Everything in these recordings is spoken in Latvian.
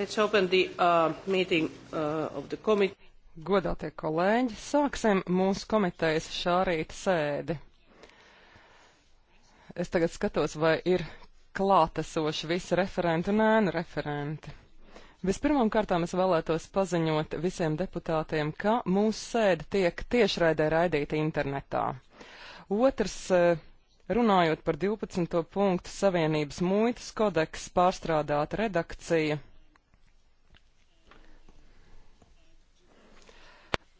Let's open the uh, meeting uh, of the committee. Godātie kolēģi, sāksim mūsu komitejas šā rīta sēdi. Es tagad skatos, vai ir klātesoši visi referenti un ēnu referenti. Vispirmām kārtām es vēlētos paziņot visiem deputātiem, ka mūsu sēde tiek tiešraidē raidīta internetā. Otrs, eh, runājot par 12. punktu Savienības muitas kodeks pārstrādāta redakcija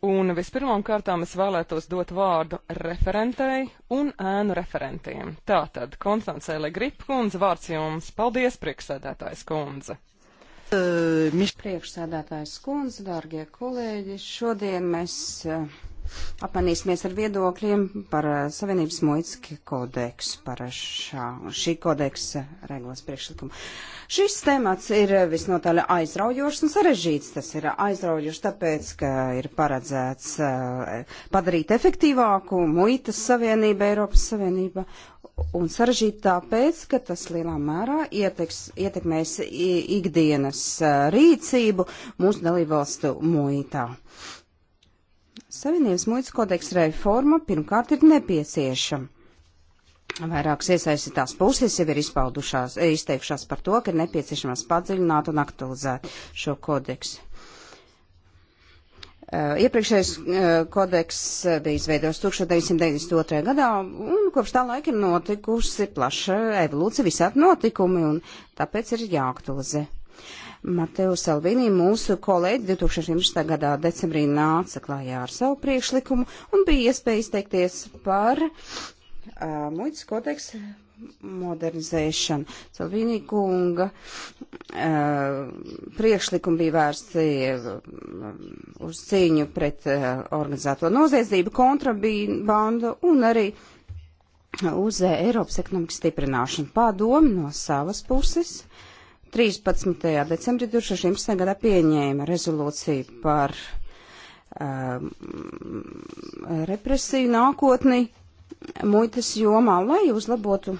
Un vispirmām kārtām es vēlētos dot vārdu referentei un ēnu referentiem. Tātad, Konstancē Legripa kundze, vārds jums. Paldies, priekšsēdētājs kundze. Priekšsēdētājs kundze, dārgie kolēģi, šodien mēs uh, apmanīsimies ar viedokļiem par eh, Savienības muitas kodeksu, par šā, šī kodeksa eh, regulas priekšlikumu. Šis temats ir eh, visnotaļ aizraujošs un sarežģīts. Tas ir aizraujošs tāpēc, ka ir paredzēts padarīt efektīvāku muitas savienību Eiropas Savienība un sarežģīti tāpēc, ka tas lielā mērā ieteks, ietekmēs ikdienas rīcību mūsu dalībvalstu muitā. Savienības muitas kodeksa reforma pirmkārt ir nepieciešama. Vairākas iesaistītās puses jau ir izteikušās par to, ka ir nepieciešams padziļināt un aktualizēt šo kodeksu. Uh, iepriekšējais uh, kodeks uh, bija izveidots 1992. gadā, un kopš tā laika ir notikusi plaša evolūcija, visādi notikumi, un tāpēc ir jāaktualizē Mateo Salvini, mūsu kolēģi, 2011. gadā decembrī nāca klājā ar savu priekšlikumu un bija iespēja izteikties par uh, muitas kodeksu modernizēšanu. Salvini kunga uh, priekšlikumi bija vērsti uh, uz cīņu pret uh, organizēto noziedzību, kontrabandu un arī uz Eiropas ekonomikas stiprināšanu. Padomi no savas puses. Uh, 13. decembrī 2016. gadā pieņēma rezolūciju par um, represiju nākotni muitas jomā, lai uzlabotu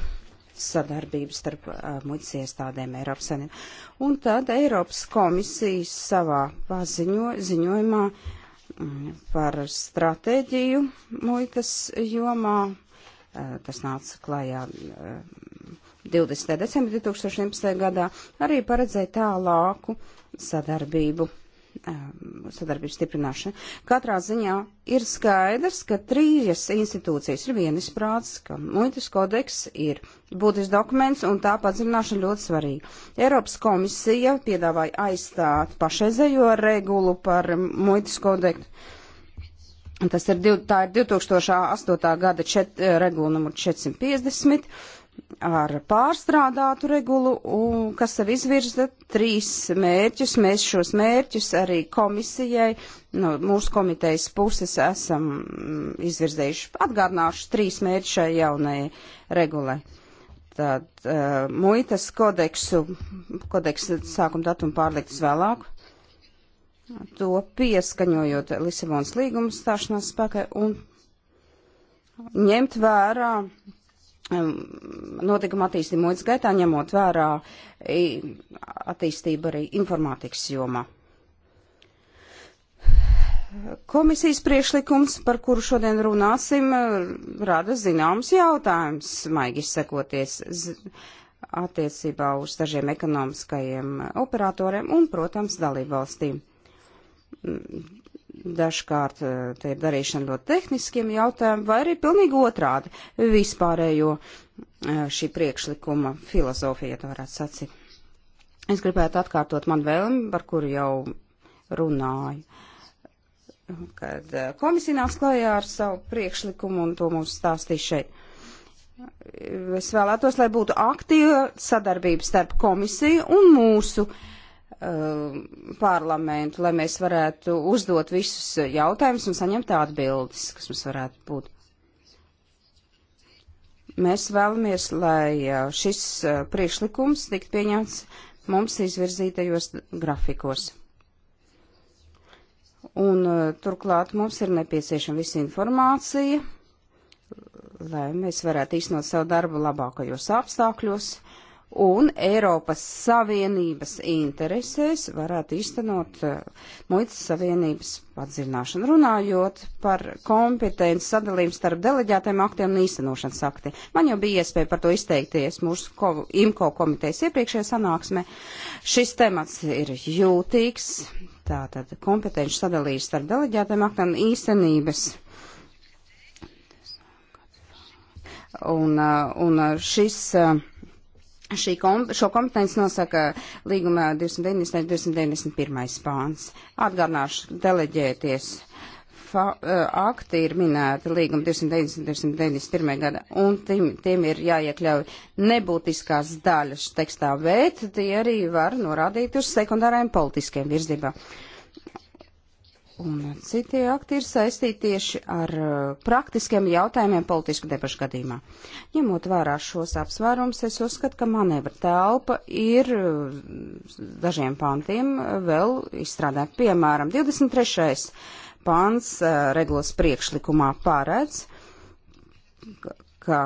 sadarbību starp uh, muitas iestādēm Eiropas Savienībā. Un tad Eiropas komisija savā paziņo, ziņojumā um, par stratēģiju muitas jomā, uh, tas nāca klajā. Uh, 20. decembrī 2011. gadā, arī paredzēja tālāku sadarbību um, sadarbības stiprināšana. Katrā ziņā ir skaidrs, ka trīs institūcijas ir vienisprāts, ka muitas kodeks ir būtisks dokuments un tā padziļināšana ļoti svarīga. Eiropas komisija piedāvāja aizstāt pašreizējo regulu par muitas kodeksu. Tas ir, div, tā ir 2008. gada čet, regula numur 450 ar pārstrādātu regulu, un, kas sev izvirza trīs mērķus. Mēs šos mērķus arī komisijai, no mūsu komitejas puses esam mm, izvirzējuši. Atgādināšu trīs mērķus šai jaunajai regulai. Tad uh, muitas kodeksu, kodeksa sākuma datumu pārlikt uz vēlāku, to pieskaņojot Lisabonas līguma stāšanās spēkai un ņemt vērā notikuma attīstību mūģis gaitā, ņemot vērā attīstību arī informātikas jomā. Komisijas priekšlikums, par kuru šodien runāsim, rada zināms jautājums, maigi izsekoties attiecībā uz dažiem ekonomiskajiem operatoriem un, protams, dalībvalstīm Dažkārt eh, te ir darīšana ļoti tehniskiem jautājumiem, vai arī pilnīgi otrādi vispārējo eh, šī priekšlikuma filozofija, ja tā varētu sacīt. Es gribētu atkārtot man vēlmi, par kuru jau runāju. Kad eh, komisija nāks klajā ar savu priekšlikumu un to mums stāstīja šeit. Es vēlētos, lai būtu aktīva sadarbība starp komisiju un mūsu uh, Um, parlamentu, lai mēs varētu uzdot visus jautājumus un saņemt atbildes, kas mums varētu būt. Mēs vēlamies, lai uh, šis uh, priekšlikums tiktu pieņemts mums izvirzītajos grafikos. Un uh, turklāt mums ir nepieciešama visa informācija, lai mēs varētu īstenot savu darbu labākajos apstākļos un Eiropas Savienības interesēs varētu iztenot eh, muitas savienības padziļināšanu, runājot par kompetenci sadalījumu starp deleģētiem aktiem un īstenošanas aktiem. Man jau bija iespēja par to izteikties mūsu ko, IMKO komitejas iepriekšējā sanāksmē. Šis temats ir jūtīgs, tātad kompetenci sadalījums starp deleģētiem aktiem un īstenības. Un, eh, un eh, šis uh, Šī kom, šo kompetenci nosaka līguma 290. 291. pāns. Atgādināšu deleģēties fa, e, akti ir minēti līguma 290. 291. gada, un tiem, tiem ir jāiekļauj nebūtiskās daļas tekstā, bet tie arī var norādīt uz sekundārajiem politiskiem virzībām. Uh, un citi akti ir saistīti tieši ar uh, praktiskiem jautājumiem politisku debašu gadījumā. Ņemot vērā šos apsvērums, es uzskatu, ka manevra telpa ir uh, dažiem pantiem uh, vēl izstrādāt. Piemēram, 23. pants regulas priekšlikumā pārēdz, ka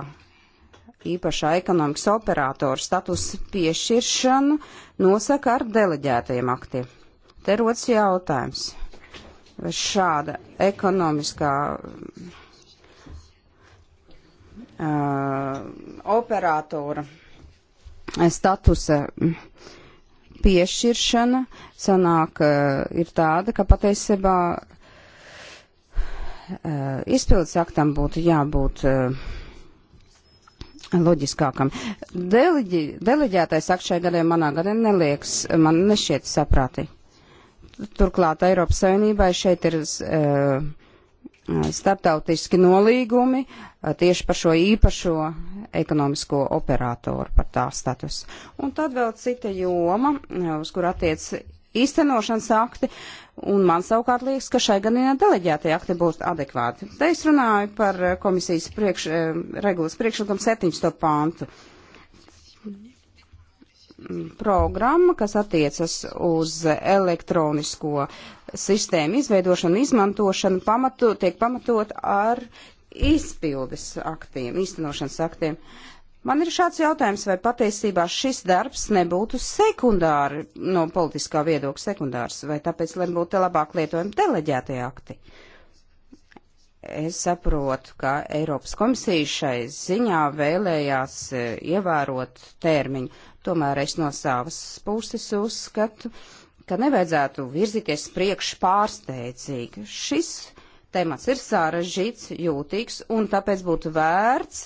īpašā ekonomikas operātora status piešķiršanu nosaka ar deleģētajiem aktiem. Te rodas jautājums šāda ekonomiskā uh, operatora statusa piešķiršana sanāk uh, ir tāda, ka patiesībā uh, izpildes aktam būtu jābūt uh, loģiskākam. Deleģi, deleģētais akts šai gadiem manā gadiem neliekas, man nešķiet saprātīgi. Turklāt Eiropas Savienībai šeit ir uh, starptautiski nolīgumi eh, tieši par šo īpašo ekonomisko operatoru, par tā status. Un tad vēl cita joma, eh, uz kur attiec īstenošanas akti, un man savukārt liekas, ka šai gan deleģētie akti būs adekvāti. Te es runāju par komisijas priekš, regulas priekšlikumu 17. pāntu. Uh, programma, kas attiecas uz elektronisko sistēmu izveidošanu, izmantošanu, pamato, tiek pamatot ar izpildes aktiem, īstenošanas aktiem. Man ir šāds jautājums, vai patiesībā šis darbs nebūtu sekundāri no politiskā viedokļa sekundārs, vai tāpēc, lai būtu labāk lietojami deleģētie akti? Es saprotu, ka Eiropas komisija šai ziņā vēlējās eh, ievērot termiņu, Tomēr es no savas puses uzskatu, ka nevajadzētu virzīties priekš pārsteidzīgi. Šis temats ir sāražģīts, jūtīgs, un tāpēc būtu vērts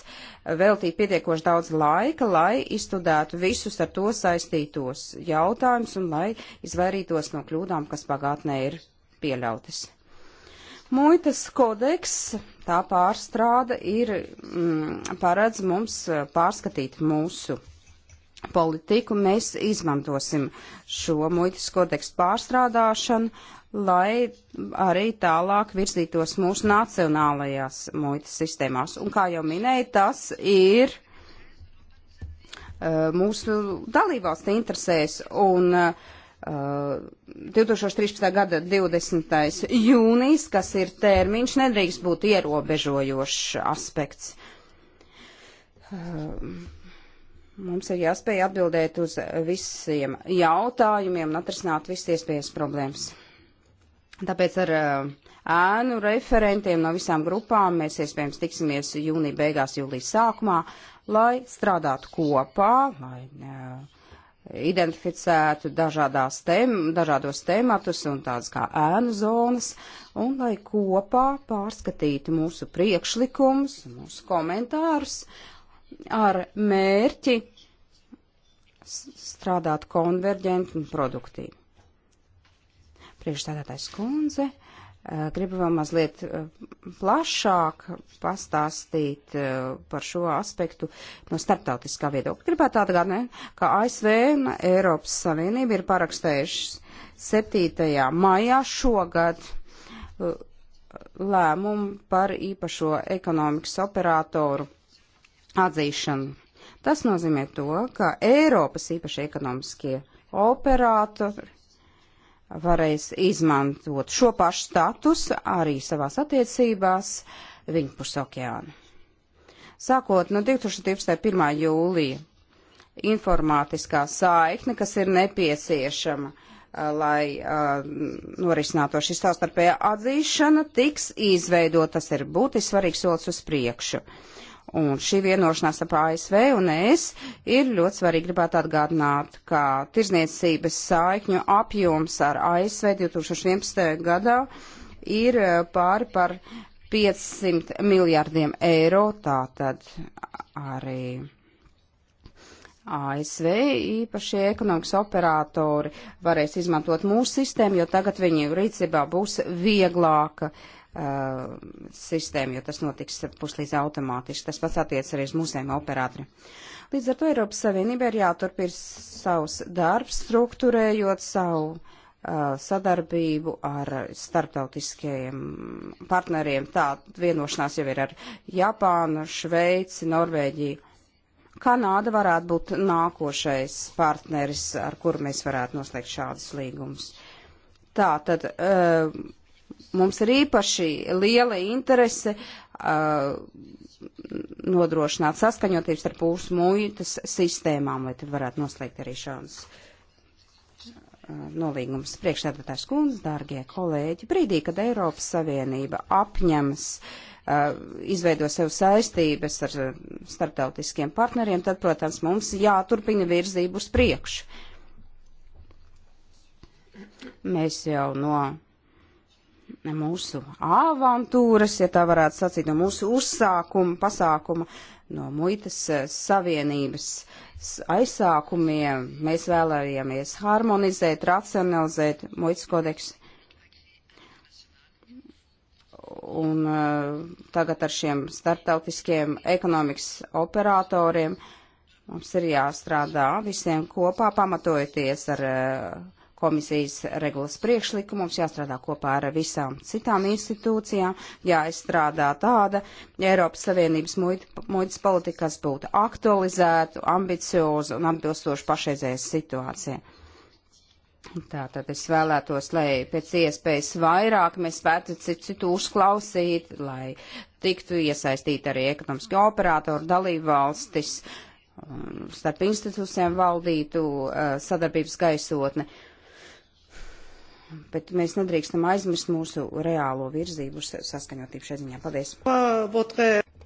veltīt pietiekoši daudz laika, lai izstudētu visus ar to saistītos jautājumus un lai izvairītos no kļūdām, kas pagātnē ir pieļautas. Muitas kodeks, tā pārstrāde ir mm, paredz mums pārskatīt mūsu politiku, mēs izmantosim šo muitas kodeksu pārstrādāšanu, lai arī tālāk virzītos mūsu nacionālajās muitas sistēmās. Un kā jau minēju, tas ir uh, mūsu dalībvalsts interesēs. Un, uh, 2013. gada 20. jūnijas, kas ir termiņš, nedrīkst būt ierobežojošs aspekts. Uh, Mums ir jāspēj atbildēt uz visiem jautājumiem un atrisināt visas iespējas problēmas. Tāpēc ar eh, ēnu referentiem no visām grupām mēs iespējams tiksimies jūnija beigās, jūlijas sākumā, lai strādātu kopā, lai uh, identificētu dažādās tēm, dažādos tēmatus un tādas kā ēnu zonas, un lai kopā pārskatītu mūsu priekšlikumus, mūsu komentārus, ar mērķi strādāt konverģenti un produktīvi. Priekšstādātais kundze, eh, gribu vēl mazliet eh, plašāk pastāstīt eh, par šo aspektu no starptautiskā viedokļa. Gribētu atgādināt, ka ASV un Eiropas Savienība ir parakstējušas 7. maijā šogad lēmumu par īpašo ekonomikas operatoru atzīšanu. Tas nozīmē to, ka Eiropas īpaši ekonomiskie operatori varēs izmantot šo pašu statusu arī savās attiecībās viņu pusokeānu. Sākot no 2021. jūlija informātiskā saikne, kas ir nepieciešama, lai uh, norisinātu šī savstarpējā atzīšana, tiks izveidota. Tas ir būtiski svarīgs solis uz priekšu. Uh, Un šī vienošanās ap ASV un ES ir ļoti svarīgi gribētu atgādināt, ka tirzniecības saikņu apjoms ar ASV 2011. gadā ir e, pāri par 500 miljārdiem eiro, tātad arī ASV īpašie ekonomikas operatori varēs izmantot mūsu sistēmu, jo tagad viņu rīcībā būs vieglāka uh, uh, sistēmu, jo tas notiks puslīdz automātiski. Tas pats attiec arī uz mūsēm operatoriem. Līdz ar to Eiropas Savienība ir jāturpina savus darbs, struktūrējot savu uh, sadarbību ar starptautiskajiem partneriem. Tā vienošanās jau ir ar Japānu, Šveici, Norvēģiju. Kanāda varētu būt nākošais partneris, ar kuru mēs varētu noslēgt šādus līgumus. Tā tad uh, mums ir īpaši liela interese uh, nodrošināt saskaņotības ar mūsu muitas sistēmām, lai te varētu noslēgt arī šādas uh, nolīgums priekšstādātājs kundze, dārgie kolēģi, brīdī, kad Eiropas Savienība apņemas uh, izveido sev saistības ar uh, starptautiskiem partneriem, tad, protams, mums jāturpina virzību uz priekšu. Mēs jau no mūsu avantūras, ja tā varētu sacīt, no mūsu uzsākuma, pasākuma, no muitas eh, savienības aizsākumiem. Mēs vēlējāmies harmonizēt, racionalizēt muitas kodeksu. Un eh, tagad ar šiem starptautiskiem ekonomikas operatoriem mums ir jāstrādā visiem kopā, pamatojoties ar uh, komisijas regulas priekšlikumu, mums jāstrādā kopā ar visām citām institūcijām, jāizstrādā tāda Eiropas Savienības muitas politika, kas būtu aktualizēta, ambicioza un atbilstoša pašreizējai situācijai. Tātad es vēlētos, lai pēc iespējas vairāk mēs spētu citu uzklausīt, lai tiktu iesaistīti arī ekonomiski operatori dalību valstis, starp institūcijiem valdītu uh, sadarbības gaisotne. Uh, bet mēs nedrīkstam aizmirst mūsu reālo virzību saskaņotību šai ziņā. Paldies!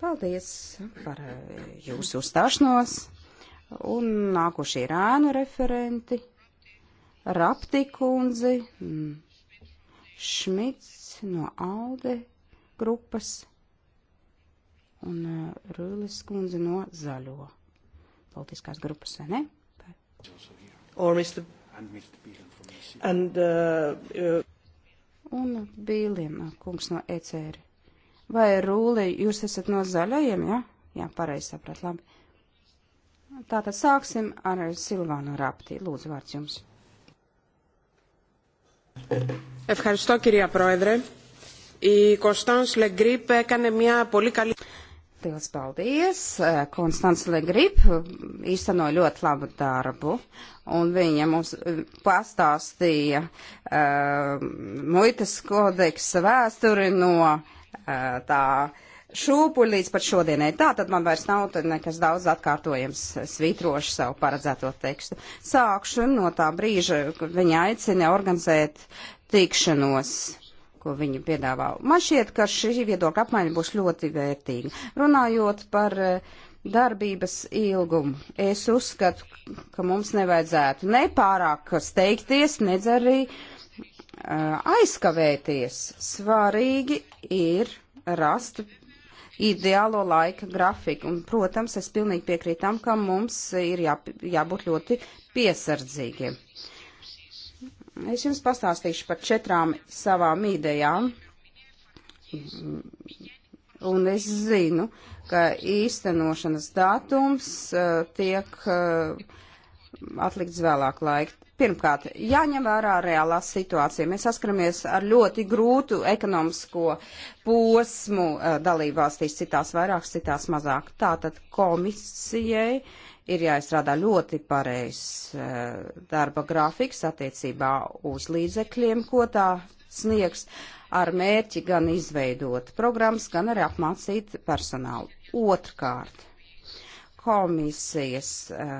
Paldies par eh, jūsu uzstāšanos! Un nākošie ir ēnu referenti, Rapti kundzi, mm, Šmits no Alde grupas un eh, Rūlis kundzi no Zaļo politiskās grupas, vai ne? Or Mr. And Mr. Bielan. And, uh, uh, Un Bīliem, uh, kungs no ECR. Vai Rūli, jūs esat no zaļajiem, jā? Ja? Jā, pareizi saprat, labi. Tātad sāksim ar Silvānu Rapti. Lūdzu, vārds jums. Ευχαριστώ κυρία Πρόεδρε. Η Κωνσταντς Λεγκρίπ έκανε μια πολύ καλή... Liels paldies! Konstants Legrip īsteno ļoti labu darbu, un viņa mums pastāstīja uh, muitas kodeksa vēsturi no uh, tā šūpu līdz pat šodienai. Tā tad man vairs nav nekas daudz atkārtojams svītroši savu paredzēto tekstu. Sākšu no tā brīža, kad viņa aicina organizēt tikšanos ko viņi piedāvā. Man šķiet, ka šī viedokļa apmaiņa būs ļoti vērtīga. Runājot par eh, darbības ilgumu, es uzskatu, ka mums nevajadzētu nepārāk steigties, nedz arī eh, aizkavēties. Svarīgi ir rast ideālo laika grafiku. Un, protams, es pilnīgi piekrītu tam, ka mums ir jā, jābūt ļoti piesardzīgiem. Es jums pastāstīšu par četrām savām idejām. Un es zinu, ka īstenošanas datums uh, tiek uh, atlikts vēlāk laika. Pirmkārt, jāņem vērā reālā situācija. Mēs saskaramies ar ļoti grūtu ekonomisko posmu uh, eh, dalībvalstīs, citās vairāk, citās mazāk. Tātad komisijai uh, ir jāizstrādā ļoti pareizs eh, darba grafiks attiecībā uz līdzekļiem, ko tā sniegs, ar mērķi gan izveidot programmas, gan arī apmācīt personālu. Otrkārt, komisijas eh,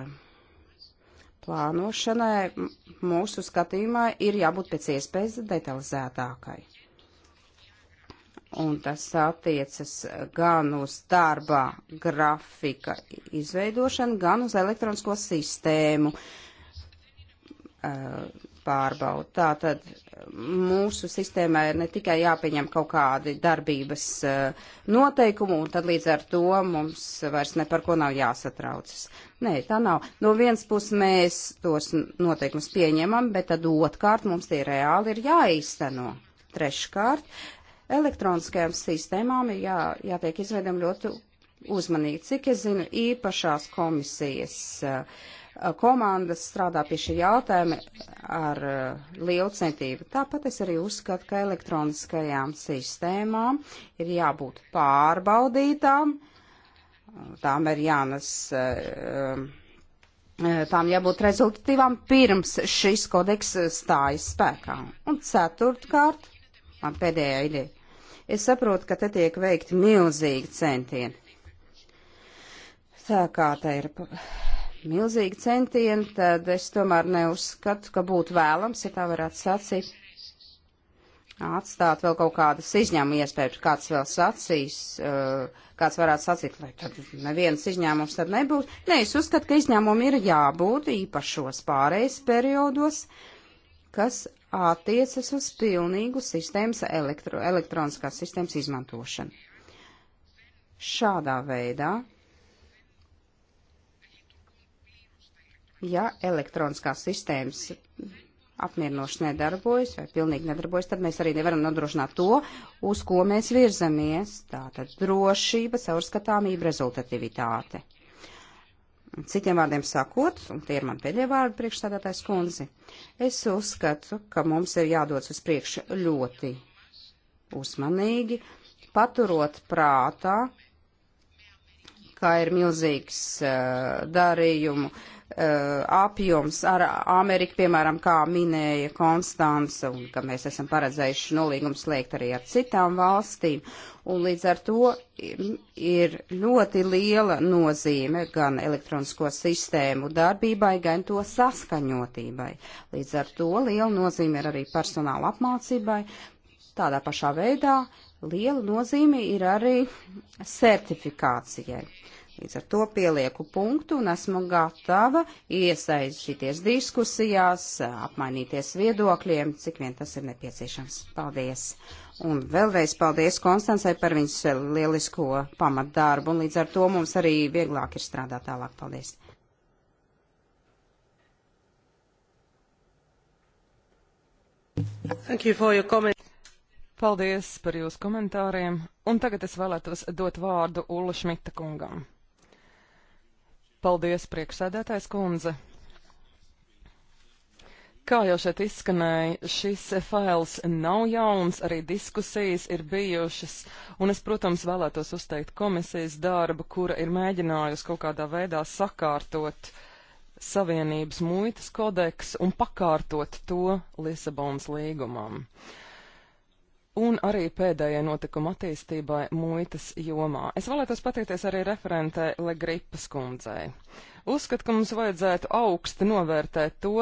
plānošanai mūsu skatījumā ir jābūt pēc iespējas detalizētākai un tas attiecas gan uz darbā grafika izveidošanu, gan uz elektronisko sistēmu eh, pārbaudu. Tātad mūsu sistēmai ir ne tikai jāpieņem kaut kādi darbības eh, noteikumi, un tad līdz ar to mums vairs ne par ko nav jāsatraucas. Nē, tā nav. No vienas puses mēs tos noteikumus pieņemam, bet tad otrkārt mums tie reāli ir jāīsteno. Treškārt, Elektroniskajām sistēmām ir jā, jātiek izveidam ļoti uzmanīgi. Cik es zinu, īpašās komisijas uh, komandas strādā pie šī jautājuma ar uh, lielu centību. Tāpat es arī uzskatu, ka elektroniskajām sistēmām ir jābūt pārbaudītām. Tām ir jānes. Uh, uh tām jābūt rezultatīvām pirms šis kodeks stājas spēkā. Un ceturtkārt, man pēdējā ideja, Es saprotu, ka te tiek veikti milzīgi centieni. Tā kā te ir milzīgi centieni, tad es tomēr neuzskatu, ka būtu vēlams, ja tā varētu sacīt, atstāt vēl kaut kādas izņēmuma iespējas, kāds vēl sacīs, uh, kāds varētu sacīt, lai tad neviens izņēmums tad nebūs. Nē, es uzskatu, ka izņēmumi ir jābūt īpašos pārējais periodos, kas attiecas uz pilnīgu sistēmas elektro, elektroniskās sistēmas izmantošanu. Šādā veidā, ja elektroniskās sistēmas apmierinoši nedarbojas vai pilnīgi nedarbojas, tad mēs arī nevaram nodrošināt to, uz ko mēs virzamies. Tātad drošība, caurskatāmība, rezultativitāte. Citiem vārdiem sakot, un tie ir man pēdējie vārdi priekšstādātājs kundzi, es uzskatu, ka mums ir jādodas uz priekšu ļoti uzmanīgi, paturot prātā, kā ir milzīgs uh, darījumu Uh, apjoms ar Ameriku, piemēram, kā minēja Konstance, un ka mēs esam paredzējuši nolīgumu slēgt arī ar citām valstīm. Un līdz ar to ir ļoti liela nozīme gan elektronisko sistēmu darbībai, gan to saskaņotībai. Līdz ar to liela nozīme ir arī personāla apmācībai. Tādā pašā veidā liela nozīme ir arī certifikācijai. Līdz ar to pielieku punktu un esmu gatava iesaistīties diskusijās, apmainīties viedokļiem, cik vien tas ir nepieciešams. Paldies! Un vēlreiz paldies Konstancai par viņas lielisko pamatdarbu, un līdz ar to mums arī vieglāk ir strādāt tālāk. Paldies! You Paldies par jūsu komentāriem, un tagad es vēlētos dot vārdu Ulla Šmita kungam. Paldies, priekšsēdētājs kundze. Kā jau šeit izskanēja, šis fails nav jauns, arī diskusijas ir bijušas, un es, protams, vēlētos uzteikt komisijas darbu, kura ir mēģinājusi kaut kādā veidā sakārtot Savienības muitas kodeksu un pakārtot to Lisabonas līgumam. Uh, un arī pēdējai notikuma attīstībai muitas jomā. Es vēlētos pateikties arī referentē Legripas kundzei. Uzskatu, ka mums vajadzētu augsti novērtēt to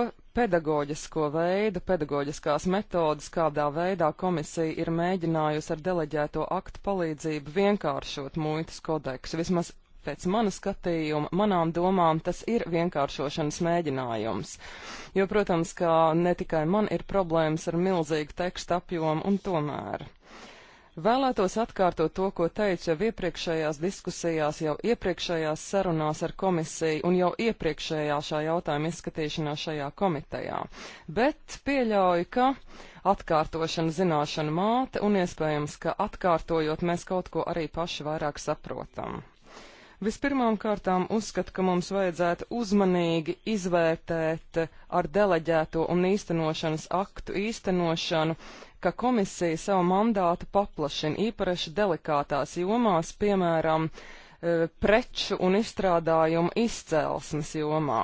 pedagoģisko veidu, pedagoģiskās metodas, kādā veidā komisija ir mēģinājusi ar deleģēto aktu palīdzību vienkāršot muitas kodeksu, vismaz pēc mana skatījuma, manām domām, tas ir vienkāršošanas mēģinājums. Jo, protams, ka ne tikai man ir problēmas ar milzīgu tekstu apjomu un tomēr. Vēlētos atkārtot to, ko teicu jau iepriekšējās diskusijās, jau iepriekšējās sarunās ar komisiju un jau iepriekšējā šā jautājuma izskatīšanā šajā komitejā. Bet pieļauju, ka atkārtošana zināšana māte un iespējams, ka atkārtojot mēs kaut ko arī paši vairāk saprotam. Vispirmām kārtām uzskatu, ka mums vajadzētu uzmanīgi izvērtēt eh, ar deleģēto un īstenošanas aktu īstenošanu, ka komisija savu mandātu paplašina īpaši delikātās jomās, piemēram, eh, preču un izstrādājumu izcelsmes jomā.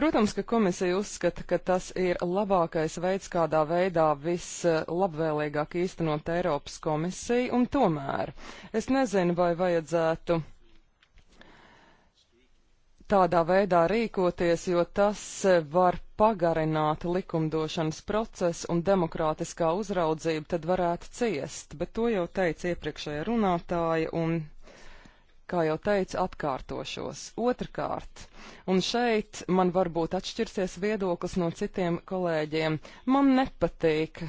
Protams, ka komisija uzskata, ka tas ir labākais veids, kādā veidā vislabvēlīgāk eh, īstenot Eiropas komisiju, un tomēr es nezinu, vai vajadzētu tādā veidā rīkoties, jo tas var pagarināt likumdošanas procesu un demokrātiskā uzraudzība tad varētu ciest, bet to jau teica iepriekšējā runātāja un, kā jau teicu, atkārtošos. Otrkārt, un šeit man varbūt atšķirsies viedoklis no citiem kolēģiem, man nepatīk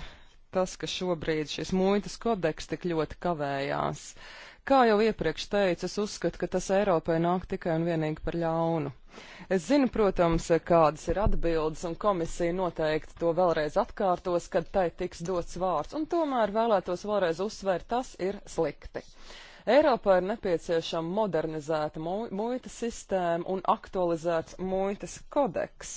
tas, ka šobrīd šis muitas kodeks tik ļoti kavējās. Uh, Kā jau iepriekš teicu, es uzskatu, ka tas Eiropai nāk tikai un vienīgi par ļaunu. Es zinu, protams, kādas ir atbildes, un komisija noteikti to vēlreiz atkārtos, kad tai tiks dots vārds, un tomēr vēlētos vēlreiz uzsvērt, tas ir slikti. Eiropā ir nepieciešama modernizēta muitas sistēma un aktualizēts muitas kodeks.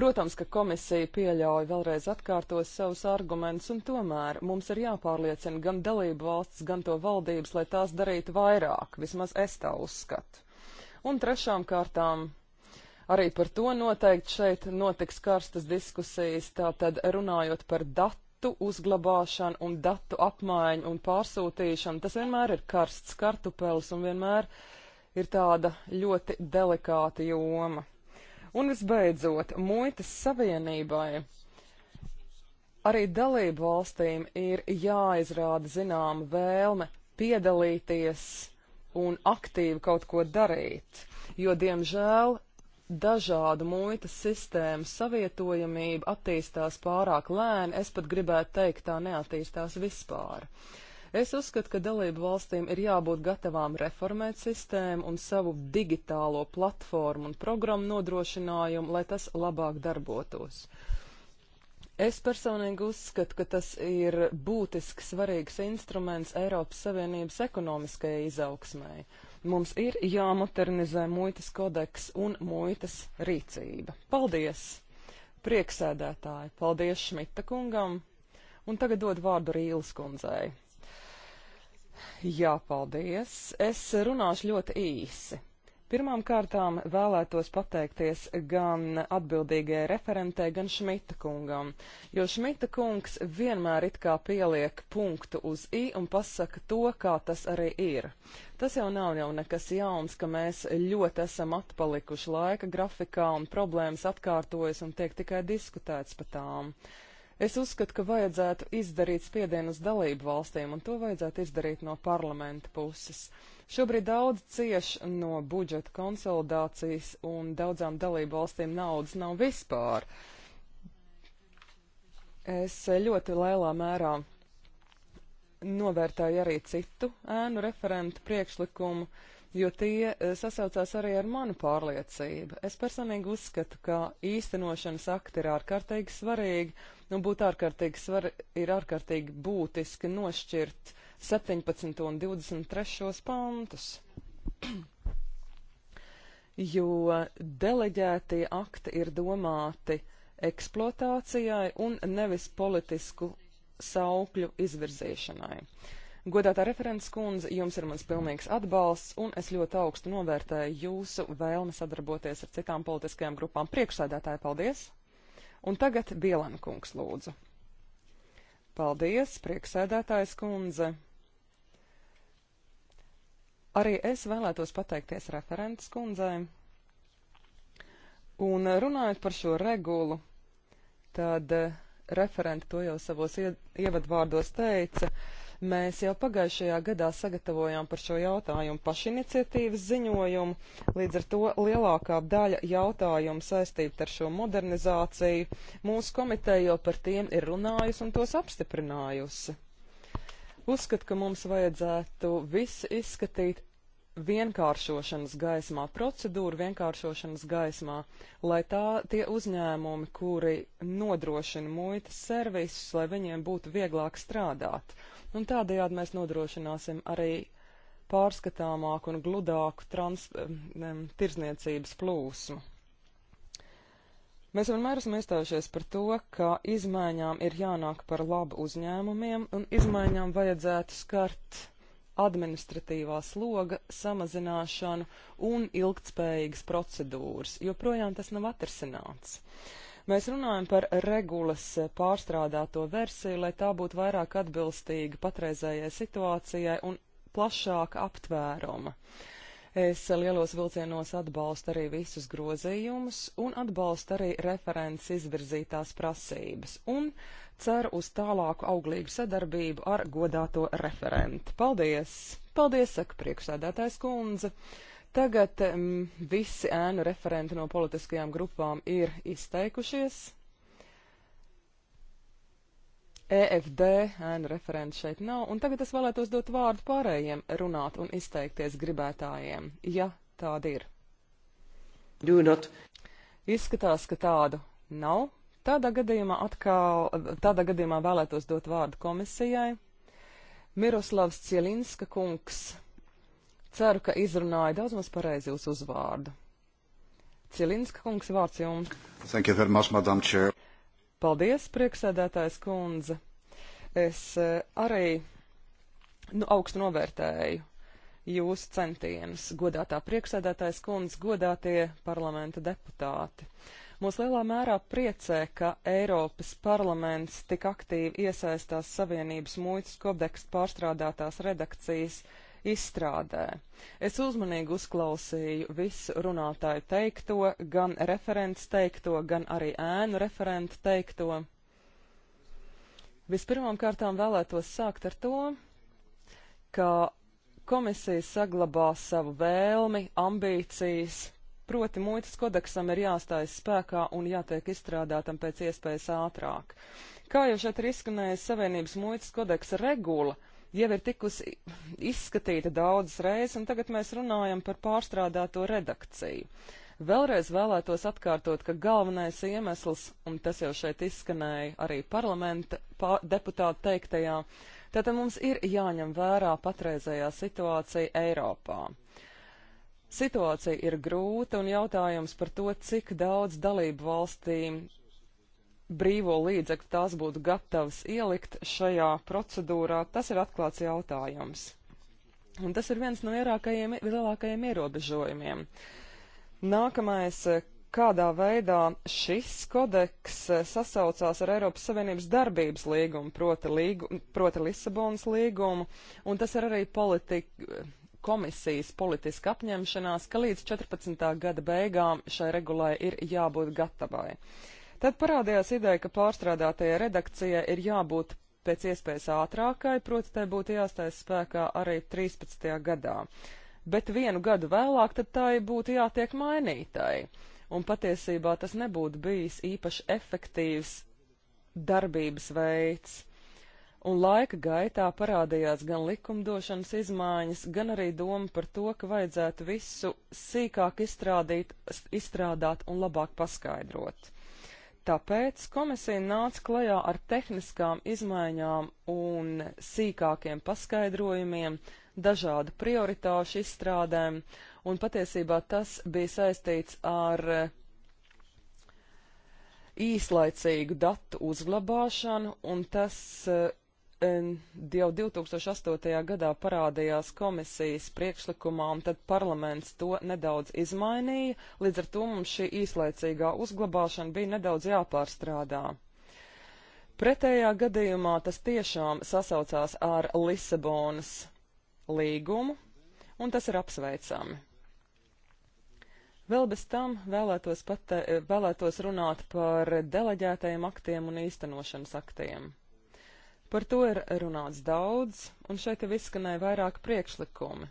Protams, ka komisija pieļauj vēlreiz atkārtos savus argumentus, un tomēr mums ir jāpārliecina gan dalību valsts, gan to valdības, lai tās darītu vairāk, vismaz es tā uzskatu. Un trešām kārtām arī par to noteikti šeit notiks karstas diskusijas, tātad runājot par datu uzglabāšanu un datu apmaiņu un pārsūtīšanu, tas vienmēr ir karsts kartupels un vienmēr ir tāda ļoti delikāta joma. Un visbeidzot, muitas savienībai arī dalību valstīm ir jāizrāda zināma vēlme piedalīties un aktīvi kaut ko darīt, jo, diemžēl, dažādu muitas sistēmu savietojamība attīstās pārāk lēni, es pat gribētu teikt, tā neattīstās vispār. Uh, Es uzskatu, ka dalību valstīm ir jābūt gatavām reformēt sistēmu un savu digitālo platformu un programmu nodrošinājumu, lai tas labāk darbotos. Es personīgi uzskatu, ka tas ir būtiski svarīgs instruments Eiropas Savienības ekonomiskajai izaugsmai. Mums ir jāmodernizē muitas kodeks un muitas rīcība. Paldies! Prieksēdētāji, paldies Šmita kungam, un tagad dod vārdu Rīles kundzei. Jā, paldies. Es runāšu ļoti īsi. Pirmām kārtām vēlētos pateikties gan atbildīgajai referentē, gan Šmita kungam, jo Šmita kungs vienmēr it kā pieliek punktu uz i un pasaka to, kā tas arī ir. Tas jau nav jau nekas jauns, ka mēs ļoti esam atpalikuši laika grafikā un problēmas atkārtojas un tiek tikai diskutēts par tām. Uh, Es uzskatu, ka vajadzētu izdarīt spiedienu uz dalību valstīm, un to vajadzētu izdarīt no parlamenta puses. Šobrīd daudz cieš no budžeta konsolidācijas, un daudzām dalību valstīm naudas nav vispār. Es ļoti lielā mērā novērtēju arī citu ēnu referentu priekšlikumu, jo tie e, sasaucās arī ar manu pārliecību. Es personīgi uzskatu, ka īstenošanas akti ir ārkārtīgi svarīgi Nu, būt ārkārtīgi svar, ir ārkārtīgi būtiski nošķirt 17. un 23. pantus. jo deleģētie akti ir domāti eksploatācijai un nevis politisku saukļu izvirzīšanai. Godātā referents kundze, jums ir mans pilnīgs atbalsts, un es ļoti augstu novērtēju jūsu vēlmi sadarboties ar citām politiskajām grupām. Priekšsēdētāji, paldies! Un tagad Bielankungs lūdzu. Paldies, prieksēdētājs kundze. Arī es vēlētos pateikties referents kundzēm. Un runājot par šo regulu, tad referenti to jau savos ievadvārdos teica, uh, Mēs jau pagājušajā gadā sagatavojām par šo jautājumu pašiniciatīvas ziņojumu, līdz ar to lielākā daļa jautājumu saistīta ar šo modernizāciju. Mūsu komiteja jau par tiem ir runājusi un tos apstiprinājusi. Uzskatu, ka mums vajadzētu visi izskatīt vienkāršošanas gaismā, procedūru vienkāršošanas gaismā, lai tā tie uzņēmumi, kuri nodrošina muitas servisus, lai viņiem būtu vieglāk strādāt un tādējādi mēs nodrošināsim arī pārskatāmāku un gludāku trans, um, tirzniecības plūsmu. Mēs vienmēr esam iestājušies par to, ka izmaiņām ir jānāk par labu uzņēmumiem, un izmaiņām vajadzētu skart administratīvā sloga samazināšanu un ilgtspējīgas procedūras, jo projām tas nav atrisināts. Uh, Mēs runājam par regulas eh, pārstrādāto versiju, lai tā būtu vairāk atbilstīga patreizējai situācijai un plašāka aptvēruma. Es lielos vilcienos atbalstu arī visus grozījumus un atbalstu arī referents izvirzītās prasības un ceru uz tālāku auglīgu sadarbību ar godāto referentu. Paldies! Paldies, saka priekšsēdētājs kundze! Tagad mm, visi ēnu referenti no politiskajām grupām ir izteikušies. EFD ēnu referents šeit nav, un tagad es vēlētos dot vārdu pārējiem runāt un izteikties gribētājiem, ja tāda ir. Jūnot. Izskatās, ka tādu nav. Tādā gadījumā atkal, tādā gadījumā vēlētos dot vārdu komisijai. Miroslavs Cielinska kungs Ceru, ka izrunāju daudz maz pareizi jūsu uzvārdu. Cilinska kungs, vārds jums. Thank you very much, Madam Chair. Paldies, prieksēdētājs kundze. Es e, arī nu, augstu novērtēju jūsu centienus, godātā prieksēdētājs kundze, godātie parlamenta deputāti. Mūs lielā mērā priecē, ka Eiropas parlaments tik aktīvi iesaistās Savienības muitas kodeksta pārstrādātās redakcijas izstrādē. Es uzmanīgi uzklausīju visu runātāju teikto, gan referents teikto, gan arī ēnu referentu teikto. Vispirmām kārtām vēlētos sākt ar to, ka komisija saglabā savu vēlmi, ambīcijas, proti muitas kodeksam ir jāstājas spēkā un jātiek izstrādātam pēc iespējas ātrāk. Kā jau šeit ir izskanējis, Savienības muitas kodeksa regula jau ir tikusi izskatīta daudzas reizes, un tagad mēs runājam par pārstrādāto redakciju. Vēlreiz vēlētos atkārtot, ka galvenais iemesls, un tas jau šeit izskanēja arī parlamenta deputāta teiktajā, tātad mums ir jāņem vērā patreizējā situācija Eiropā. Situācija ir grūta un jautājums par to, cik daudz dalību valstīm brīvo līdzekļu tās būtu gatavas ielikt šajā procedūrā, tas ir atklāts jautājums. Un tas ir viens no lielākajiem ierobežojumiem. Nākamais, kādā veidā šis kodeks sasaucās ar Eiropas Savienības darbības līgumu, proti, līgu, proti Lisabonas līgumu, un tas ir arī politika komisijas politiska apņemšanās, ka līdz 14. gada beigām šai regulai ir jābūt gatavai. Tad parādījās ideja, ka pārstrādātajai redakcijai ir jābūt pēc iespējas ātrākai, proti tai būtu jāstājas spēkā arī 13. gadā. Bet vienu gadu vēlāk tad tai būtu jātiek mainītai. Un patiesībā tas nebūtu bijis īpaši efektīvs darbības veids un laika gaitā parādījās gan likumdošanas izmaiņas, gan arī doma par to, ka vajadzētu visu sīkāk izstrādīt, izstrādāt un labāk paskaidrot. Tāpēc komisija nāca klajā ar tehniskām izmaiņām un sīkākiem paskaidrojumiem, dažādu prioritāšu izstrādēm, un patiesībā tas bija saistīts ar īslaicīgu datu uzglabāšanu, un tas jau 2008. gadā parādījās komisijas priekšlikumā, un tad parlaments to nedaudz izmainīja, līdz ar to mums šī īslaicīgā uzglabāšana bija nedaudz jāpārstrādā. Pretējā gadījumā tas tiešām sasaucās ar Lisabonas līgumu, un tas ir apsveicami. Vēl bez tam vēlētos, pate, vēlētos runāt par deleģētajiem aktiem un īstenošanas aktiem. Par to ir runāts daudz, un šeit jau izskanēja vairāk priekšlikumi.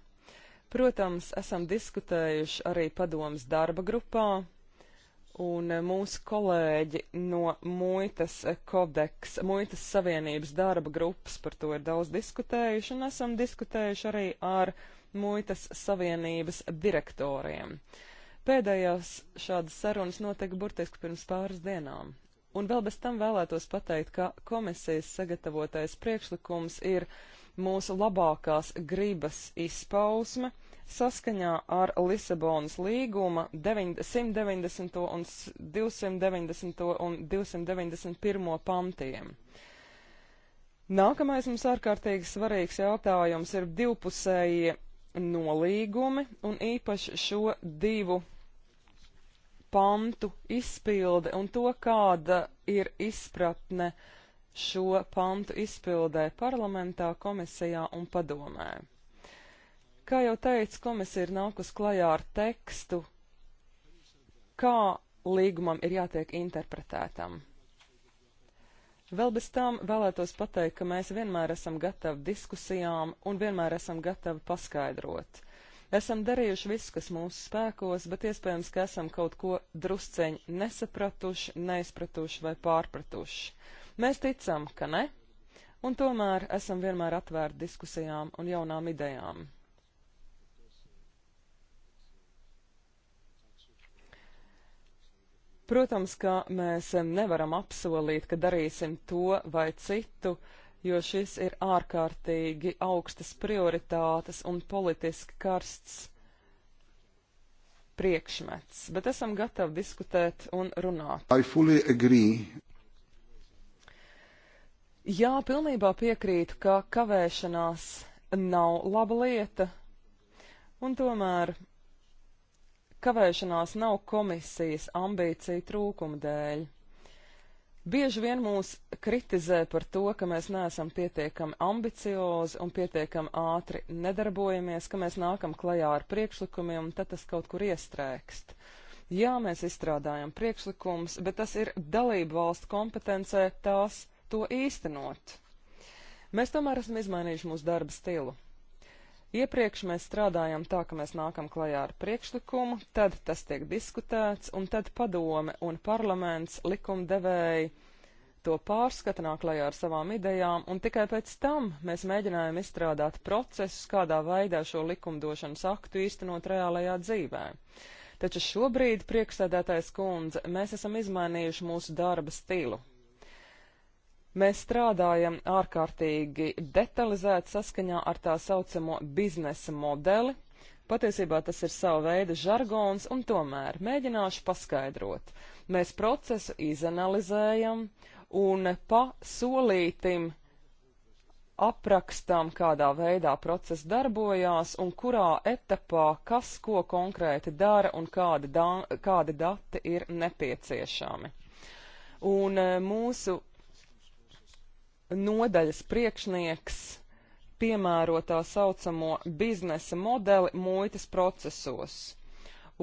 Protams, esam diskutējuši arī padomas darba grupā, un mūsu kolēģi no muitas kodeks, muitas savienības darba grupas par to ir daudz diskutējuši, un esam diskutējuši arī ar muitas savienības direktoriem. Pēdējās šādas sarunas notika burtiski pirms pāris dienām. Un vēl bez tam vēlētos pateikt, ka komisijas sagatavotais priekšlikums ir mūsu labākās gribas izpausme saskaņā ar Lisabonas līguma 190. un 290. un 291. pantiem. Nākamais mums ārkārtīgi svarīgs jautājums ir divpusējie nolīgumi un īpaši šo divu pantu izpilde un to, kāda ir izpratne šo pantu izpildē parlamentā, komisijā un padomē. Kā jau teicu, komisija ir nākus klajā ar tekstu, kā līgumam ir jātiek interpretētam. Vēl bez tam vēlētos pateikt, ka mēs vienmēr esam gatavi diskusijām un vienmēr esam gatavi paskaidrot. Esam darījuši visu, kas mūsu spēkos, bet iespējams, ka esam kaut ko drusceņ nesapratuši, neizpratuši vai pārpratuši. Mēs ticam, ka ne, un tomēr esam vienmēr atvērti diskusijām un jaunām idejām. Protams, ka mēs nevaram apsolīt, ka darīsim to vai citu, uh, jo šis ir ārkārtīgi augstas prioritātes un politiski karsts priekšmets, bet esam gatavi diskutēt un runāt. Jā, pilnībā piekrītu, ka kavēšanās nav laba lieta, un tomēr kavēšanās nav komisijas ambīciju trūkuma dēļ. Bieži vien mūs kritizē par to, ka mēs neesam pietiekami ambiciozi un pietiekami ātri nedarbojamies, ka mēs nākam klajā ar priekšlikumiem un tad tas kaut kur iestrēgst. Jā, mēs izstrādājam priekšlikumus, bet tas ir dalību valstu kompetencē tās to īstenot. Mēs tomēr esam izmainījuši mūsu darba stilu. Iepriekš mēs strādājam tā, ka mēs nākam klajā ar priekšlikumu, tad tas tiek diskutēts, un tad padome un parlaments likumdevēji to pārskata, nāk klajā ar savām idejām, un tikai pēc tam mēs mēģinājām izstrādāt procesus, kādā veidā šo likumdošanas aktu īstenot reālajā dzīvē. Taču šobrīd, priekšsēdētājs kundze, mēs esam izmainījuši mūsu darba stilu. Mēs strādājam ārkārtīgi detalizēti saskaņā ar tā saucamo biznesa modeli. Patiesībā tas ir sava veida žargons, un tomēr mēģināšu paskaidrot. Mēs procesu izanalizējam un pa solītim aprakstām, kādā veidā process darbojās un kurā etapā kas ko konkrēti dara un kādi, da kādi dati ir nepieciešami. Un e, mūsu nodaļas priekšnieks piemēro tā saucamo biznesa modeli muitas procesos.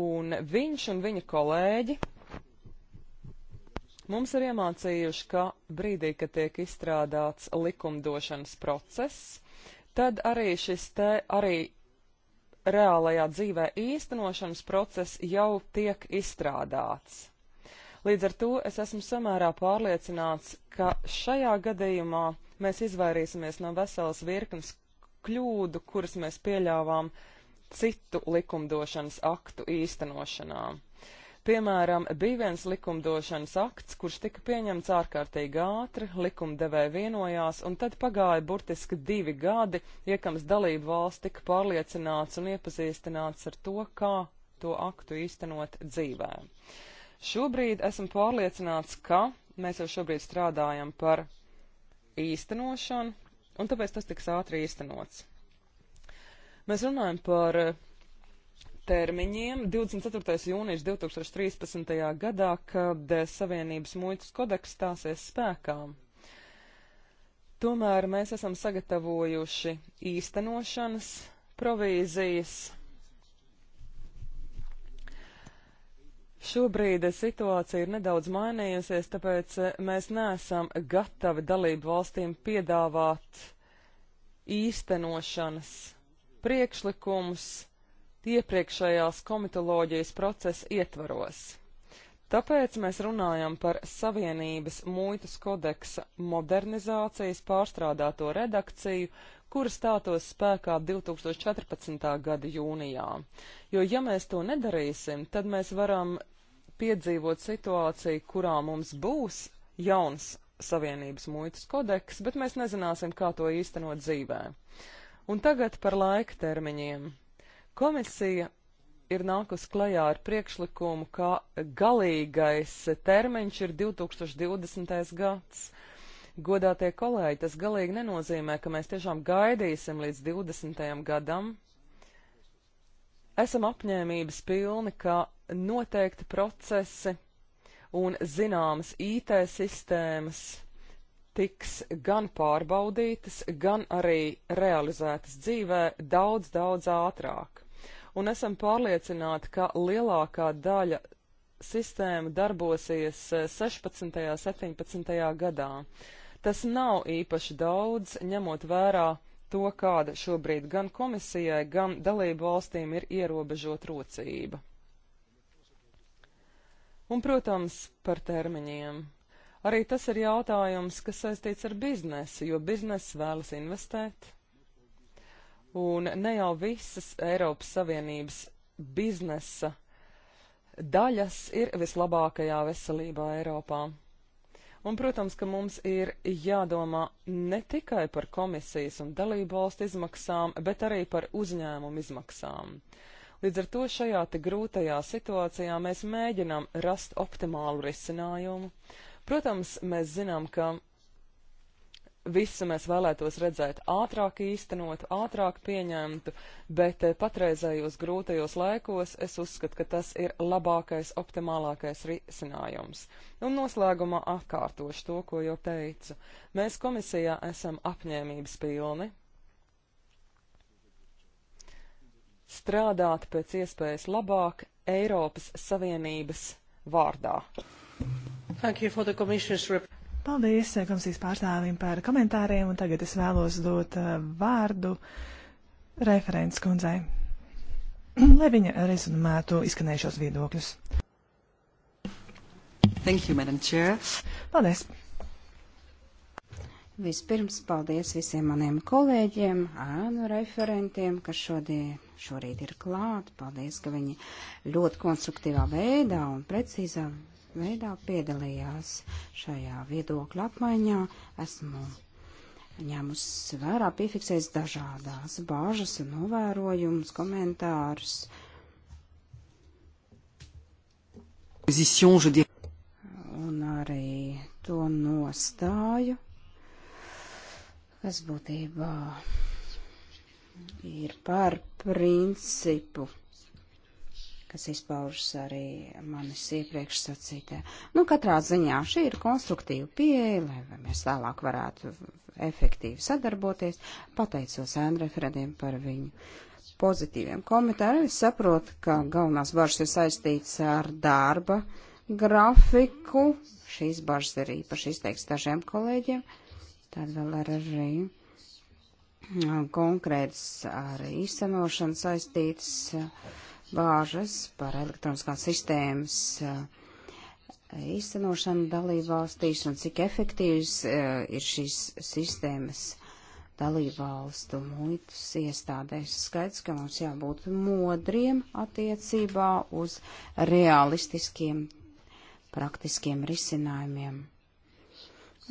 Un viņš un viņa kolēģi mums ir iemācījuši, ka brīdī, kad tiek izstrādāts likumdošanas process, tad arī šis te arī reālajā dzīvē īstenošanas process jau tiek izstrādāts. Līdz ar to es esmu samērā pārliecināts, ka šajā gadījumā mēs izvairīsimies no veselas virknes kļūdu, kuras mēs pieļāvām citu likumdošanas aktu īstenošanā. Piemēram, bija viens likumdošanas akts, kurš tika pieņemts ārkārtīgi ātri, likumdevēja vienojās, un tad pagāja burtiski divi gadi, iekams dalību valsts tika pārliecināts un iepazīstināts ar to, kā to aktu īstenot dzīvē. Šobrīd esmu pārliecināts, ka mēs jau šobrīd strādājam par īstenošanu, un tāpēc tas tiks ātri īstenots. Mēs runājam par termiņiem 24. jūnijas 2013. gadā, kad Savienības muitas kodeks stāsies spēkā. Tomēr mēs esam sagatavojuši īstenošanas provīzijas Šobrīd situācija ir nedaudz mainījusies, tāpēc eh, mēs neesam gatavi dalību valstīm piedāvāt īstenošanas priekšlikumus iepriekšējās komitoloģijas procesa ietvaros. Tāpēc mēs runājam par Savienības muitas kodeksa modernizācijas pārstrādāto redakciju, kura stātos spēkā 2014. gada jūnijā. Jo ja mēs to nedarīsim, tad mēs varam piedzīvot situāciju, kurā mums būs jauns Savienības muitas kodeks, bet mēs nezināsim, kā to īstenot dzīvē. Un tagad par laika termiņiem. Komisija ir nākus klajā ar priekšlikumu, ka galīgais termiņš ir 2020. gads. Godātie kolēģi, tas galīgi nenozīmē, ka mēs tiešām gaidīsim līdz 20. gadam. Esam apņēmības pilni, ka noteikti procesi un zināmas IT sistēmas tiks gan pārbaudītas, gan arī realizētas dzīvē daudz, daudz ātrāk. Un esam pārliecināti, ka lielākā daļa sistēma darbosies 16. un 17. gadā. Tas nav īpaši daudz, ņemot vērā to, kāda šobrīd gan komisijai, gan dalību valstīm ir ierobežot rocība. Un, protams, par termiņiem. Arī tas ir jautājums, kas saistīts ar biznesu, jo bizness vēlas investēt. Un ne jau visas Eiropas Savienības biznesa daļas ir vislabākajā veselībā Eiropā. Un, protams, ka mums ir jādomā ne tikai par komisijas un dalību valstu izmaksām, bet arī par uzņēmumu izmaksām. Līdz ar to šajā te grūtajā situācijā mēs mēģinām rast optimālu risinājumu. Protams, mēs zinām, ka visu mēs vēlētos redzēt ātrāk īstenotu, ātrāk pieņemtu, bet eh, patreizējos grūtajos laikos es uzskatu, ka tas ir labākais, optimālākais risinājums. Un noslēgumā atkārtošu to, ko jau teicu. Mēs komisijā esam apņēmības pilni. Strādāt pēc iespējas labāk Eiropas Savienības vārdā. Thank you for the Commission's report. Paldies eh, komisijas pārstāvim par komentāriem, un tagad es vēlos dot eh, vārdu referents kundzei, lai viņa rezumētu izskanējušos viedokļus. Thank you, Madam Chair. Paldies. Vispirms paldies visiem maniem kolēģiem, ēnu referentiem, kas šodien, šorīt ir klāt. Paldies, ka viņi ļoti konstruktīvā veidā un precīzā veidā piedalījās šajā viedokļa apmaiņā. Esmu ņēmusi vērā, piefiksējis dažādās bāžas un novērojumus, komentārus. Un arī to nostāju, kas būtībā ir par principu kas izpaužas arī manis iepriekš sacītē. Nu, katrā ziņā šī ir konstruktīva pieeja, lai mēs vēlāk varētu efektīvi sadarboties. Pateicos Andrei Frediem par viņu pozitīviem komentāriem. Es saprotu, ka galvenās bažas ir saistītas ar darba grafiku. Šīs bažas ir īpaši izteikts dažiem kolēģiem. Tad vēl ar arī mm, konkrētas ar īstenošanu saistītas bāžas par elektroniskās sistēmas eh, īstenošanu dalībvalstīs un cik efektīvas eh, ir šīs sistēmas dalībvalstu muitas iestādēs. Skaidrs, ka mums jābūt modriem attiecībā uz realistiskiem, praktiskiem risinājumiem.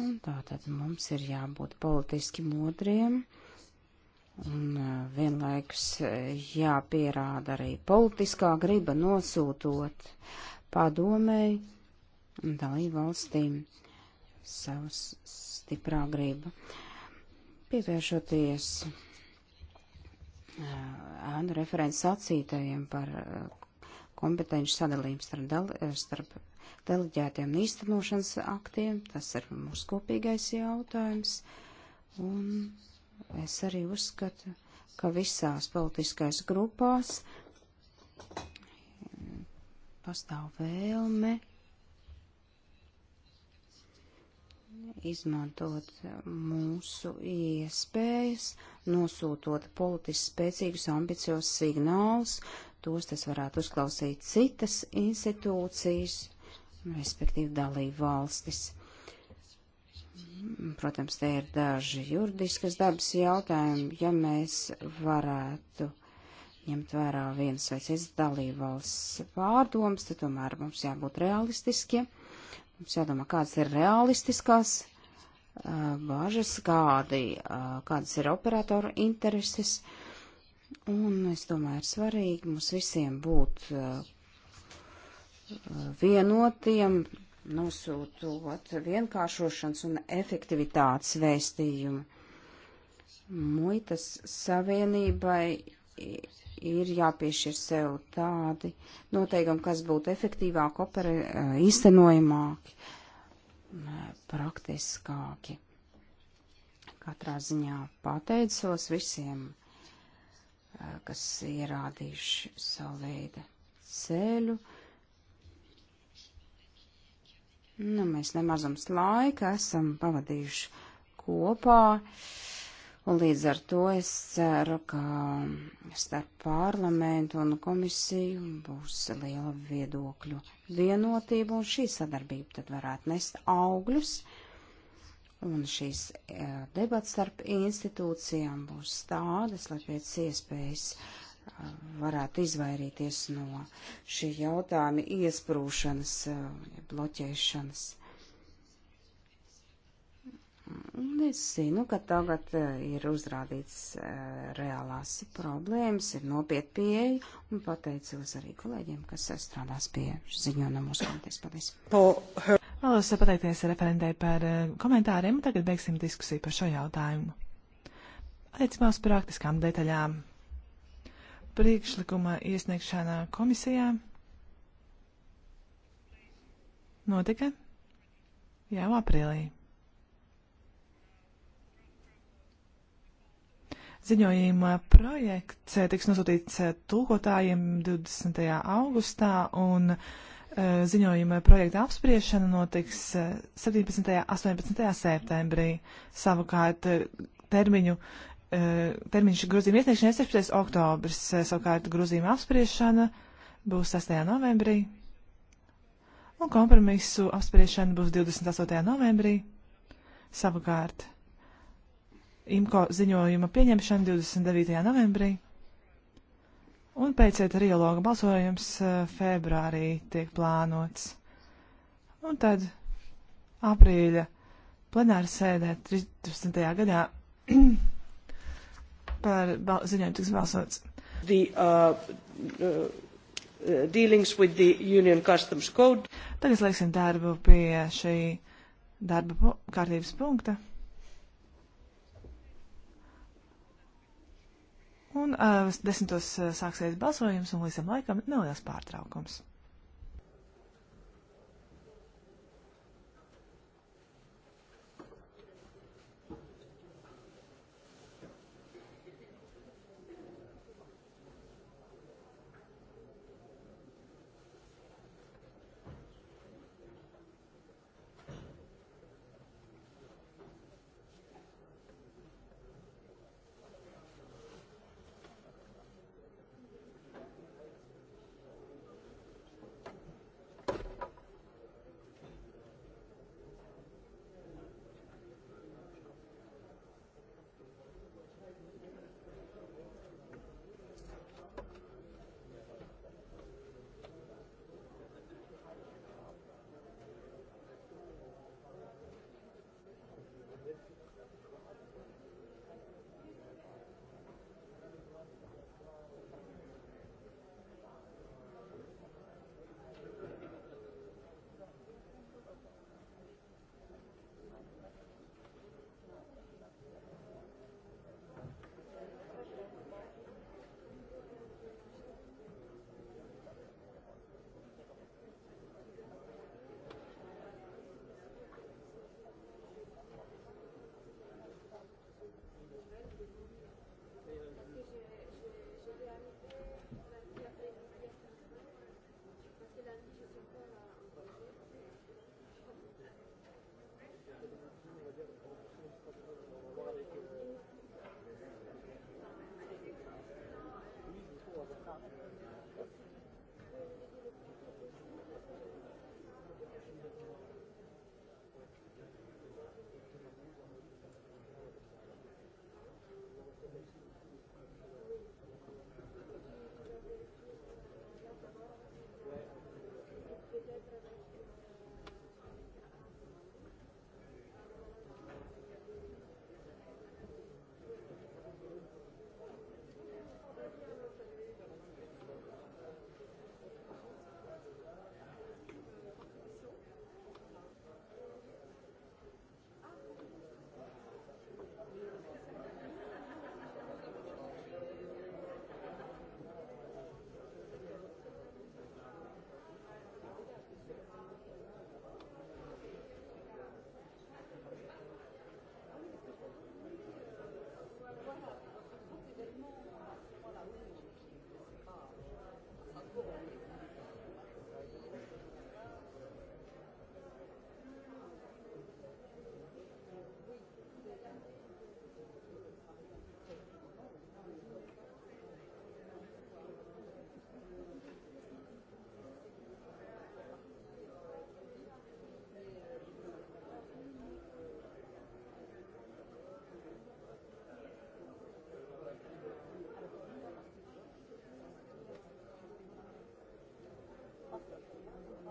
Un tātad mums ir jābūt politiski modriem Un vienlaikus jāpierāda arī politiskā griba nosūtot padomēji un dalību valstīm savus stiprā griba. Pievēršoties ēnu referents sacītajiem par kompetenci sadalījumu starp, dele, starp deleģētiem un īstenošanas aktiem. Tas ir mūsu kopīgais jautājums. Un Es arī uzskatu, ka visās politiskās grupās pastāv vēlme izmantot mūsu iespējas, nosūtot politiski spēcīgus ambiciozus signālus, tos tas varētu uzklausīt citas institūcijas, respektīvi dalību valstis. Protams, te ir daži juridiskas dabas jautājumi, ja mēs varētu ņemt vērā vienas vai citas dalībvalsts pārdomas, tad tomēr mums jābūt realistiskiem. Mums jādomā, kādas ir realistiskās bažas, kādi, kādas ir operatoru intereses. Un es domāju, ir svarīgi mums visiem būt vienotiem, nosūtot vienkāršošanas un efektivitātes vēstījumu. Muitas savienībai ir jāpiešķir sev tādi noteikumi, kas būtu efektīvāk, opera, eh, īstenojamāki, praktiskāki. Katrā ziņā pateicos visiem, eh, kas ierādījuši savu veidu ceļu Nu, mēs nemazums laika esam pavadījuši kopā, un līdz ar to es ceru, ka starp parlamentu un komisiju būs liela viedokļu vienotība, un šī sadarbība tad varētu nest augļus, un šīs eh, debats starp institūcijām būs tādas, lai pēc iespējas varētu izvairīties no šī jautājuma iesprūšanas, eh, bloķēšanas. Un es zinu, ka tagad eh, ir uzrādīts eh, reālās problēmas, ir nopiet pieeja, un pateicos arī kolēģiem, kas strādās pie ziņojuma mūsu komitejas. Paldies! Vēlos pateikties referentē par komentāriem, un tagad beigsim diskusiju par šo jautājumu. Attiecībā uz praktiskām detaļām priekšlikuma iesniegšanā komisijā notika jau aprīlī. Ziņojuma projekts tiks nosūtīts tulkotājiem 20. augustā, un e, ziņojuma projekta apspriešana notiks 17. un 18. septembrī. Savukārt e, termiņu Eh, termiņš grozījuma iesniegšanai 16. oktobris, eh, savukārt grozījuma apspriešana būs 6. novembrī, un kompromisu apspriešana būs 28. novembrī, savukārt IMCO ziņojuma pieņemšana 29. novembrī, un pēc trialoga balsojums eh, februārī tiek plānots. Un tad aprīļa plenāra sēdē 13. gadā par ziņojumu tiks balsots. The, uh, uh, uh, dealings with the Union Customs Code. Tagad slēgsim darbu pie šī darba pu kārtības punkta. Un uh, desmitos uh, sāksies balsojums un līdz tam laikam neliels pārtraukums.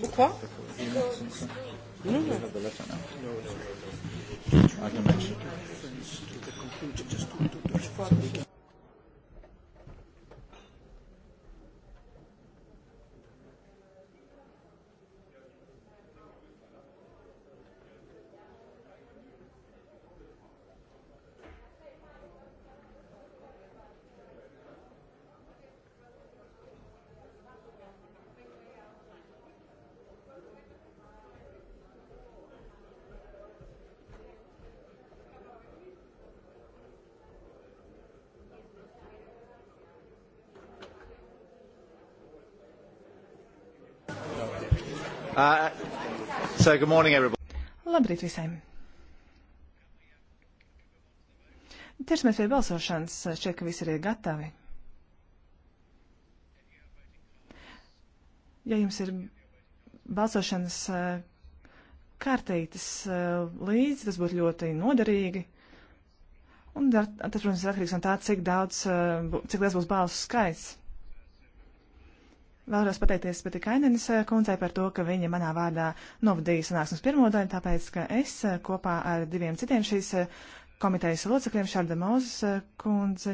De quoi Non, non. I can mention. Uh, so good morning, everybody. Labrīt visiem! Ķersimies pie balsošanas. Šķiet, ka visi ir gatavi. Ja jums ir balsošanas uh, kārtītes uh, līdzi, tas būtu ļoti noderīgi. Un tas, protams, ir atkarīgs no tā, cik daudz, uh, cik liels būs balsu skaits. Vēlos pateikties Pati Kainenes eh, kundzei par to, ka viņa manā vārdā novadīja sanāksmes pirmo daļu, tāpēc, ka es eh, kopā ar diviem citiem šīs eh, komitejas locekļiem, Šarda Mozes kundzi,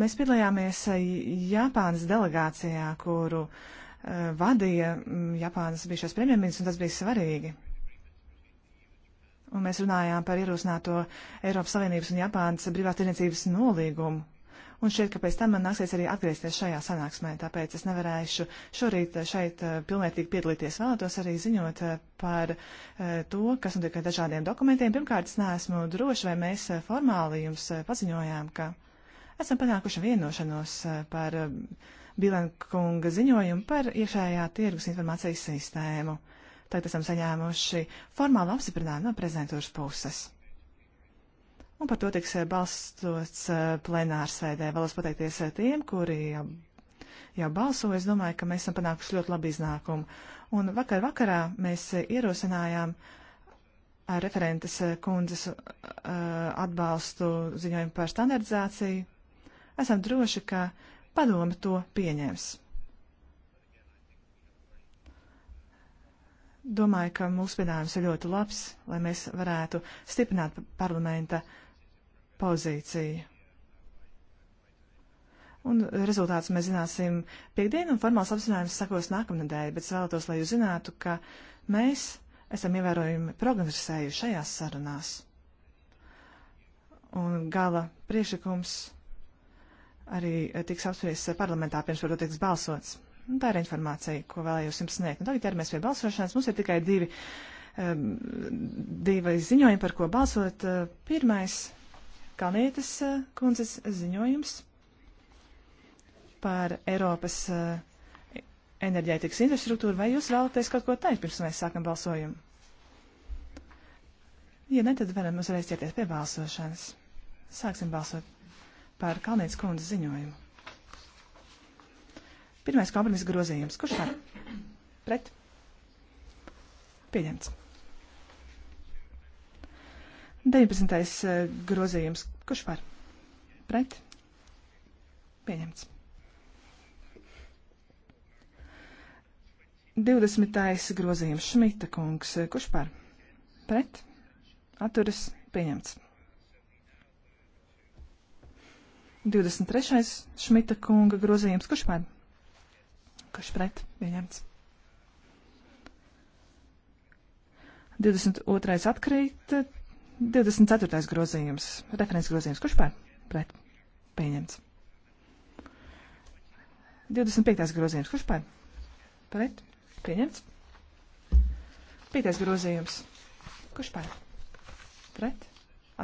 mēs piedalījāmies Japānas delegācijā, kuru vadīja mm, Japānas bijušais premjerministrs, un tas bija svarīgi. Un mēs runājām par ierosināto Eiropas Savienības un Japānas brīvās tirniecības nolīgumu un šķiet, ka pēc tam man nāksies arī atgriezties šajā sanāksmē, tāpēc es nevarēšu šorīt eh, šeit eh, pilnvērtīgi piedalīties. Vēlētos arī ziņot eh, par to, kas notiek ar dažādiem dokumentiem. Pirmkārt, es neesmu droši, vai mēs formāli jums paziņojām, ka esam panākuši vienošanos par Bilankunga ziņojumu par iekšējā tirgus informācijas sistēmu. Tagad esam saņēmuši formālu apstiprinājumu no prezidentūras puses. Un par to tiks eh, balstots eh, plenārsēdē. Vēlos pateikties eh, tiem, kuri jau, jau balsoja. Es domāju, ka mēs esam panākuši ļoti labu iznākumu. Un vakar vakarā mēs ierosinājām referentes kundzes atbalstu ziņojumu par standardizāciju. Esam droši, ka padome to pieņems. Domāju, ka mūsu piedāvājums ir ļoti labs, lai mēs varētu stiprināt parlamenta uh, pozīciju. Un rezultātus mēs zināsim piekdien, un formāls apzinājums sakos nākamnedēļ, bet es vēlētos, lai jūs zinātu, ka mēs esam ievērojami progresējuši šajās sarunās. Un gala priekšlikums arī tiks apspriests parlamentā, pirms par to tiks balsots. Un tā ir informācija, ko vēlējos jums sniegt. Un nu, tagad ķeramies pie balsošanas. Mums ir tikai divi, um, divi ziņojumi, par ko balsot. Uh, pirmais Kalnietes eh, kundzes ziņojums par Eiropas eh, enerģētikas infrastruktūru. Vai jūs vēlaties kaut ko teikt, pirms mēs sākam balsojumu? Ja ne, tad varam uzreiz ķerties pie balsošanas. Sāksim balsot par Kalnietes kundzes ziņojumu. Pirmais kompromisa grozījums. Kurš par? Pret? Pieņemts. 19. Eh, grozījums. Kurš par? Pret? Pieņemts. 20. grozījums. Šmita kungs. Eh, kurš par? Pret? Atturas? Pieņemts. 23. Šmita kunga grozījums. Kurš par? Kurš pret? Pieņemts. 22. atkrīt, 24. grozījums, referents grozījums, kurš pār? Pret. Pieņemts. 25. grozījums, kurš pār? Pret. Pieņemts. 5. grozījums, kurš pār? Pret.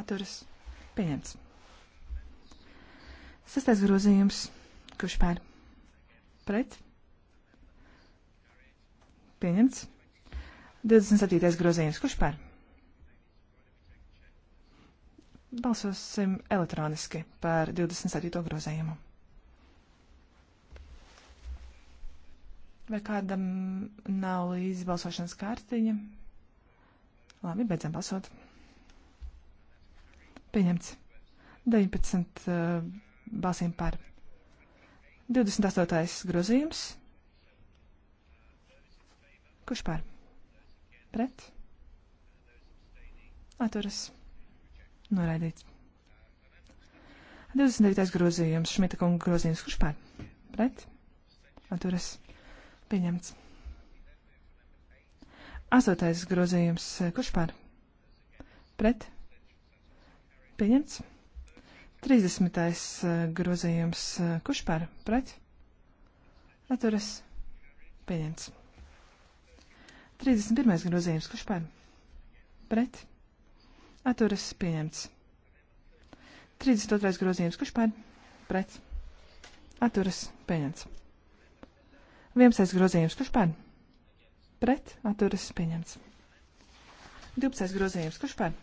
Atturas. Pieņemts. 6. grozījums, kurš pār? Pret. Pieņemts. 27. grozījums, kurš pār? Balsosim elektroniski par 27. grozējumu. Vai kādam nav līdzi balsošanas kārtiņa? Labi, beidzam balsot. Pieņemts. 19 uh, balsīm par. 28. grozījums. Kurš par? Pret? Atturas. Noraidīts. 29. grozījums, Šmita kunga grozījums, kurš pār? Pret? Atturas. Pieņemts. 8. grozījums, kurš pār? Pret? Pieņemts. 30. Eh, grozījums, kurš pār? Pret? Atturas. Pieņemts. 31. grozījums, kurš pār? Pret? Atturas pieņemts. 32. grozījums. Kurš pār? Pret. Atturas pieņemts. 11. grozījums. Kurš pār? Pret. Atturas pieņemts. 12. grozījums. Kurš pār?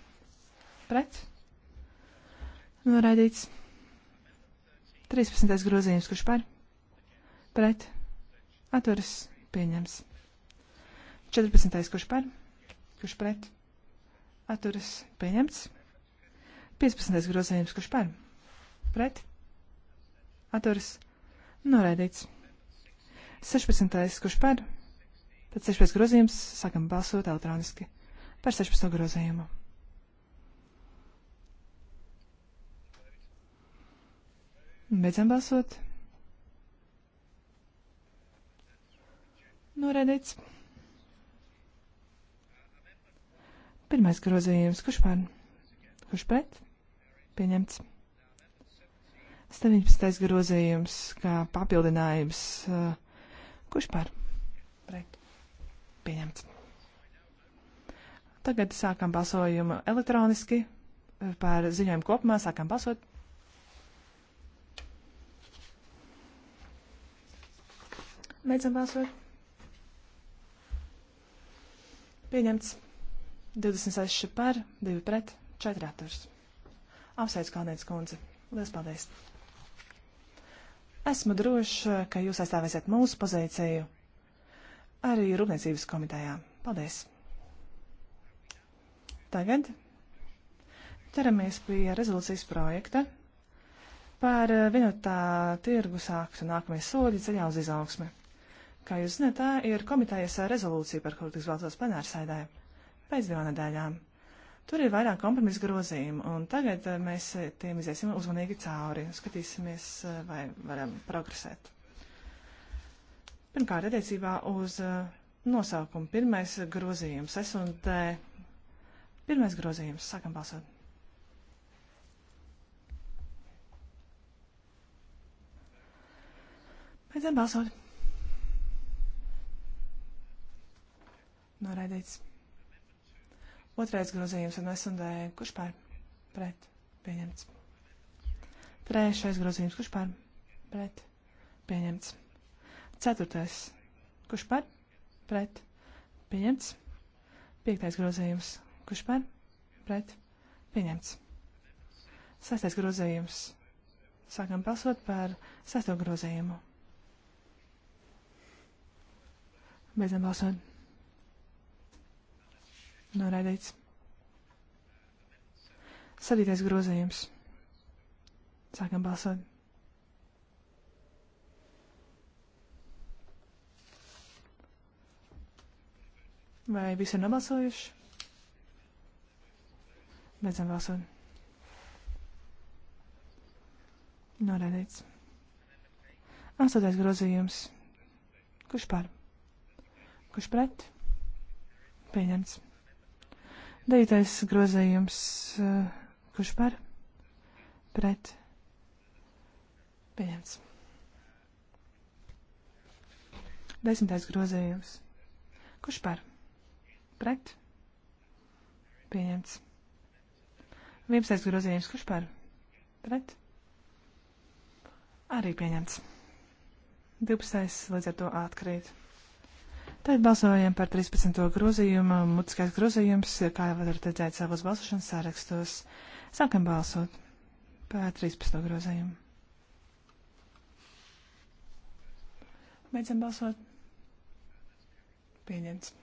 Pret. Noraidīts. 13. grozījums. Kurš pār? Pret. Atturas pieņems. 14. kurš par? Kurš pret? Atturas pieņemts. 15. grozījums, kurš par? Pret. Atturas noraidīts. 16. kurš par? Tad 16. grozījums sākam balsot elektroniski par 16. grozījumu. Beidzam balsot. Noraidīts. Pirmais grozījums. Kurš par? Kurš pret? Pieņemts. 17. grozījums kā papildinājums. Eh, kurš par? Pret. Pieņemts. Tagad sākam balsojumu elektroniski eh, par ziņojumu kopumā. Sākam balsot. Beidzam balsot. Pieņemts. 26 par, 2 pret, 4 atturs. Apsveic Kalnietes kundze. Lielas paldies! Esmu drošs, ka jūs aizstāvēsiet mūsu pozīciju arī Rūpniecības komitejā. Paldies! Tagad ķeramies pie rezolūcijas projekta par vienotā tirgus aktu nākamie soļi ceļā uz izaugsmi. Kā jūs zināt, tā ir komitejas rezolūcija, par kuru tiks balsots plenārsēdē pēc divām nedēļām. Tur ir vairāk kompromisa grozījumu, un tagad eh, mēs eh, tiem iziesim uzmanīgi cauri un skatīsimies, eh, vai varam progresēt. Pirmkārt, attiecībā uz nosaukumu. Pirmais grozījums S un D. Pirmais grozījums. Sākam balsot. Beidzam balsot. Noraidīts. Otrais grozījums un SND. Kurš pār? Pret. Pieņemts. Trešais grozījums. Kurš pār? Pret. Pieņemts. Ceturtais. Kurš pār? Pret. Pieņemts. Piektais grozījums. Kurš pār? Pret. Pieņemts. Sestais grozījums. Sākam balsot par sesto grozījumu. Beidzam balsot. Noraidīts. Sadītais grozījums. Sākam balsot. Vai visi ir nobalsojuši? Beidzam balsot. Norādīts. Astotais grozījums. Kurš par? Kurš pret? Pieņemts. Devītais grozējums, kurš par? Pret. Pieņemts. Desmitais grozējums. Kurš par? Pret. Pieņemts. Vienpadsmitais grozījums. Kurš par? Pret. Arī pieņemts. 12. līdz ar to atkrīt. Tad balsojam par 13. grozījumu. Mutiskais grozījums, kā jau varat redzēt savos balsošanas sārakstos. Sākam balsot par 13. grozījumu. Beidzam balsot. Pieņemts.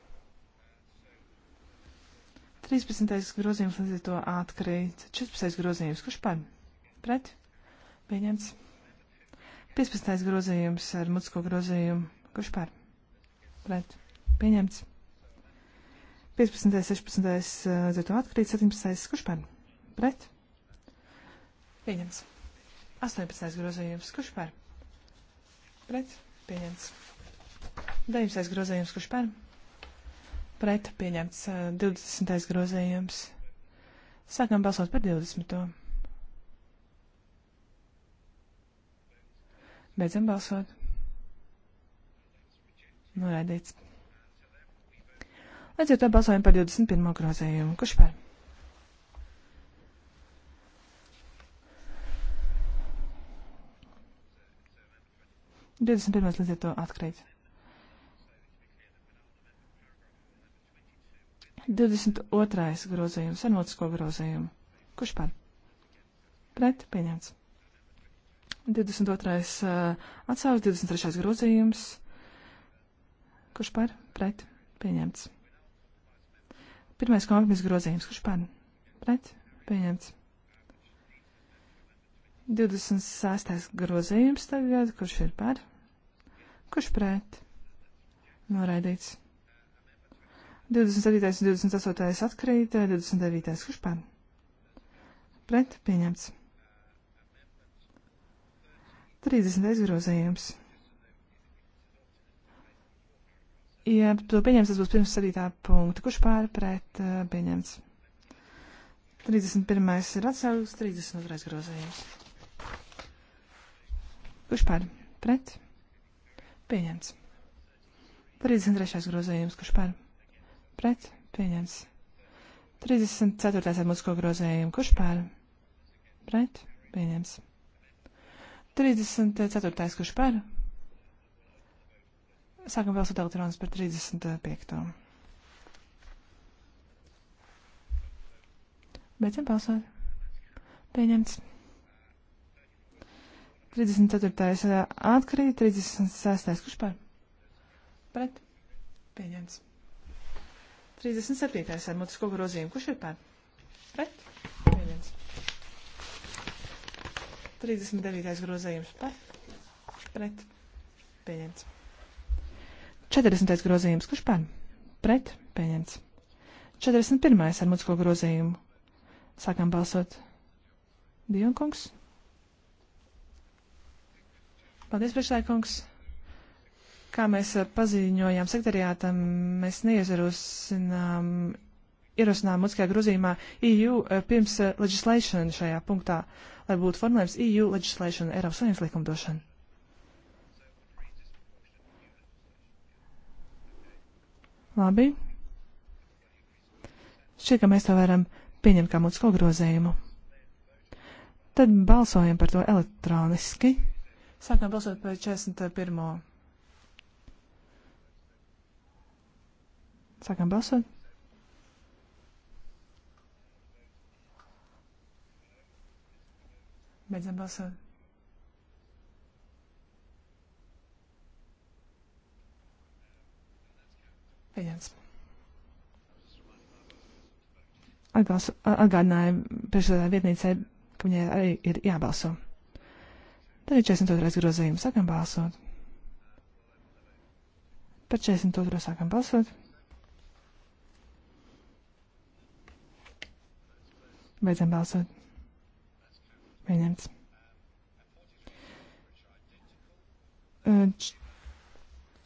13. grozījums līdz ar to atkrīt. 14. grozījums, kurš par? Pret? Pieņemts. 15. grozījums ar mutisko grozījumu, kurš par? pret pieņemts. 15. 16. dzirto atkrīt, 17. kurš par pret pieņemts. 18. grozījums, kurš par pret pieņemts. 19. grozījums, kurš par pret pieņemts. 20. grozījums. Sākam balsot par 20. Beidzam balsot. Noraidīts. Līdz ar to balsojam par 21. grozējumu. Kurš par? Divdesmit pirmais līdz ar to atkrīt. 22. grozījums, senmotisko grozījumu. Kurš par? Pret, pieņemts. 22. atsauks, 23. grozījums. Kurš par? Pret. Pieņemts. Pirmais kompromiss grozījums. Kurš par? Pret. Pieņemts. 26. grozījums tagad. Kurš ir par? Kurš pret? Noraidīts. 27. un 28. atkrīt. 29. Kurš par? Pret. Pieņemts. 30. grozījums. Ja to pieņems, tas būs pirms 7. punkta. Kurš pāri pret uh, pieņems? 31. ir atsaukts, 32. grozījums. Kurš pāri pret? Pieņems. 33. grozījums. Kurš pāri pret? Pieņems. 34. ar mūzisko grozījumu. Kurš pāri pret? Pieņems. 34. kurš pāri? Sākam balsot elektronis par 35. Beidzam balsot. Pieņemts. 34. Eh, atkrīt, 36. kurš par? Pret. Pieņemts. 37. ar mutisko grozījumu. Kurš ir par? Pret. Pieņemts. 39. grozījums par? Pret. Pieņemts. 40. grozījums. Kurš par? Pret? Pieņemts. 41. ar mutisko grozījumu. Sākam balsot. Dionkungs. Paldies, priekšlēkungs. Kā mēs eh, paziņojām sekretariātam, mēs neiezarosinām ierosinām mutiskajā grozījumā EU eh, pirms eh, legislation šajā punktā, lai būtu formulējums EU legislation, Eiropas Savienības likumdošana. Labi. Šķiet, ka mēs to varam pieņemt kā mutisko grozējumu. Tad balsojam par to elektroniski. Sākam balsot par 41. Sākam balsot. Beidzam balsot. Pieņems. Atbalsu, atgādināju priekšsēdētāju vietnīcai, ka viņai arī ir jābalso. Tad ir 42. grozījums. Sākam balsot. Par 42. sākam balsot. Beidzam balsot. Pieņemts.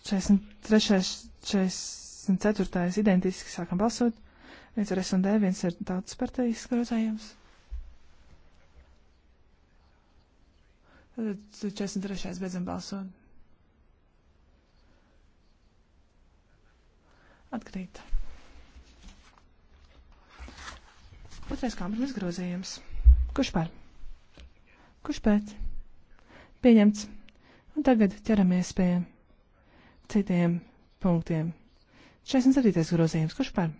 43. 43. 104. identiski sākam balsot. Viens ir S&D, viens ir tautas partijas grozējums. Tad 43. beidzam balsot. Atkrīt. Otrais kompromis grozījums. Kurš par? Kurš pēc? Pieņemts. Un tagad ķeramies pie citiem punktiem. 47. grozījums. Kurš par?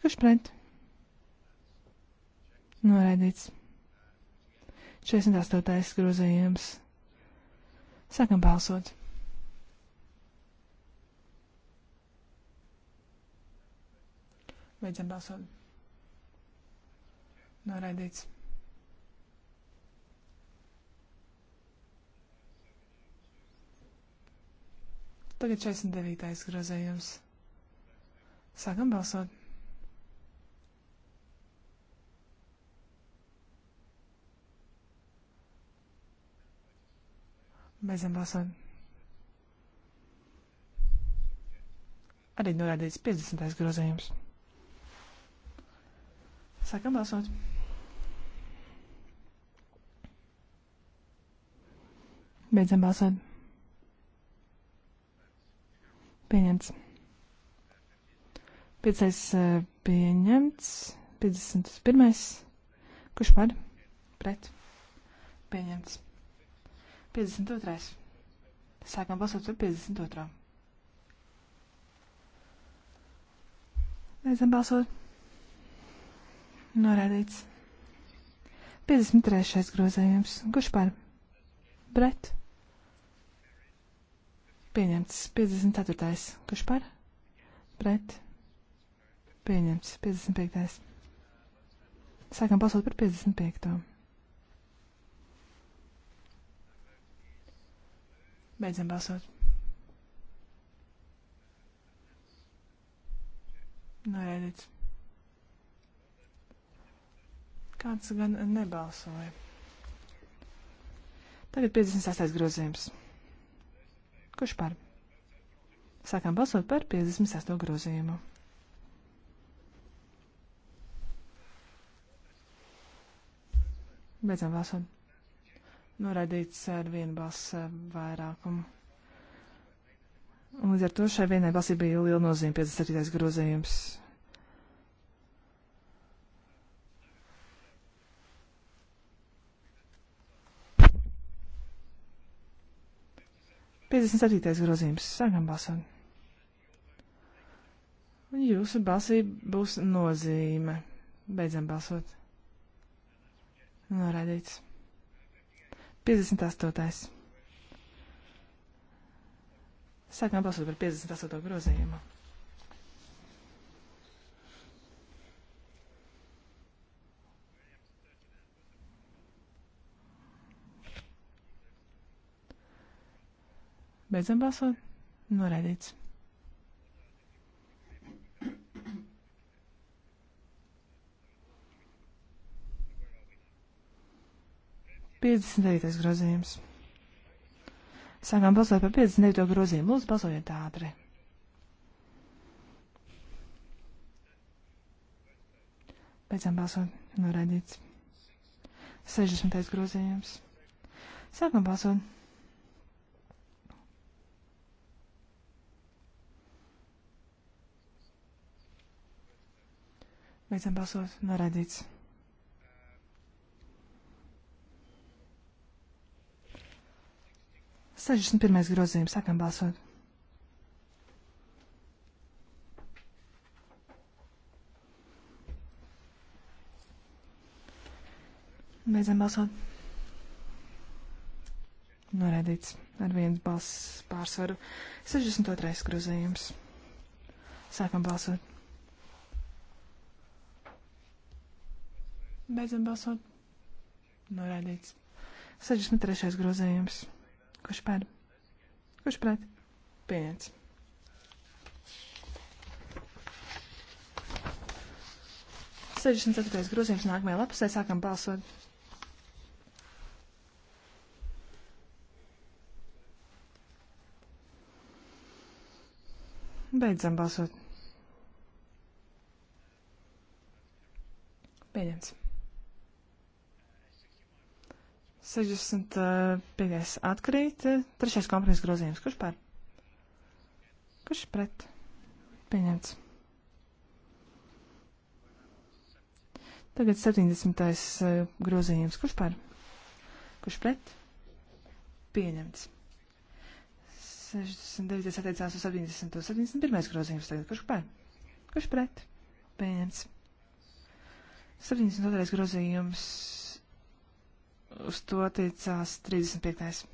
Kurš pret? Noraidīts. 48. grozījums. Sākam balsot. Beidzam balsot. Noraidīts. Tagad 49. grozējums. Sākam balsot. Beidzam balsot. Arī norādīts 50. grozējums. Sākam balsot. Beidzam balsot. Pieņemts. 5. Eh, pieņemts. 51. Kurš par? Pret. Pieņemts. 52. Sākam balsot par 52. Beidzam balsot. Norādīts. 53. grozējums. Kurš par? Pret. Pieņemts 54. Kurš par? Pret. Pieņemts 55. Sākam balsot par 55. Beidzam balsot. Noraidīts. Kāds gan nebalsoja. Tagad 56. grozījums. Kurš par? Sākam balsot par 56. grozījumu. Beidzam balsot. Noraidīts ar vienu balsu eh, vairākumu. Un līdz ar to šai vienai balsī bija liela nozīme 57. grozījums. 57. grozījums. Sākam balsot. Jūsu balsī būs nozīme. Beidzam balsot. Noraidīts. 58. Sākam balsot par 58. grozījumu. Beidzam balsot. Noraidīts. Piecdesmit devītais grozījums. Sākām balsot par 59. grozījumu. Lūdzu, balsojiet ātri. Beidzam balsot. Noraidīts. 60. grozījums. Sākam balsot. Beidzam balsot. Noraidīts. Sešdesmit pirmais grozījums. Sākam balsot. Beidzam balsot. Noraidīts ar vienu balss pārsvaru. 62. grozījums. Sākam balsot. Beidzam balsot. Norādīts. 63. grozējums. Kurš pēd? Kurš pret? Pieņemts. Sešdesmit ceturtais grozījums nākamajā lapusē sākam balsot. Beidzam balsot. 65. atkrīt. Eh, trešais kompromiss grozījums. Kurš pār? Kurš pret? Pieņemts. Tagad 70. Eh, grozījums. Kurš pār? Kurš pret? Pieņemts. 69. attiecās uz 70. 71. grozījums. Tagad kurš pār? Kurš pret? Pieņemts. 72. grozījums uz to attiecās 35.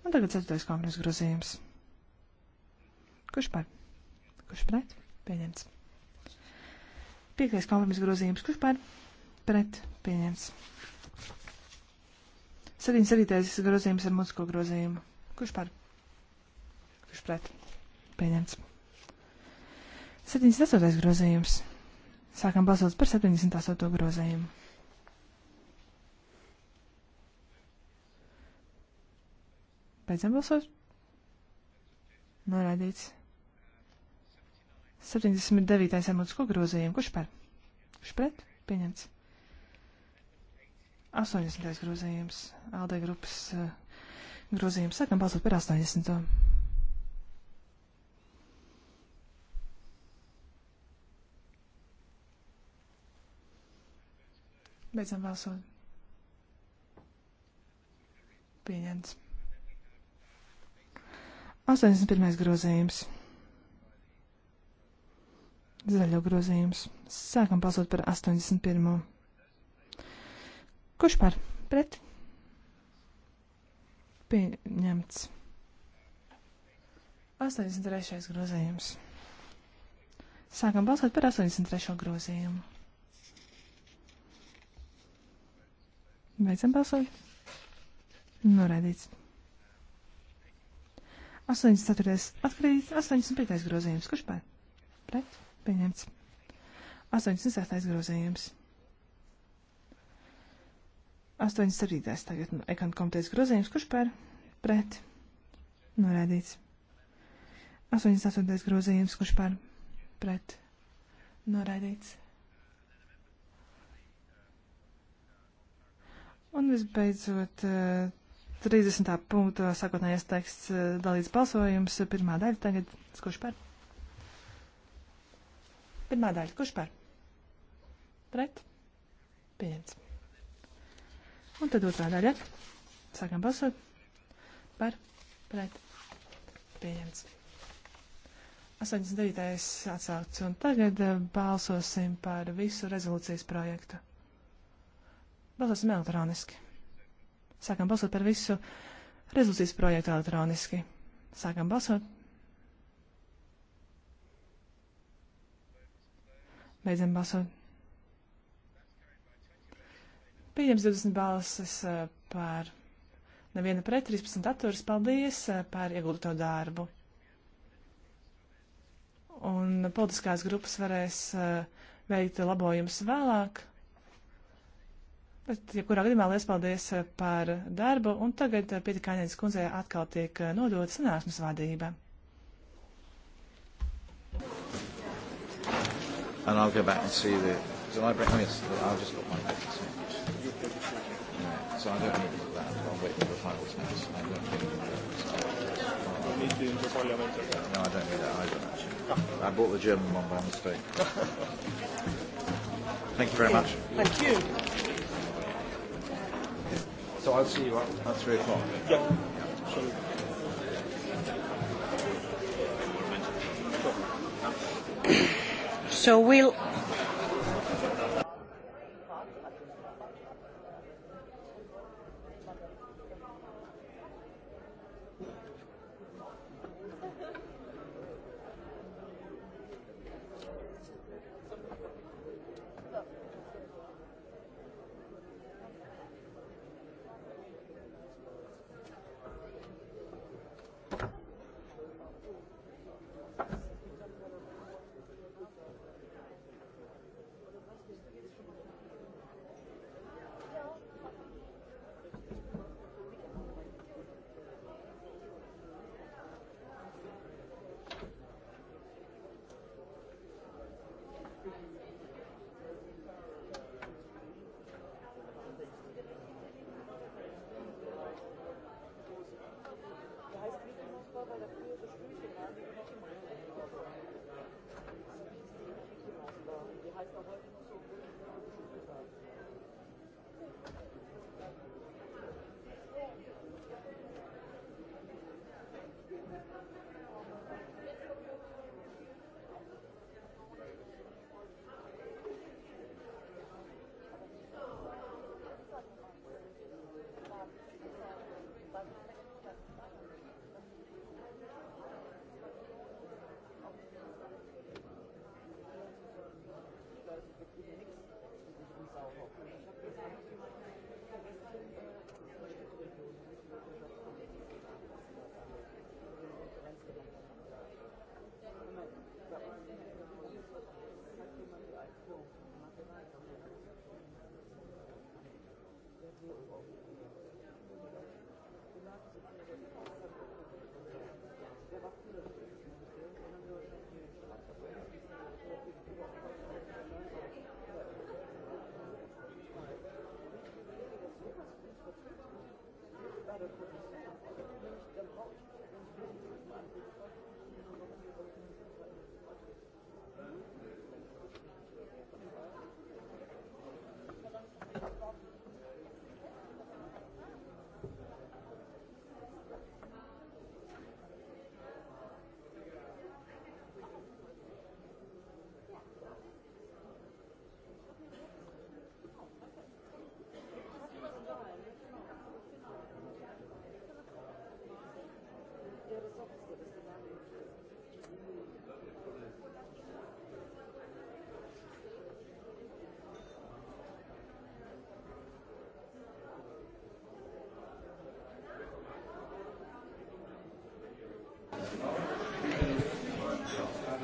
Un tagad 4. kompromisa grozījums. Kurš par? Kurš pret? Pieņemts. 5. kompromisa grozījums. Kurš par? Pret? Pieņemts. 7. 7. grozījums ar mūzisko grozījumu. Kurš par? Kurš pret? Pieņemts. 78. grozījums. Sākam balsot par 78. grozījumu. Beidzam balsot. Noraidīts. 79. emocisko grozījumu. Kurš par? Kurš pret? Pieņemts. 80. grozījums. Aldei grupas eh, grozījums. Sākam balsot par 80. Beidzam balsot. Pieņemts. 81. grozījums. Zaļo grozījums. Sākam balsot par 81. Kurš par? Pret? Pieņemts. 83. grozījums. Sākam balsot par 83. grozījumu. Beidzam balsot. Noraidīts. 84. atkrīt, 85. grozījums. Kurš pār? Pret? Pieņemts. 86. grozījums. 87. tagad no nu, ekon komitejas grozījums. Kurš pār? Pret? Noraidīts. 88. grozījums. Kurš pār? Pret? Noraidīts. Un visbeidzot, 30. Eh, punktā sākotnējais teksts eh, dalīts balsojums. Pirmā daļa tagad. Kurš par? Pirmā daļa. Kurš par? Pret? Pieņemts. Un tad otrā daļa. Sākam balsot. Par? Pret? Pieņemts. 89. atsaucis. Un tagad eh, balsosim par visu rezolūcijas projektu. Balsosim elektroniski. Sākam balsot par visu rezolūcijas projektu elektroniski. Sākam balsot. Beidzam balsot. Pieņems 20 balsis eh, par neviena pret 13 atturas. Paldies eh, par ieguldīto darbu. Un politiskās grupas varēs eh, veikt labojumus vēlāk. Bet, ja kurā gadījumā, liels paldies eh, par darbu, un tagad eh, Pietikānienes kundzei atkal tiek eh, nodota sanāksmes vadība. And I'll go back and see the. Did I bring this? I've just got one back. So, yeah, so I don't need that. I'll wait for the final test. I don't need that. No, I don't need that either, actually. I bought the German one by mistake. Thank you very much. Thank you. So I'll see you at, at 3 o'clock? Yep. Yeah. So, so we'll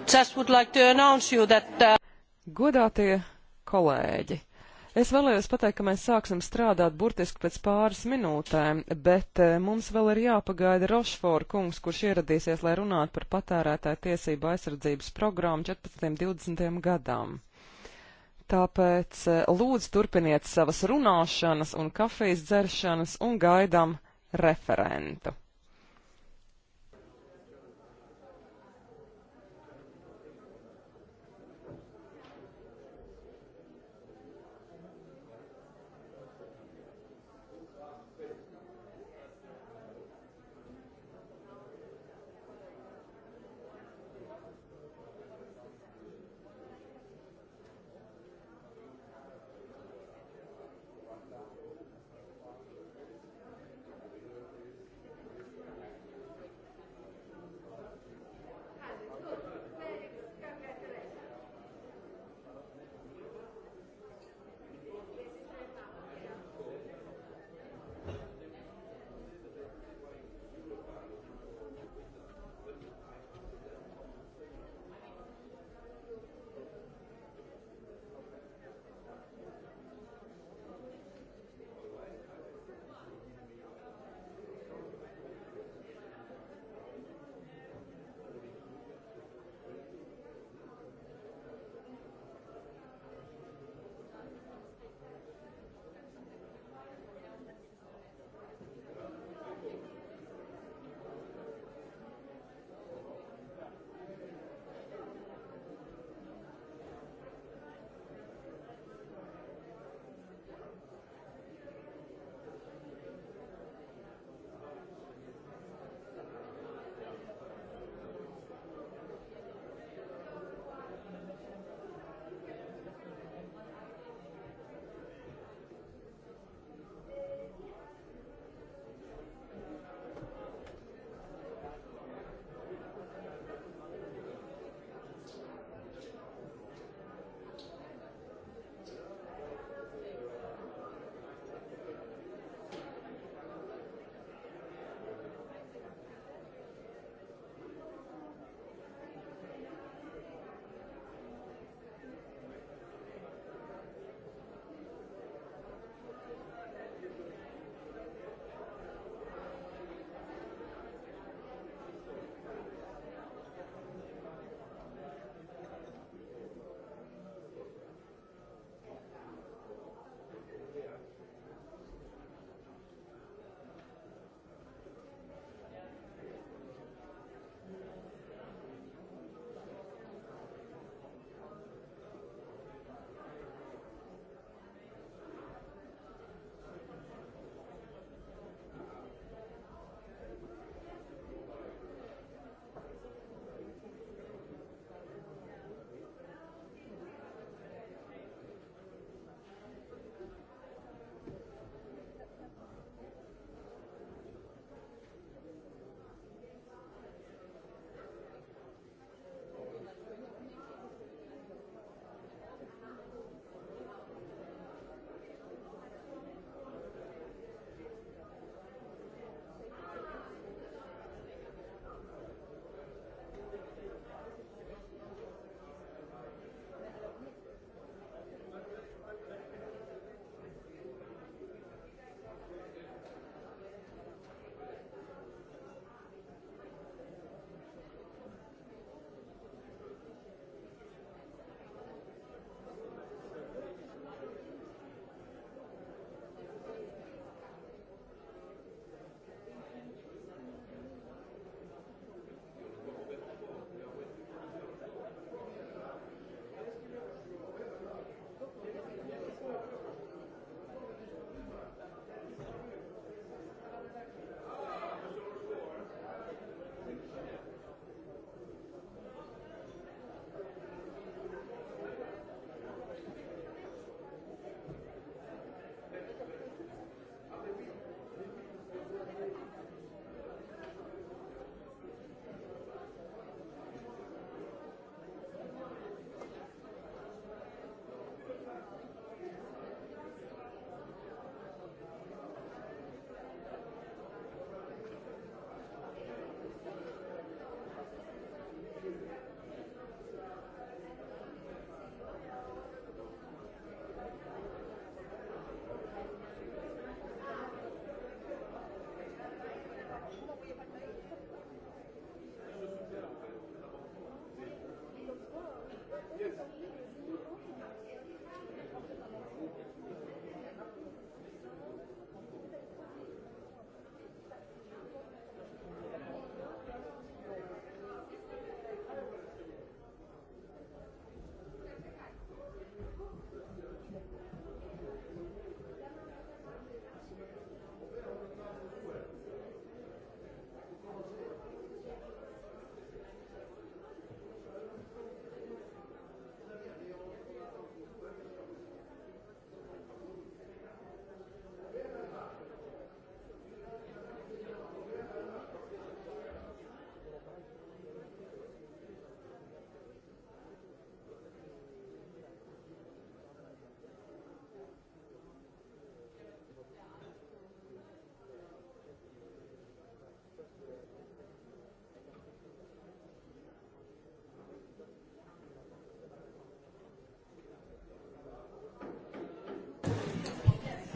just would like to announce you that. Uh... Godātie kolēģi! Es vēlējos pateikt, ka mēs sāksim strādāt burtiski pēc pāris minūtēm, bet eh, mums vēl ir jāpagaida Rošfora kungs, kurš ieradīsies, lai runātu par patērētāju tiesību aizsardzības programmu 14.20. gadam. Tāpēc eh, lūdzu turpiniet savas runāšanas un kafijas dzeršanas un gaidām referentu.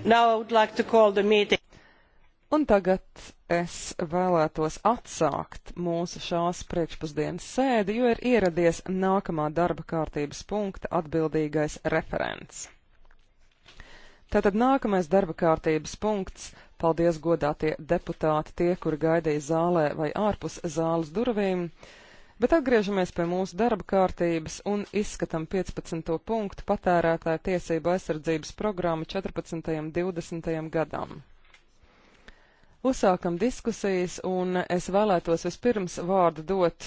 Like Un tagad es vēlētos atsākt mūsu šās priekšpusdienas sēdi, jo ir ieradies nākamā darba kārtības punkta atbildīgais referents. Tātad nākamais darba kārtības punkts - paldies godātie deputāti tie, kuri gaidīja zālē vai ārpus zāles durvīm. Uh, Bet atgriežamies pie mūsu darba kārtības un izskatam 15. punktu patērētāja tiesība aizsardzības programmu 14. un 20. gadam. Uzsākam diskusijas, un es vēlētos vispirms vārdu dot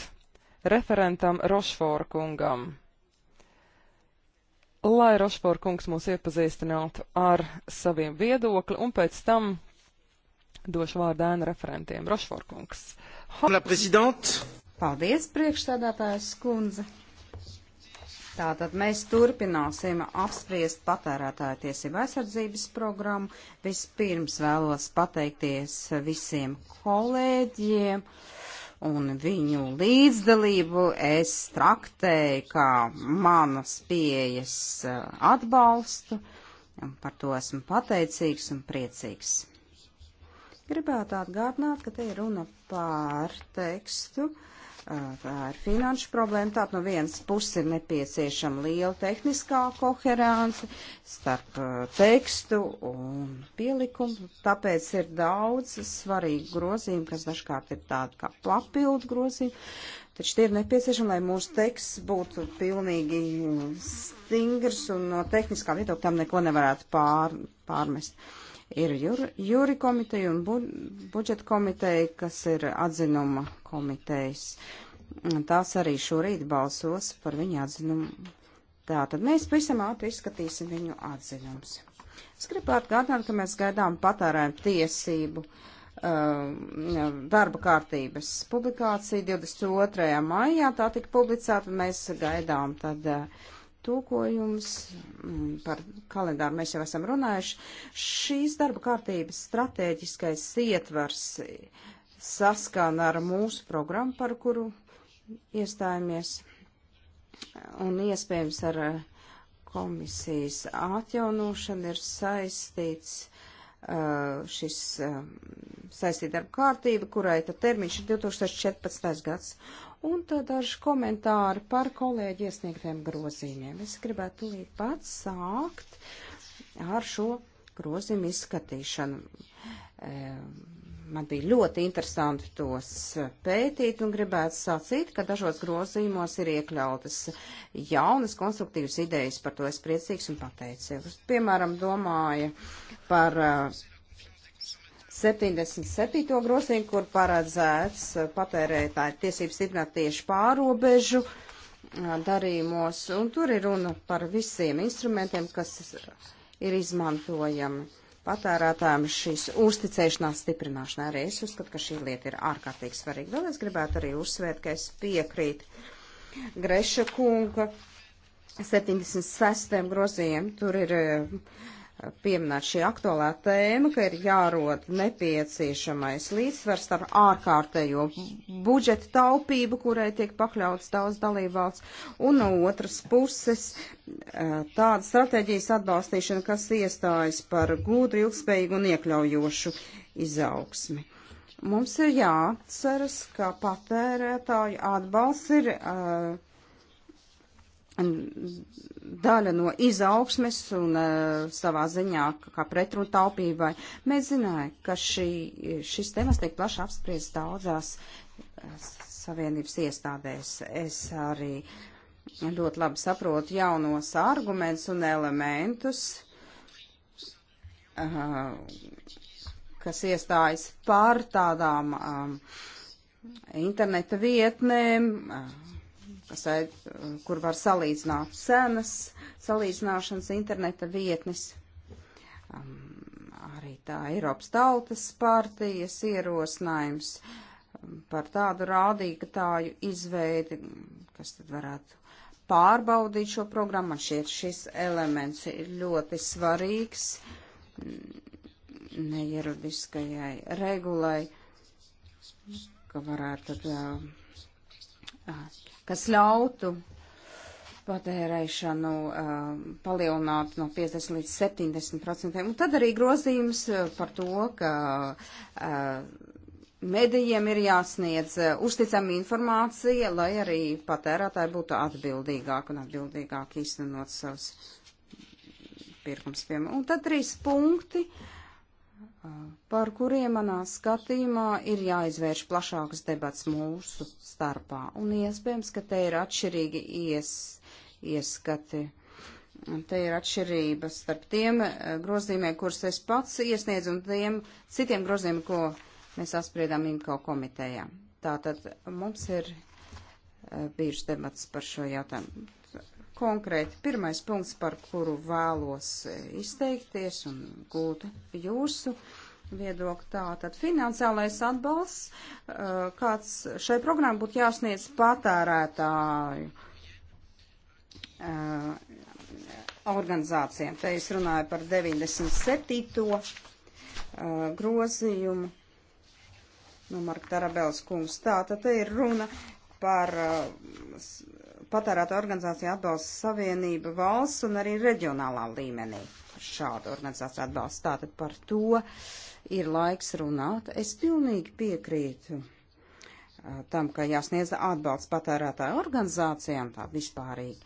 referentam Rošfora kungam. Lai Rošfora kungs mūs iepazīstinātu ar saviem viedokli, un pēc tam došu vārdu ēnu referentiem. Rošfora kungs. Ha Paldies, priekšstādātājas kundze. Tātad mēs turpināsim apspriest patērētāju tiesību aizsardzības programmu. Vispirms vēlos pateikties visiem kolēģiem un viņu līdzdalību. Es traktēju kā manas pieejas atbalstu. Par to esmu pateicīgs un priecīgs. Gribētu atgādināt, ka te ir runa par tekstu. Uh, tā ir finanšu problēma. Tātad no vienas puses ir nepieciešama liela tehniskā koherence starp tekstu un pielikumu. Tāpēc ir daudz svarīgu grozījumu, kas dažkārt ir tādi kā papildu grozījumi. Taču tie ir nepieciešami, lai mūsu teksts būtu pilnīgi stingrs un no tehniskā viedokļa tam neko nevarētu pār, pārmest. Uh, Ir jūri, jūri komiteja un bu, budžeta komiteja, kas ir atzinuma komitejas. Tās arī šorīt balsos par viņu atzinumu. Tātad mēs pavisam ātri izskatīsim viņu atzinumus. Es gribu atgādināt, ka mēs gaidām patērēm tiesību uh, darba kārtības publikācija 22. maijā. Tā tika publicēta, un mēs gaidām tad uh, tūkojums, mm, par kalendāru mēs jau esam runājuši. Šīs darba kārtības strateģiskais ietvars saskana ar mūsu programmu, par kuru iestājāmies, un iespējams ar eh, komisijas atjaunošanu ir saistīts eh, šis eh, saistīta darba kārtība, kurai tad termiņš ir 2014. gads. Un tad daži komentāri par kolēģi iesniegtiem grozījumiem. Es gribētu tūlīt pats sākt ar šo grozījumu izskatīšanu. Man bija ļoti interesanti tos pētīt un gribētu sacīt, ka dažos grozījumos ir iekļautas jaunas konstruktīvas idejas, par to es priecīgs un pateicīgs. Piemēram, domāju par 77. grozījumu, kur paredzēts uh, patērētāju tiesības stiprināt tieši pārobežu uh, darījumos, un tur ir runa par visiem instrumentiem, kas ir izmantojami patērētājiem šīs uzticēšanās stiprināšanai. Arī es uzskatu, ka šī lieta ir ārkārtīgi svarīga. Vēl es gribētu arī uzsvērt, ka es piekrītu Greša kunga 76. grozījumu. Tur ir uh, pieminēt šī aktuālā tēma, ka ir jārod nepieciešamais līdzsvars ar ārkārtējo budžeta taupību, kurai tiek pakļauts daudz dalībvalsts, un no otras puses eh, tāda stratēģijas atbalstīšana, kas iestājas par gudru, ilgspējīgu un iekļaujošu izaugsmi. Mums ir jāatceras, ka patērētāju atbalsts ir. Uh, daļa no izaugsmes un uh, savā ziņā kā pretrunu taupībai. Mēs zinājām, ka šī, šis temats tiek plaši apspriests daudzās eh, savienības iestādēs. Es arī ļoti labi saprotu jaunos argumentus un elementus, uh, kas iestājas par tādām um, interneta vietnēm. Uh, kas, kur var salīdzināt cenas, salīdzināšanas interneta vietnes. Um, arī tā Eiropas tautas partijas ierosinājums um, par tādu rādītāju izveidi, kas tad varētu pārbaudīt šo programmu. Man šķiet, šis elements ir ļoti svarīgs neieradiskajai regulai, ka varētu tad. Uh, kas ļautu patērēšanu um, palielināt no 50 līdz 70 procentiem. Un tad arī grozījums uh, par to, ka uh, medijiem ir jāsniedz uh, uzticama informācija, lai arī patērētāji būtu atbildīgāk un atbildīgāk īstenot savus pirkums. Un tad trīs punkti. Uh, par kuriem manā skatījumā ir jāizvērš plašākas debats mūsu starpā. Un iespējams, ka te ir atšķirīgi ies, ieskati. Te ir atšķirības starp tiem eh, grozījumiem, kurus es pats iesniedzu, un tiem citiem grozījumiem, ko mēs apspriedām IMCO komitejā. Tātad mums ir eh, bijušas debats par šo jautājumu konkrēti pirmais punkts, par kuru vēlos e, izteikties un gūt jūsu viedokli. Tātad finansiālais atbalsts, e, kāds šai programmai būtu jāsniedz patērētāju e, organizācijām. Te es runāju par 97. grozījumu. Nu, Marka Tarabels kungs, tā tad te ir runa par uh, patērēta organizācija atbalsta savienība valsts un arī reģionālā līmenī. Šāda organizācija atbalsta. Tātad par to ir laiks runāt. Es pilnīgi piekrītu uh, tam, ka jāsniedz atbalsts patērētāju organizācijām tā vispārīgi.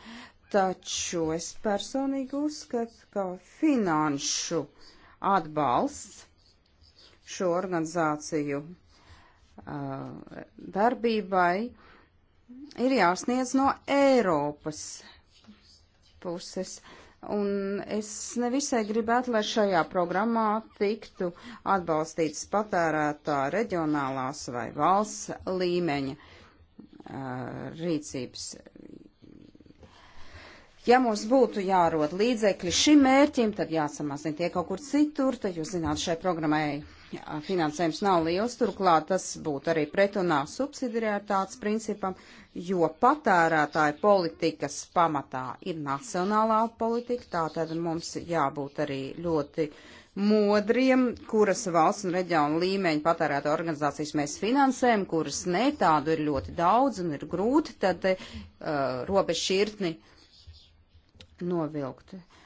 Taču es personīgi uzskatu, ka finanšu atbalsts šo organizāciju uh, darbībai ir jāsniedz no Eiropas puses. Un es nevisai gribētu, lai šajā programmā tiktu atbalstīts patērētā reģionālās vai valsts līmeņa uh, rīcības. Ja mums būtu jārod līdzekļi šim mērķim, tad jāsamazina tie kaut kur citur, tad jūs zināt, šai programmai finansējums nav liels, turklāt tas būtu arī pretunā subsidiaritātes principam, jo patērētāja politikas pamatā ir nacionālā politika, tātad mums jābūt arī ļoti modriem, kuras valsts un reģionu līmeņa patērēta organizācijas mēs finansējam, kuras ne tādu ir ļoti daudz un ir grūti tad uh, robežšķirtni novilkt. Uh,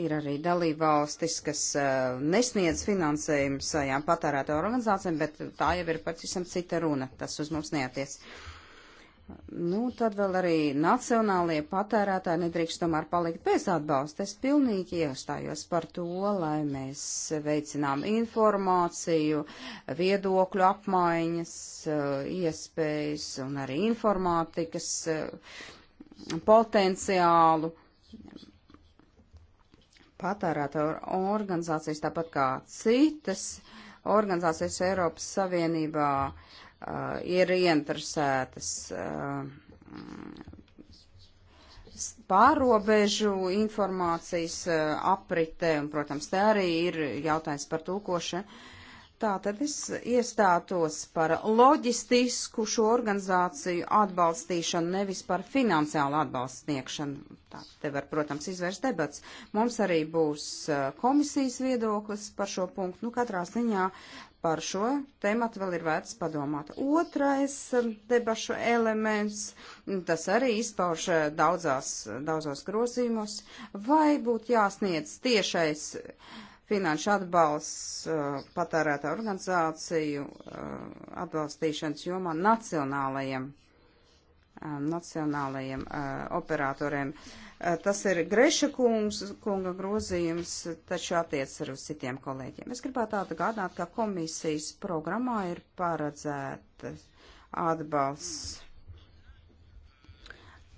ir arī dalībvalstis, kas uh, nesniedz finansējumu savām patērēto organizācijām, bet tā jau ir pavisam cita runa. Tas uz mums neaties. Nu, tad vēl arī nacionālie patērētāji nedrīkst tomēr palikt bez atbalsta. Es pilnīgi iestājos par to, lai mēs veicinām informāciju, viedokļu apmaiņas, uh, iespējas un arī informātikas uh, potenciālu patērētāju organizācijas, tāpat kā citas organizācijas Eiropas Savienībā, uh, ir ieinteresētas uh, pārobežu informācijas uh, apritē, un, protams, te arī ir jautājums par tūkošanu Tā tad es iestātos par loģistisku šo organizāciju atbalstīšanu, nevis par finansiālu atbalstu sniegšanu. Tā te var, protams, izvērst debats. Mums arī būs komisijas viedoklis par šo punktu. Nu, katrā ziņā par šo tematu vēl ir vērts padomāt. Otrais debašu elements, tas arī izpauž daudzās, daudzos grozījumos, vai būtu jāsniedz tiešais finanšu atbalsts uh, patērētā organizāciju uh, atbalstīšanas jomā nacionālajiem, uh, nacionālajiem uh, operatoriem. Uh, tas ir Greša kungs, kunga grozījums, taču attiec ar uz citiem kolēģiem. Es gribētu atgādināt, ka komisijas programmā ir paredzēta atbalsts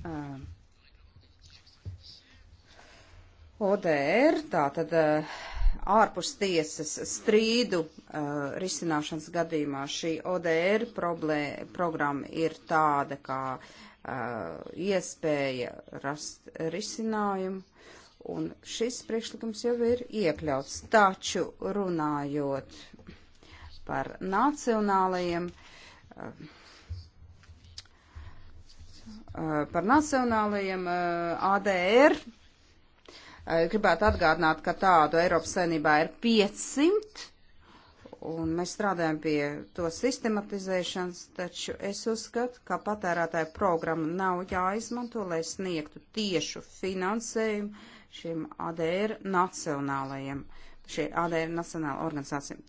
uh, ODR, tātad uh, ārpus tiesas strīdu uh, risināšanas gadījumā šī ODR problē, programma ir tāda kā uh, iespēja rast risinājumu, un šis priekšlikums jau ir iekļauts. Taču runājot par nacionālajiem. Uh, uh par nacionālajiem uh, ADR Eh, gribētu atgādināt, ka tādu Eiropas saimnībā ir 500, un mēs strādājam pie to sistematizēšanas, taču es uzskatu, ka patērētāju programma nav jāizmanto, lai sniegtu tiešu finansējumu šiem ADR nacionālajiem, šie ADR nacionāla organizācijām.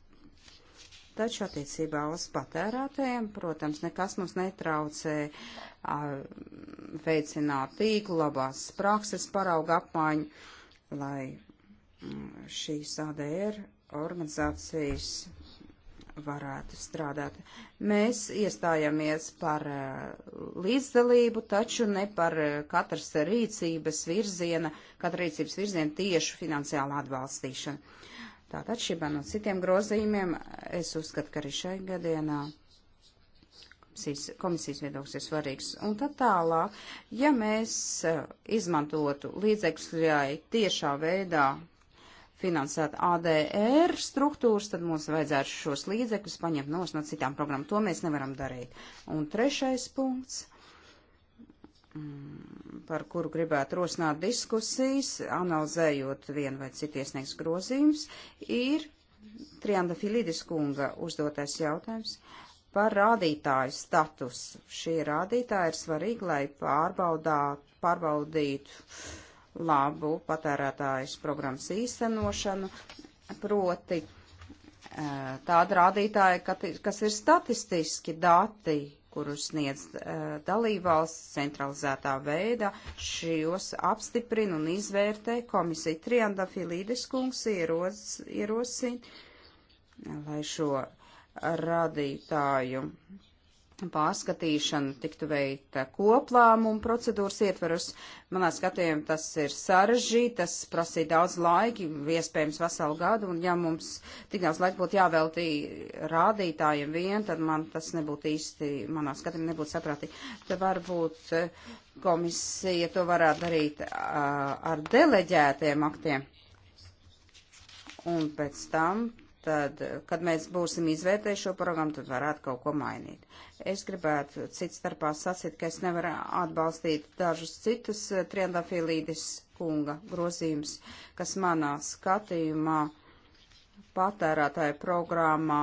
Taču attiecībā uz patērētājiem, protams, nekas mums netraucē a, veicināt tīklu labās prakses parauga apmaiņu lai mm, šīs ADR organizācijas varētu strādāt. Mēs iestājamies par eh, līdzdalību, taču ne par eh, katras rīcības virziena, katra rīcības virziena tiešu finansiālu atbalstīšanu. Tātad šībā no citiem grozījumiem es uzskatu, ka arī šai gadienā komisijas viedoklis ir svarīgs. Un tad tālāk, ja mēs eh, izmantotu līdzekļai tiešā veidā finansēt ADR struktūras, tad mums vajadzētu šos līdzekļus paņemt nos no citām programmām. To mēs nevaram darīt. Un trešais punkts mm, par kuru gribētu rosināt diskusijas, analizējot vienu vai citu iesniegs grozījums, ir Trianda Filidis kunga uzdotais jautājums. Uh, par rādītāju statusu. Šie rādītāji ir svarīgi, lai pārbaudītu labu patērētājas programmas īstenošanu, proti eh, tāda rādītāja, kas ir statistiski dati, kurus sniedz eh, dalībvalsts centralizētā veidā, šos apstiprina un izvērtē komisija. Trianda Filīdes kungs ierosina, ierosi, lai šo radītāju pārskatīšana tiktu veikta koplāmuma procedūras ietveros. Manā skatījumā tas ir sarežģīti, tas prasīja daudz laika, iespējams veselu gadu, un ja mums tik daudz laika būtu jāveltī rādītājiem vien, tad man tas nebūtu īsti, manā skatījumā nebūtu saprātīgi. Tad varbūt eh, komisija to varētu darīt eh, ar deleģētiem aktiem. Un pēc tam tad, kad mēs būsim izvērtējuši šo programmu, tad varētu kaut ko mainīt. Es gribētu cits starpā sacīt, ka es nevaru atbalstīt dažus citus eh, triandafīlīdis kunga grozījumus, kas manā skatījumā patērētāju programmā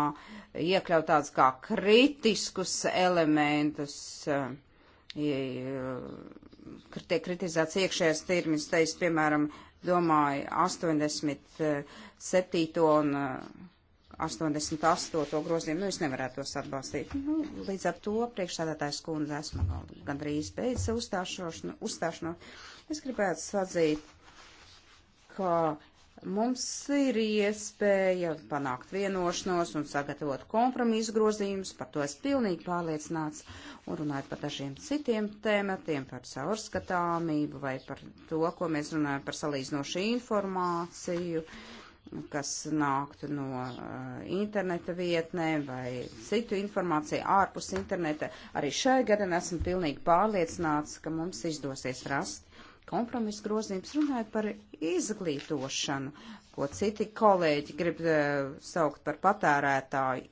iekļaut tāds kā kritiskus elementus. Eh, tiek kritizēts iekšējais tirmis, teiks, piemēram, domāju, 87. Eh, un 88. grozījumu, nu es nevarētu tos atbalstīt. Nu, līdz ar to priekšstādātājs kundze esmu nu gandrīz beidz uzstāšanu. Es gribētu sadzīt, ka mums ir iespēja panākt vienošanos un sagatavot kompromisu grozījumus, par to es pilnīgi pārliecināts, un runājot par dažiem citiem tēmatiem, par caurskatāmību vai par to, ko mēs runājam par salīdzinošu informāciju. Uh, kas nāktu no uh, interneta vietnēm vai citu informāciju ārpus interneta. Arī šai gadam esmu pilnīgi pārliecināts, ka mums izdosies rast kompromisu grozījums runājot par izglītošanu, ko citi kolēģi grib uh, saukt par patērētāju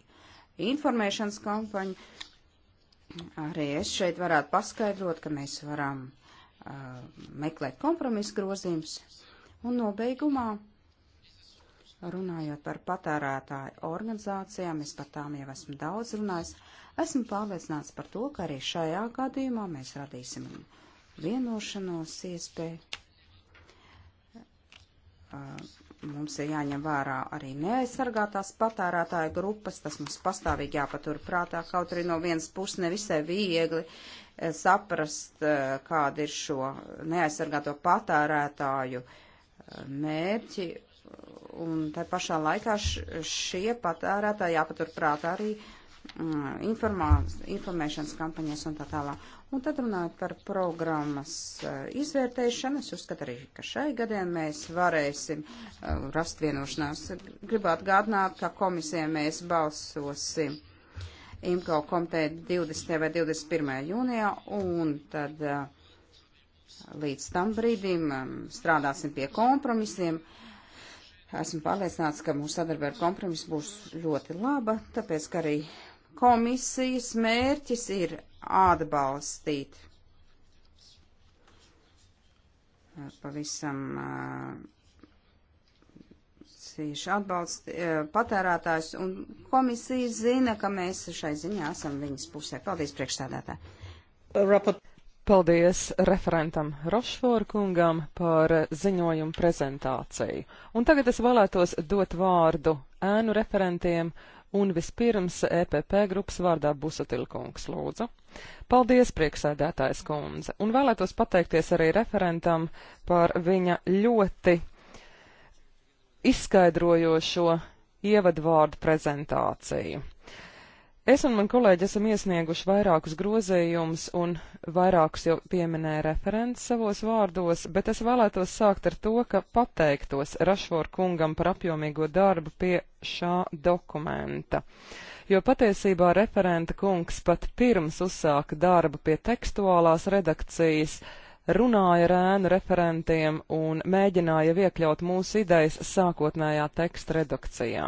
informēšanas kampaņu. Arī es šeit varētu paskaidrot, ka mēs varam uh, meklēt kompromisu grozījumus. Un nobeigumā Runājot par patērētāju organizācijām, es par tām jau esmu daudz runājis, esmu pārliecināts par to, ka arī šajā gadījumā mēs radīsim vienošanos iespēju. Uh, mums ir jāņem vērā arī neaizsargātās patērētāju grupas, tas mums pastāvīgi jāpatur prātā, kaut arī no vienas puses nevisai viegli eh, saprast, eh, kāda ir šo neaizsargāto patērētāju eh, mērķi Un tai pašā laikā šie patērētāji jāpaturprāt arī mm, informā, informēšanas kampaņas un tā tālāk. Un tad runājot par programmas e, izvērtēšanu, es uzskatu arī, ka šai gadiem mēs varēsim e, rast vienošanās. Gribētu gādināt, ka komisijai mēs balsosim IMCO komitē 20. vai 21. jūnijā, un tad e, līdz tam brīdim strādāsim pie kompromisiem. Uh, Esmu pārliecināts, ka mūsu sadarbība ar kompromisu būs ļoti laba, tāpēc, ka arī komisijas mērķis ir atbalstīt pavisam cieši atbalst patērētājs, un komisija zina, ka mēs šai ziņā esam viņas pusē. Paldies, priekšstādātāji! Raport. Paldies referentam Rošforu kungam par ziņojumu prezentāciju. Un tagad es vēlētos dot vārdu ēnu referentiem un vispirms EPP grupas vārdā Busatilkungs lūdzu. Paldies, prieksēdētājs kundze, un vēlētos pateikties arī referentam par viņa ļoti izskaidrojošo ievadvārdu prezentāciju. Es un man kolēģi esam iesnieguši vairākus grozījumus un vairākus jau pieminēja referents savos vārdos, bet es vēlētos sākt ar to, ka pateiktos Rašvor kungam par apjomīgo darbu pie šā dokumenta. Jo patiesībā referenta kungs pat pirms uzsāka darbu pie tekstuālās redakcijas, uh, runāja ar ēnu referentiem un mēģināja iekļaut mūsu idejas sākotnējā teksta redakcijā.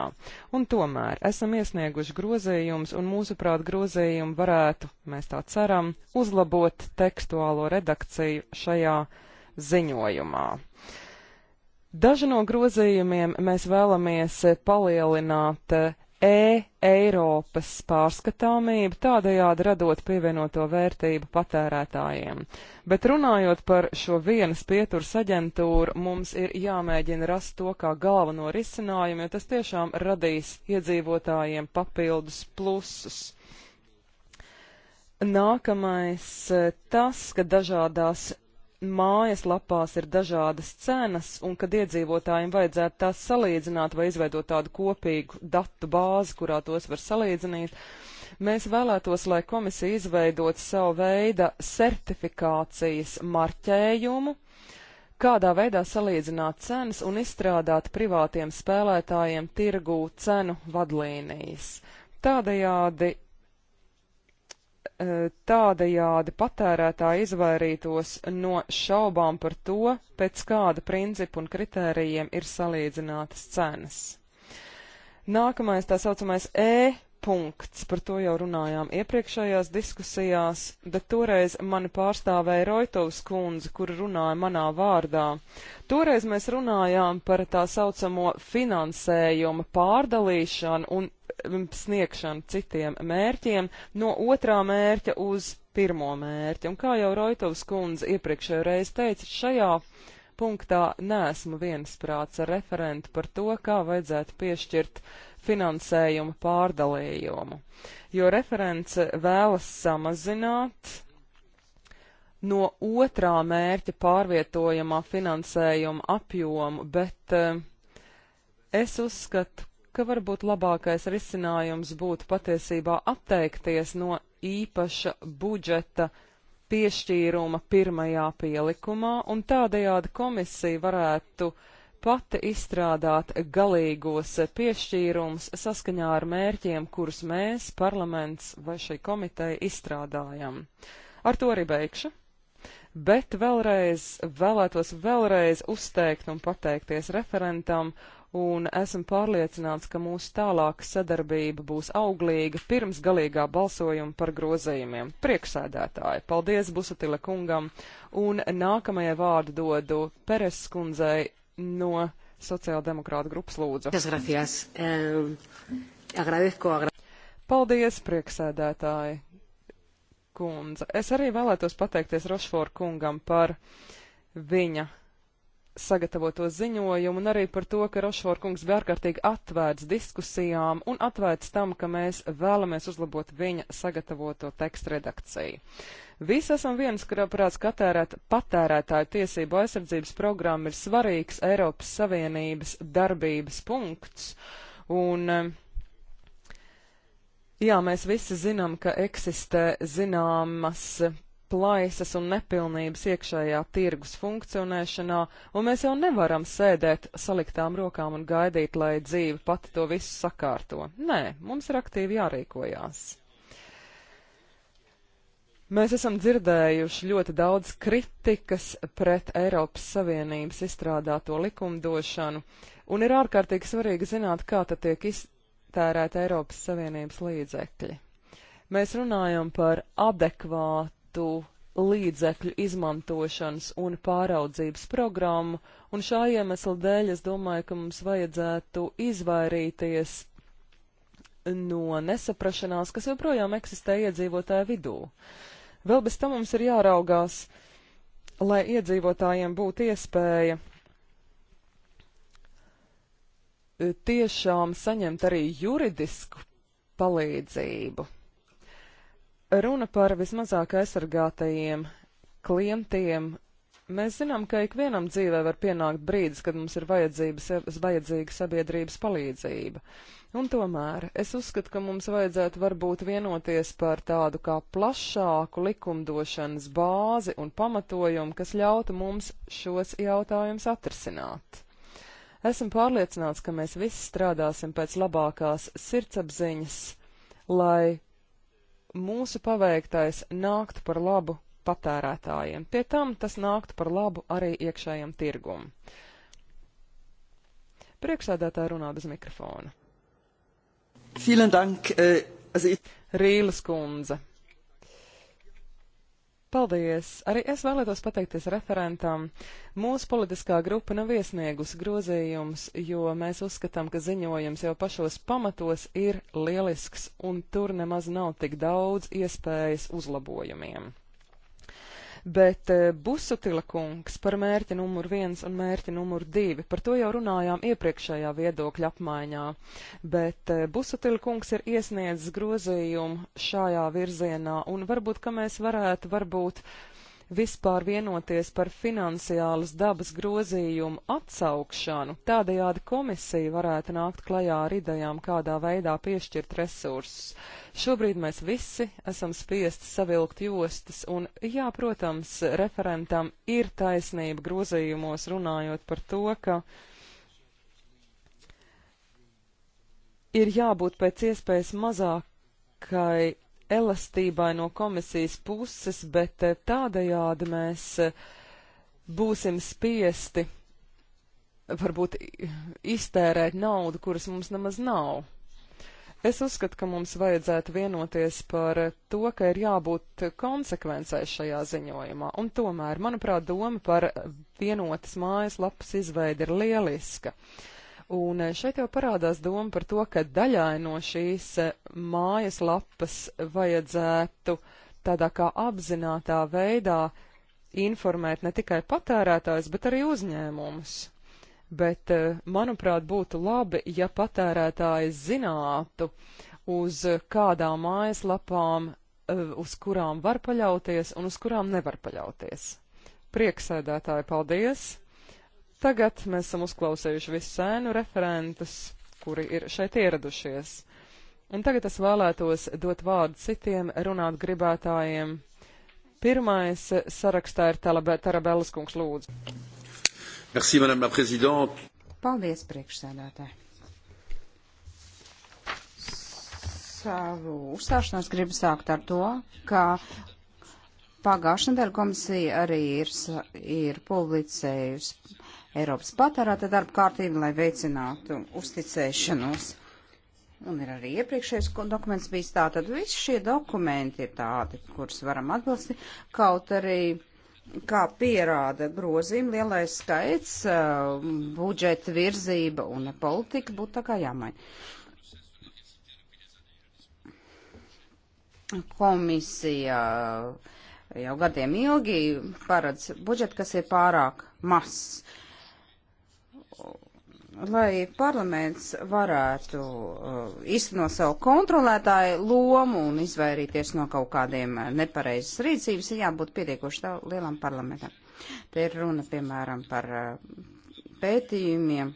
Un tomēr esam iesnieguši grozījumus, un mūsuprāt grozījumi varētu, mēs tā ceram, uzlabot tekstuālo redakciju šajā ziņojumā. Daži no grozījumiem mēs vēlamies palielināt e-Eiropas pārskatāmību, tādējādi radot pievienoto vērtību patērētājiem. Bet runājot par šo vienas pieturas aģentūru, mums ir jāmēģina rast to kā galveno risinājumu, jo tas tiešām radīs iedzīvotājiem papildus plusus. Nākamais eh, tas, ka dažādās mājaslapās ir dažādas cenas un kad iedzīvotājiem vajadzētu tās salīdzināt vai izveidot tādu kopīgu datu bāzi, kurā tos var salīdzināt. Mēs vēlētos, lai komisija izveidot savu veidu certifikācijas marķējumu, kādā veidā salīdzināt cenas un izstrādāt privātiem spēlētājiem tirgū cenu vadlīnijas. Tādējādi Eh, tādajādi patērētāji izvairītos no šaubām par to, pēc kāda principu un kritērijiem ir salīdzinātas cenas. Nākamais tā saucamais E punkts, par to jau runājām iepriekšējās diskusijās, bet toreiz mani pārstāvēja Roitovs kundze, kur runāja manā vārdā. Toreiz mēs runājām par tā saucamo finansējuma pārdalīšanu un mm, sniegšanu citiem mērķiem no otrā mērķa uz pirmo mērķi. Un kā jau Roitovs kundze iepriekšējo reizi teica, šajā punktā neesmu viensprāts ar referentu par to, kā vajadzētu piešķirt uh, finansējuma pārdalījumu, jo referents vēlas samazināt no otrā mērķa pārvietojamā finansējuma apjomu, bet eh, es uzskatu, ka varbūt labākais risinājums būtu patiesībā atteikties no īpaša budžeta piešķīruma pirmajā pielikumā, un tādējādi komisija varētu uh, pati izstrādāt galīgos piešķīrums saskaņā ar mērķiem, kurus mēs, parlaments vai šī komiteja izstrādājam. Ar to arī beigšu. Bet vēlreiz vēlētos vēlreiz uzteikt un pateikties referentam un esmu pārliecināts, ka mūsu tālāka sadarbība būs auglīga pirms galīgā balsojuma par grozējumiem. Prieksēdētāji, paldies Busatila kungam, un nākamajai vārdu dodu Peres kundzei no sociāldemokrāta grupas lūdzu. Eh, Paldies, prieksēdētāji kundze. Es arī vēlētos pateikties Rošforu kungam par viņa sagatavoto ziņojumu un arī par to, ka Rošfor kungs bija ārkārtīgi atvērts diskusijām un atvērts tam, ka mēs vēlamies uzlabot viņa sagatavoto tekstu redakciju. Visi esam viens, kurā prāts katērēt patērētāju tiesību aizsardzības programma ir svarīgs Eiropas Savienības darbības punkts. Un, eh, jā, mēs visi zinām, ka eksistē zināmas plaisas un nepilnības iekšējā tirgus funkcionēšanā, un mēs jau nevaram sēdēt saliktām rokām un gaidīt, lai dzīve pati to visu sakārto. Nē, mums ir aktīvi jārīkojās. Mēs esam dzirdējuši ļoti daudz kritikas pret Eiropas Savienības izstrādāto likumdošanu, un ir ārkārtīgi svarīgi zināt, kā tad tiek iztērēta Eiropas Savienības līdzekļi. Mēs runājam par adekvātu līdzekļu izmantošanas un pāraudzības programmu, un šā iemesla dēļ es domāju, ka mums vajadzētu izvairīties no nesaprašanās, kas joprojām eksistē iedzīvotāju vidū. Uh, Vēl bez tam mums ir jāraugās, lai iedzīvotājiem būtu iespēja e, tiešām saņemt arī juridisku palīdzību. Runa par vismazāk aizsargātajiem klientiem. Mēs zinām, ka ikvienam dzīvē var pienākt brīdis, kad mums ir vajadzīga sabiedrības palīdzība. Un tomēr es uzskatu, ka mums vajadzētu varbūt vienoties par tādu kā plašāku likumdošanas bāzi un pamatojumu, kas ļautu mums šos jautājumus atrisināt. Esmu pārliecināts, ka mēs visi strādāsim pēc labākās sirdsapziņas, lai mūsu paveiktais nāktu par labu patērētājiem. Pie tam tas nāktu par labu arī iekšējam tirgum. Priekšsēdētāja runā bez mikrofona. Dank, uh, Rīles kundze. Paldies! Arī es vēlētos pateikties referentam. Mūsu politiskā grupa nav iesniegusi grozījums, jo mēs uzskatām, ka ziņojums jau pašos pamatos ir lielisks, un tur nemaz nav tik daudz iespējas uzlabojumiem. Bet eh, Busutila kungs par mērķi numur viens un mērķi numur divi, par to jau runājām iepriekšējā viedokļa apmaiņā, bet eh, Busutila kungs ir iesniedzis grozījumu šajā virzienā, un varbūt, ka mēs varētu varbūt vispār vienoties par finansiālas dabas grozījumu atsaukšanu, tādējādi komisija varētu nākt klajā ar idejām, kādā veidā piešķirt resursus. Šobrīd mēs visi esam spiesti savilkt jostas, un jā, protams, referentam ir taisnība grozījumos runājot par to, ka ir jābūt pēc iespējas mazākai elastībai no komisijas puses, bet eh, tādējādi mēs eh, būsim spiesti varbūt iztērēt naudu, kuras mums nemaz nav. Es uzskatu, ka mums vajadzētu vienoties par eh, to, ka ir jābūt konsekvencē šajā ziņojumā, un tomēr, manuprāt, doma par vienotas mājas lapas izveidi ir lieliska. Uh, Un eh, šeit jau parādās doma par to, ka daļai no šīs eh, mājas lapas vajadzētu tādā kā apzinātā veidā informēt ne tikai patērētājs, bet arī uzņēmumus. Bet, eh, manuprāt, būtu labi, ja patērētājs zinātu, uz kādām mājaslapām, uz kurām var paļauties un uz kurām nevar paļauties. Prieksēdētāji, paldies! Tagad mēs esam uzklausījuši visu sēnu referentus, kuri ir šeit ieradušies. Un tagad es vēlētos dot vārdu citiem runāt gribētājiem. Pirmais sarakstā ir Tarabellas kungs lūdzu. Merci, madame la présidente. Paldies, priekšsēdētāji. Savu uzstāšanos gribu sākt ar to, ka pagājušā nedēļa komisija arī ir, ir publicējusi Eiropas patērēta darba kārtību, lai veicinātu uzticēšanos. Un ir arī iepriekšējais dokuments bijis tā, tad visi šie dokumenti ir tādi, kurus varam atbalstīt, kaut arī, kā pierāda grozījumi, lielais skaits, uh, budžeta virzība un politika būtu tā kā jāmaina. Komisija uh, jau gadiem ilgi paredz budžetu, kas ir pārāk mazs. Uh, lai parlaments varētu uh, īstenot savu kontrolētāju lomu un izvairīties no kaut kādiem uh, nepareizas rīcības, ir jābūt pietiekoši lielam parlamentam. Te ir runa, piemēram, par uh, pētījumiem.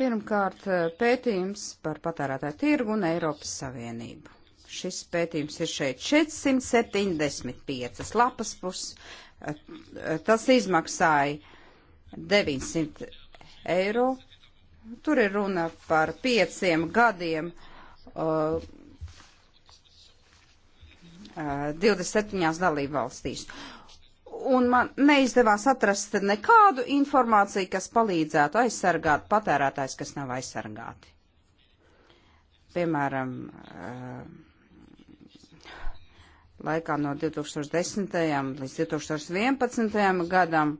Pirmkārt, uh, pētījums par patērētāju tirgu un Eiropas Savienību. Šis pētījums ir šeit 475 lapas puses. Uh, tas izmaksāja 900 eiro. Tur ir runa par pieciem gadiem. Uh, 27 dalību valstīs. Un man neizdevās atrast nekādu informāciju, kas palīdzētu aizsargāt patērētājs, kas nav aizsargāti. Piemēram, uh, laikā no 2010. līdz 2011. gadam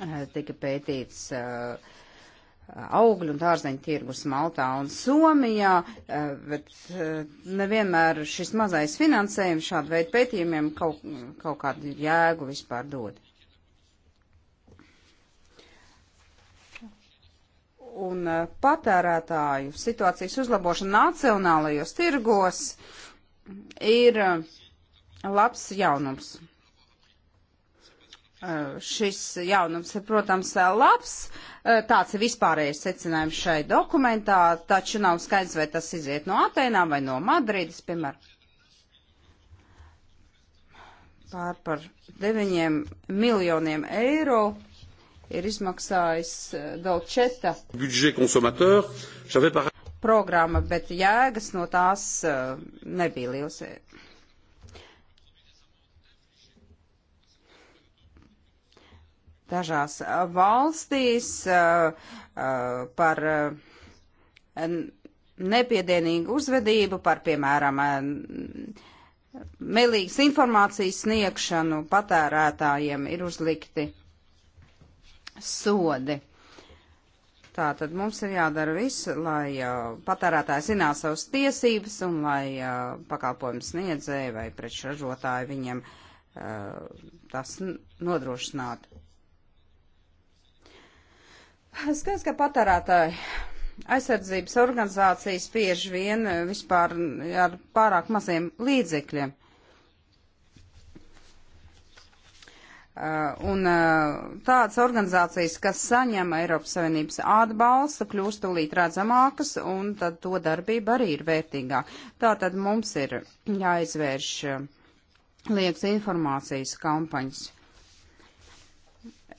Eh, tika pētīts eh, augļu un dārzeņu tirgus Maltā un Somijā, eh, bet nevienmēr šis mazais finansējums šādu veidu pētījumiem kaut, kaut kādu jēgu vispār dod. Un patērētāju situācijas uzlabošana nacionālajos tirgos ir labs jaunums. Eh, šis jaunums ir, protams, eh, labs, eh, tāds ir vispārējais secinājums šai dokumentā, taču nav skaidrs, vai tas iziet no Atēnām vai no Madrīdas, piemēram pār par 9 miljoniem eiro ir izmaksājis Dolčeta programma, bet jēgas no tās nebija liels. dažās uh, valstīs uh, uh, par nepiedienīgu uzvedību, par, piemēram, melīgas informācijas sniegšanu patērētājiem ir uzlikti sodi. Tā tad mums ir jādara viss, lai uh, patērētāji zinās savas tiesības un lai uh, pakalpojums sniedzēji vai prečražotāji viņiem uh, tas nodrošinātu. Skaidrs, ka patērētāji aizsardzības organizācijas bieži vien eh, vispār ar pārāk maziem līdzekļiem. Eh, un eh, tādas organizācijas, kas saņem Eiropas Savienības atbalstu, kļūst tūlīt redzamākas, un tad to darbība arī ir vērtīgāk. Tātad mums ir jāizvērš liekas informācijas kampaņas.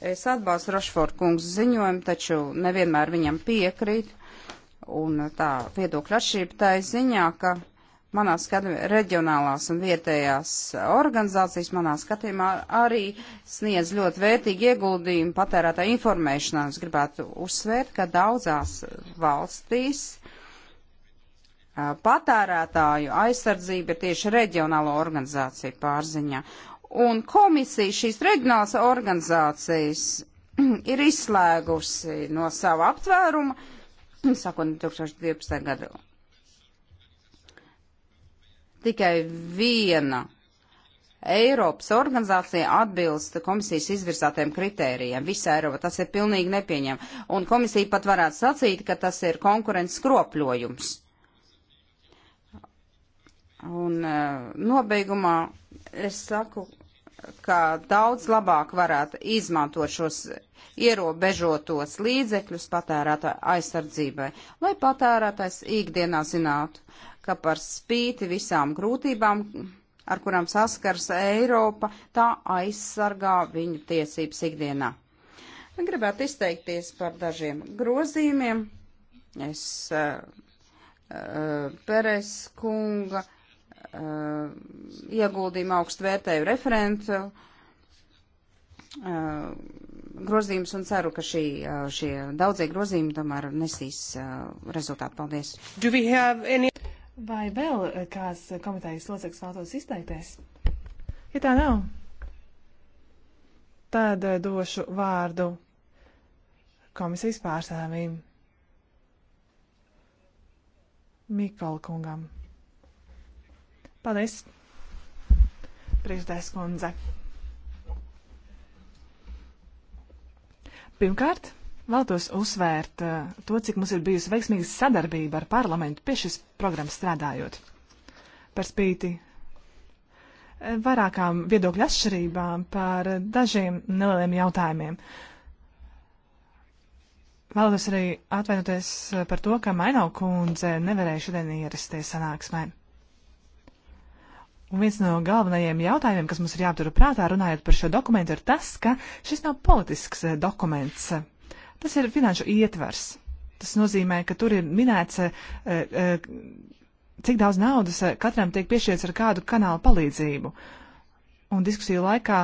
Es atbalstu Rošfordu kungs ziņojumu, taču nevienmēr viņam piekrīt. Un tā viedokļa atšķirība tā ir ziņā, ka manā skatījumā reģionālās un vietējās organizācijas manā skatījumā arī sniedz ļoti vērtīgi ieguldījumu patērētā informēšanā. Es gribētu uzsvērt, ka daudzās valstīs patērētāju aizsardzība ir tieši reģionālo organizāciju pārziņā un komisija šīs reģionālās organizācijas ir izslēgusi no sava aptvēruma, sakot, 2012. gadu. Tikai viena Eiropas organizācija atbilst komisijas izvirzātiem kritērijiem visā Eiropā. Tas ir pilnīgi nepieņem. Un komisija pat varētu sacīt, ka tas ir konkurences kropļojums. Un eh, nobeigumā es saku, ka daudz labāk varētu izmantot šos ierobežotos līdzekļus patērētāju aizsardzībai, lai patērētājs ikdienā zinātu, ka par spīti visām grūtībām, ar kurām saskars Eiropa, tā aizsargā viņu tiesības ikdienā. Gribētu izteikties par dažiem grozījumiem. Es uh, uh, Peres kunga uh, uh, ieguldījumu augstu vērtēju referentu uh, grozījumus un ceru, ka šī, uh, šie daudzie grozījumi tomēr nesīs uh, rezultātu. Paldies. Any... Vai vēl kāds komitejas loceklis vēlētos izteikties? Ja tā nav, tad uh, došu vārdu komisijas pārstāvīm Mikola kungam. Paldies, priekšdēs kundze. Pirmkārt, vēlētos uzsvērt uh, to, cik mums ir bijusi veiksmīga sadarbība ar parlamentu pie šis programmas strādājot. Par spīti eh, vairākām viedokļu atšķirībām par dažiem nelieliem jautājumiem. Vēlos arī atvainoties par to, ka Maino kundze nevarēja šodien ierasties sanāksmē. Un viens no galvenajiem jautājumiem, kas mums ir jāaptur prātā, runājot par šo dokumentu, ir tas, ka šis nav politisks eh, dokuments. Tas ir finanšu ietvers. Tas nozīmē, ka tur ir minēts, eh, eh, cik daudz naudas katram tiek piešķirts ar kādu kanālu palīdzību. Un diskusiju laikā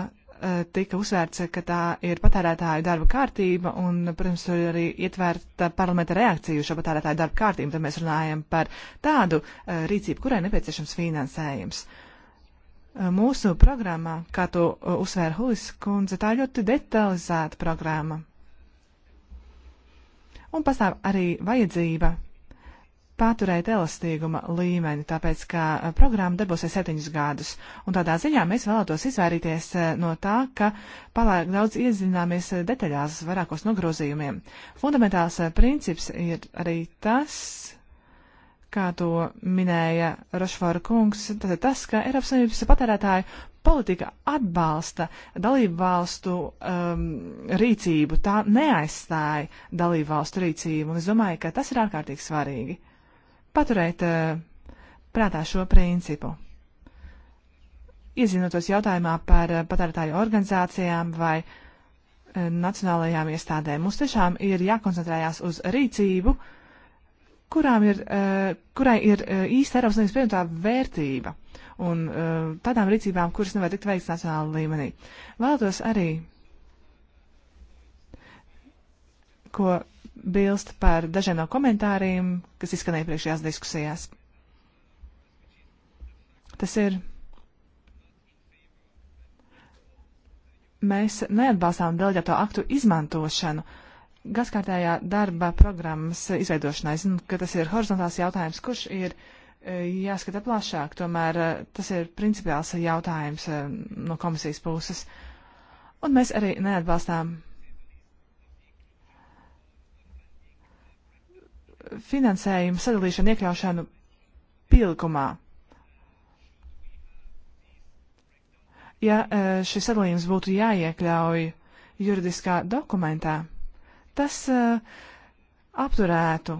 tika uzsvērts, ka tā ir patērētāju darba kārtība, un, protams, tur ir arī ietverta parlamenta reakcija uz šo patērētāju darba kārtību. Tad mēs runājam par tādu rīcību, kurai nepieciešams finansējums. Uh, Mūsu programmā, kā to uh, uzsvēra Hulis kundze, tā ir ļoti detalizēta programma. Un pastāv arī vajadzība paturēt elastīguma līmeni, tāpēc, ka uh, programma darbosies septiņus gadus. Un tādā ziņā mēs vēlētos izvairīties uh, no tā, ka palāk daudz iezināmies detaļās vairākos nogrozījumiem. Fundamentāls princips ir arī tas, kā to minēja Rošvāra kungs, tad ir tas, ka Eiropas Savienības patērētāju politika atbalsta dalību valstu um, rīcību, tā neaizstāja dalību valstu rīcību, un es domāju, ka tas ir ārkārtīgi svarīgi. Paturēt uh, prātā šo principu. Iezinotos jautājumā par uh, patērētāju organizācijām vai uh, nacionālajām iestādēm, mums tiešām ir jākoncentrējās uz rīcību, uh, kurām ir, eh, kurai ir eh, īsta Eiropas Savienības pievienotā vērtība un eh, tādām rīcībām, kuras nevar tikt veikts nacionāla līmenī. Vēlētos arī, ko bilst par dažiem no komentāriem, kas izskanēja priekšējās diskusijās. Tas ir. Mēs neatbalstām deleģēto aktu izmantošanu, uh, gaskārtējā darba programmas izveidošanai. Zinu, ka tas ir horizontāls jautājums, kurš ir e, jāskata plašāk, tomēr e, tas ir principiāls jautājums e, no komisijas puses. Un mēs arī neatbalstām finansējumu sadalīšanu iekļaušanu pilkumā. Ja šis sadalījums būtu jāiekļauj juridiskā dokumentā, tas uh, apturētu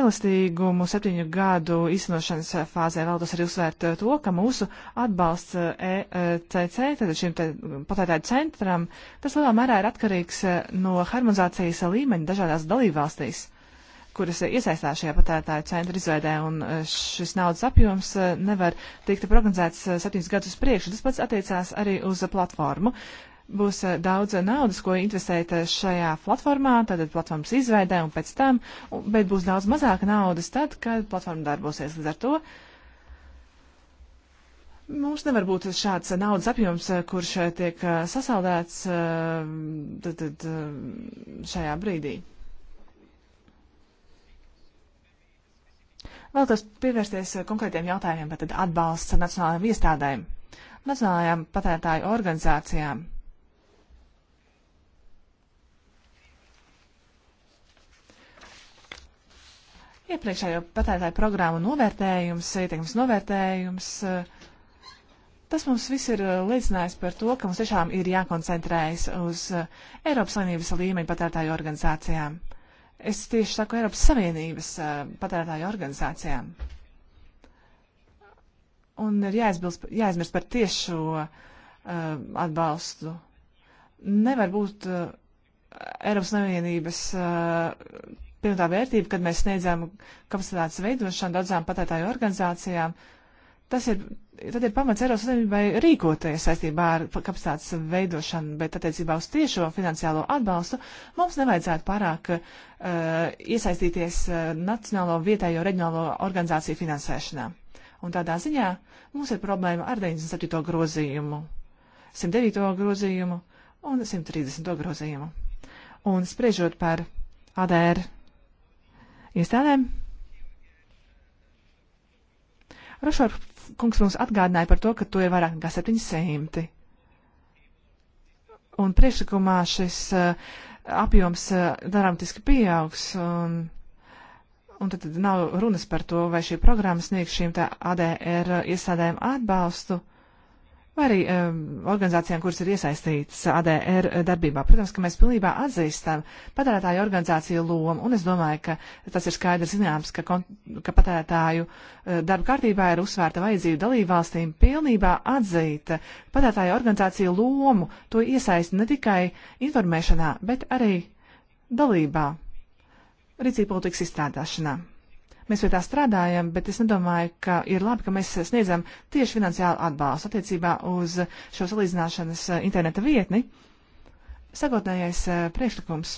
elastīgumu septiņu gadu īstenošanas fāzē vēlos arī uzsvērt eh, to, ka mūsu atbalsts ECC, eh, e tātad šim tā, patērētāju centram, tas lielā mērā ir atkarīgs no harmonizācijas līmeņa dažādās dalībvalstīs kuras iesaistās šajā patērētāju centra izveidē, un šis naudas apjoms nevar tikt prognozēts septiņus gadus uz priekšu. Tas pats attiecās arī uz platformu būs eh, daudz naudas, ko investēt eh, šajā platformā, tātad platformas izveidē un pēc tam, bet būs daudz mazāk naudas tad, kad platforma darbosies līdz ar to. Mums nevar būt šāds naudas apjoms, eh, kurš tiek sasaldēts tad, tad, šajā brīdī. Vēlos pievērsties konkrētiem jautājumiem, bet tad atbalsts nacionālajām iestādēm, nacionālajām patērētāju organizācijām Iepriekšējo patērētāju programmu novērtējums, ietekmes novērtējums, eh, tas mums viss ir eh, liecinājis par to, ka mums tiešām ir jākoncentrējas uz eh, Eiropas Savienības līmeņa patērētāju organizācijām. Es tieši saku Eiropas Savienības patērētāju organizācijām. Un ir jāizbilst, jāizmirst par tiešu uh, atbalstu. Nevar būt uh, Eiropas Savienības uh, pievienotā vērtība, kad mēs sniedzam kapacitātes veidošanu daudzām patērētāju organizācijām. Tas ir, tad ir pamats Eiropas Savienībai rīkoties saistībā ar kapacitātes veidošanu, bet attiecībā uz tiešo finansiālo atbalstu mums nevajadzētu pārāk uh, iesaistīties uh, nacionālo vietējo reģionālo organizāciju finansēšanā. Un tādā ziņā mums ir problēma ar 97. grozījumu, 109. grozījumu un 130. grozījumu. Un spriežot par ADR iestādēm. Rošor kungs mums atgādināja par to, ka to ir vairāk nekā 700. Un priekšlikumā šis uh, apjoms uh, dramatiski pieaugs. Un, un tad nav runas par to, vai šī programma sniegs šīm tā ADR iestādēm atbalstu vai arī um, organizācijām, kuras ir iesaistītas ADR darbībā. Protams, ka mēs pilnībā atzīstam patērētāju organizāciju lomu, un es domāju, ka tas ir skaidrs zināms, ka, ka patērētāju uh, darba kārtībā ir uzsvērta vajadzība dalībvalstīm pilnībā atzīt patērētāju organizāciju lomu, to iesaisti ne tikai informēšanā, bet arī dalībā, rīcību politikas izstrādāšanā. Mēs pie tā strādājam, bet es nedomāju, ka ir labi, ka mēs sniedzam tieši finansiālu atbalstu attiecībā uz šo salīdzināšanas eh, interneta vietni. Sagotnējais eh, priekšlikums.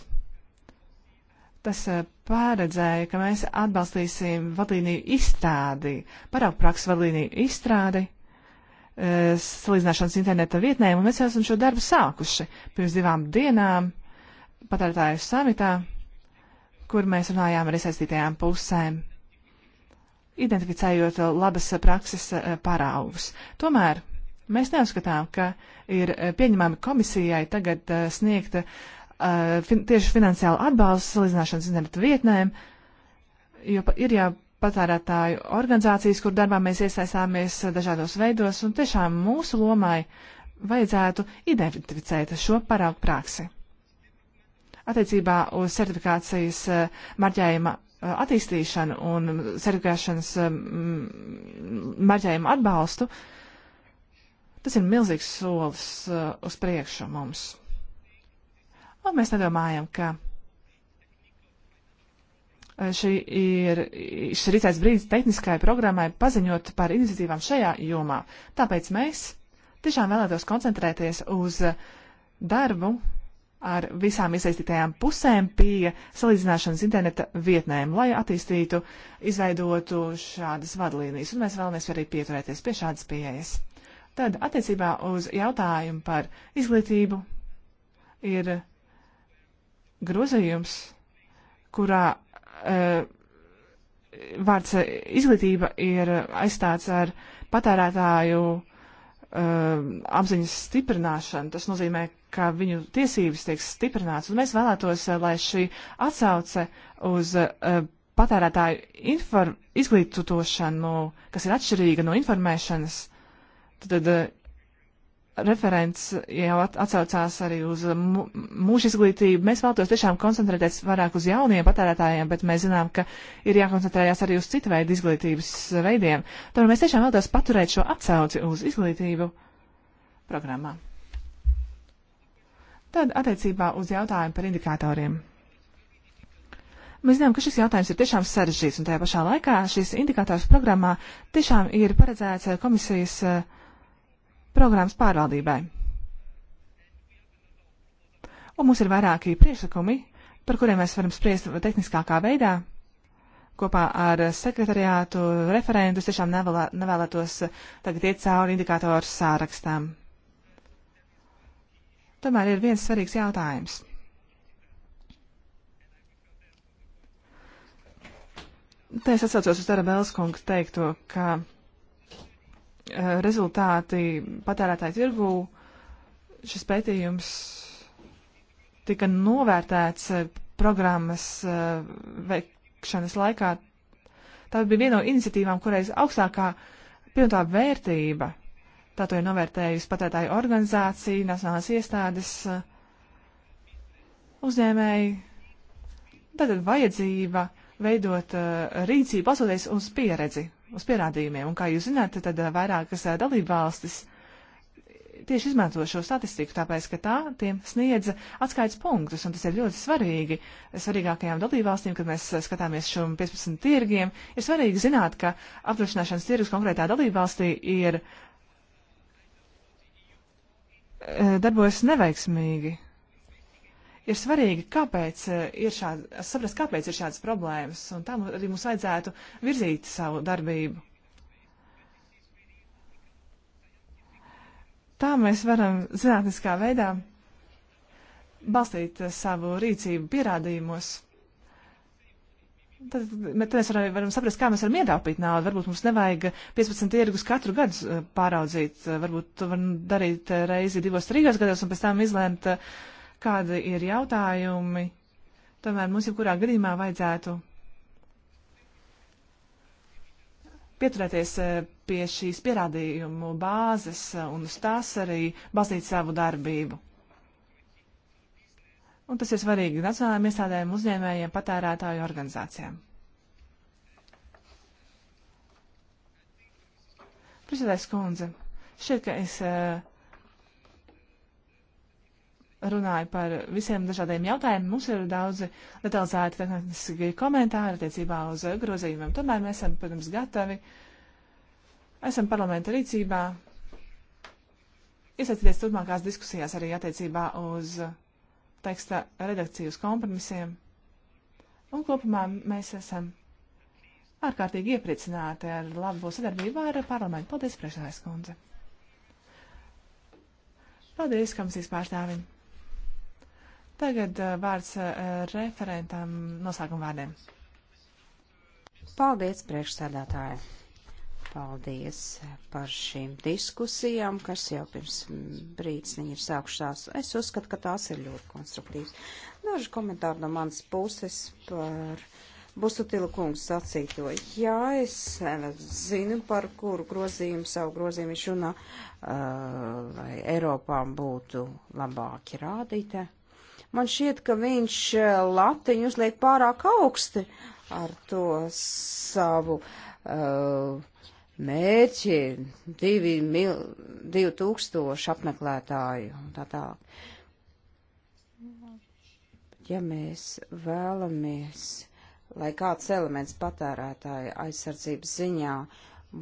Tas eh, pārredzēja, ka mēs atbalstīsim vadlīniju izstrādi, paraugu prakses vadlīniju izstrādi salīdzināšanas interneta vietnēm, un mēs jau esam šo darbu sākuši pirms divām dienām patērētāju samitā, kur mēs runājām ar iesaistītajām pusēm identificējot eh, labas eh, prakses eh, paraugus. Tomēr mēs neuzskatām, ka ir pieņemami komisijai tagad sniegt uh, fin tieši finansiālu atbalstu salīdzināšanas internetu vietnēm, jo ir jau patērētāju organizācijas, kur darbā mēs iesaistāmies dažādos veidos, un tiešām mūsu lomai vajadzētu identificēt šo paraugu praksi. Attiecībā uz certifikācijas marķējuma Uh, attīstīšanu un sargāšanas um, maģējumu atbalstu, tas ir milzīgs solis uh, uz priekšu mums. Un mēs nedomājam, ka uh, šī ir šis rīcais brīdis tehniskai programmai paziņot par iniciatīvām šajā jomā. Tāpēc mēs tiešām vēlētos koncentrēties uz darbu, ar visām iesaistītajām pusēm pie salīdzināšanas interneta vietnēm, lai attīstītu, izveidotu šādas vadlīnijas, un mēs vēlamies arī pieturēties pie šādas pieejas. Tad attiecībā uz jautājumu par izglītību ir grozījums, kurā uh, vārds izglītība ir aizstāts ar patērētāju uh, Um, apziņas stiprināšana. Tas nozīmē, ka viņu tiesības tiek stiprināts, un mēs vēlētos, uh, lai šī atsauce uz uh, patērētāju inform, izglītotošanu, kas ir atšķirīga no informēšanas, tad, tad uh, referents jau atsaucās arī uz mūža izglītību. Mēs vēlamies tiešām koncentrēties vairāk uz jauniem patērētājiem, bet mēs zinām, ka ir jākoncentrējas arī uz citu veidu izglītības veidiem. Tomēr mēs tiešām vēlamies paturēt šo atsauci uz izglītību programmā. Tad attiecībā uz jautājumu par indikatoriem. Mēs zinām, ka šis jautājums ir tiešām sarežģīts, un tajā pašā laikā šis indikators programmā tiešām ir paredzēts komisijas uh, programmas pārvaldībai. Un mums ir vairāki priekšlikumi, par kuriem mēs varam spriest tehniskākā veidā. Kopā ar sekretariātu referentus tiešām nevēlē, nevēlētos tagad iet cauri indikātoru sārakstām. Tomēr ir viens svarīgs jautājums. Te es atsaucos uz Tarabēlas kungu teikto, ka Eh, rezultāti patērētāju tirgū, šis pētījums tika novērtēts eh, programmas eh, veikšanas laikā. Tā bija viena no iniciatīvām, kureiz augstākā pievienotā vērtība. Tā to ir novērtējusi patērētāju organizācija, nacionālās iestādes, uzņēmēji. Tātad vajadzība veidot rīcību, pasoties uz pieredzi, uz pierādījumiem. Un, kā jūs zināt, tad eh, vairākas eh, dalība valstis tieši izmanto šo statistiku, tāpēc, ka tā tiem sniedz atskaits punktus, un tas ir ļoti svarīgi svarīgākajām dalībvalstīm, kad mēs eh, skatāmies šo 15 tirgiem. Ir svarīgi zināt, ka apdrošināšanas tirgus konkrētā dalībvalstī ir darbojas neveiksmīgi ir svarīgi, kāpēc eh, ir šāda, saprast, kāpēc ir šādas problēmas, un tam arī mums vajadzētu virzīt savu darbību. Tā mēs varam zinātniskā veidā balstīt eh, savu rīcību pierādījumos. Tad, tad mēs varam, varam saprast, kā mēs varam ietaupīt naudu. Varbūt mums nevajag 15 tirgus katru gadu eh, pāraudzīt. Varbūt to var darīt reizi divos, trīs gados un pēc tam izlēmt, kādi ir jautājumi, tomēr mums jebkurā gadījumā vajadzētu pieturēties eh, pie šīs pierādījumu bāzes un uz tās arī bazīt savu darbību. Un tas ir svarīgi nacionālajiem iestādēm, uzņēmējiem, patērētāju organizācijām. Priekšsēdājas kundze, šķiet, ka es uh, runāju par visiem dažādiem jautājumiem. Mums ir daudzi detalizēti tehniski komentāri attiecībā uz grozījumiem. Tomēr mēs esam, protams, gatavi. Esam parlamenta rīcībā. Iesaistīties turpmākās diskusijās arī attiecībā uz teksta redakcijas kompromisiem. Un kopumā mēs esam ārkārtīgi iepriecināti ar labo sadarbību ar parlamentu. Paldies, priekšsēdājas kundze! Paldies, komisijas pārstāvim! Tagad eh, vārds eh, referentam noslēguma vārdiem. Paldies, priekšsēdētāji! Paldies eh, par šīm diskusijām, kas jau pirms mm, brīdis viņi ir sākušās. Es uzskatu, ka tās ir ļoti konstruktīvas. Daži komentāri no manas puses par Busutila kungs sacīto. Jā, es zinu, par kuru grozījumu savu grozījumu viņš runā, uh, lai Eiropām būtu labāki rādītāji Man šķiet, ka viņš eh, latiņu uzliek pārāk augsti ar to savu uh, mērķi, divi, mil, divi tūkstoši apmeklētāju un tā tālāk. Ja mēs vēlamies, lai kāds elements patērētāja aizsardzības ziņā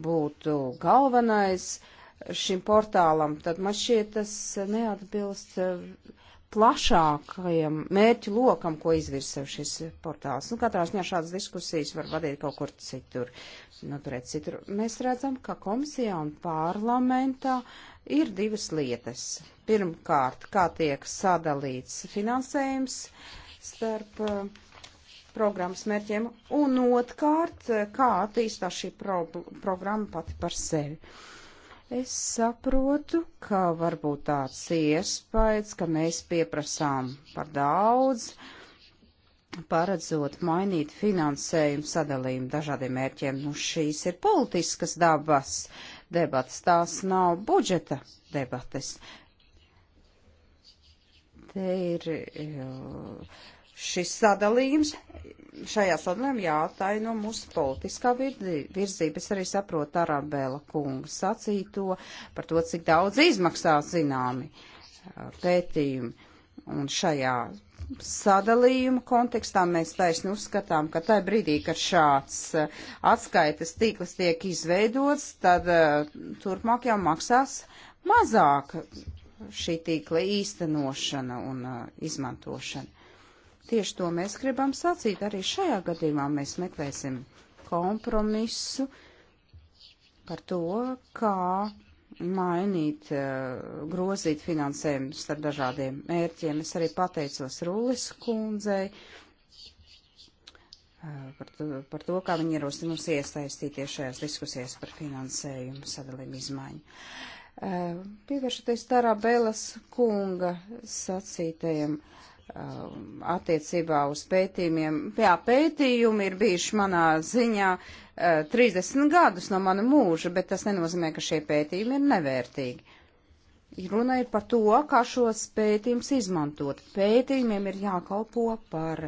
būtu galvenais šim portālam, tad man šķiet tas neatbilst. Uh, plašākajam mērķu lokam, ko izvirs sev šis portāls. Nu, katrā ziņā šādas diskusijas var vadīt kaut kur citur, noturēt citur. Mēs redzam, ka komisijā un parlamentā ir divas lietas. Pirmkārt, kā tiek sadalīts finansējums starp uh, programmas mērķiem, un otrkārt, eh, kā attīstās šī pro programma pati par sevi. Uh, Es saprotu, ka varbūt tāds iespējas, ka mēs pieprasām par daudz, paredzot mainīt finansējumu sadalījumu dažādiem mērķiem. Nu, šīs ir politiskas dabas debatas, tās nav budžeta debatas. Te ir. Uh, šis sadalījums, šajā sadalījumā jātaino mūsu politiskā virzība. Es arī saprotu Arabēla kunga sacīto par to, cik daudz izmaksā zināmi uh, pētījumi. Un šajā sadalījuma kontekstā mēs taisni uzskatām, ka tajā brīdī, kad šāds uh, atskaites tīkls tiek izveidots, tad uh, turpmāk jau maksās mazāk šī tīkla īstenošana un izmantošana. Tieši to mēs gribam sacīt. Arī šajā gadījumā mēs meklēsim kompromisu par to, kā mainīt, eh, grozīt finansējumu starp dažādiem mērķiem. Es arī pateicos Rūlis kundzei eh, par to, par to kā viņi ierosina mums iesaistīties šajās diskusijās par finansējumu sadalījumu izmaiņu. Eh, pievēršoties Tarabēlas kunga sacītajiem. Uh, Um, attiecībā uz pētījumiem. Jā, pētījumi ir bijuši manā ziņā 30 uh, gadus no mana mūža, bet tas nenozīmē, ka šie pētījumi ir nevērtīgi. Runa ir par to, kā šos pētījumus izmantot. Pētījumiem ir jākalpo par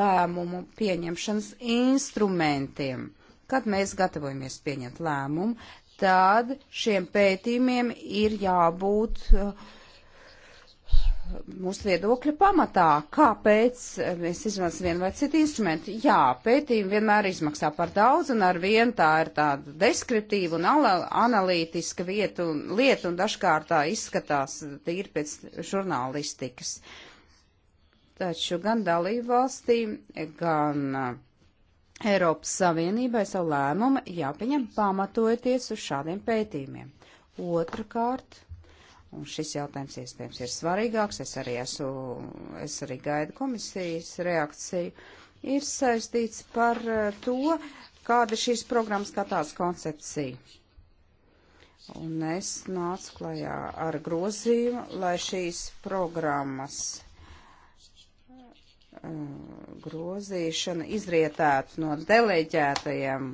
lēmumu pieņemšanas instrumentiem. Kad mēs gatavojamies pieņemt lēmumu, tad šiem pētījumiem ir jābūt uh, mūsu viedokļa pamatā, kāpēc eh, mēs izmantojam vienu vai citu instrumentu. Jā, pētījumi vienmēr izmaksā par daudz, un ar vienu tā ir tāda deskriptīva un analītiska vieta un lieta, un dažkārt tā izskatās tīri pēc žurnālistikas. Taču gan dalībvalstīm, gan eh, Eiropas Savienībai savu lēmumu jāpieņem pamatojoties uz šādiem pētījumiem. Otrakārt Un šis jautājums iespējams ir svarīgāks, es arī, esmu, es arī gaidu komisijas reakciju, ir saistīts par eh, to, kāda šīs programmas kā tāds koncepcija. Un es nācu klajā ar grozījumu, lai šīs programmas eh, grozīšana izrietētu no deleģētajiem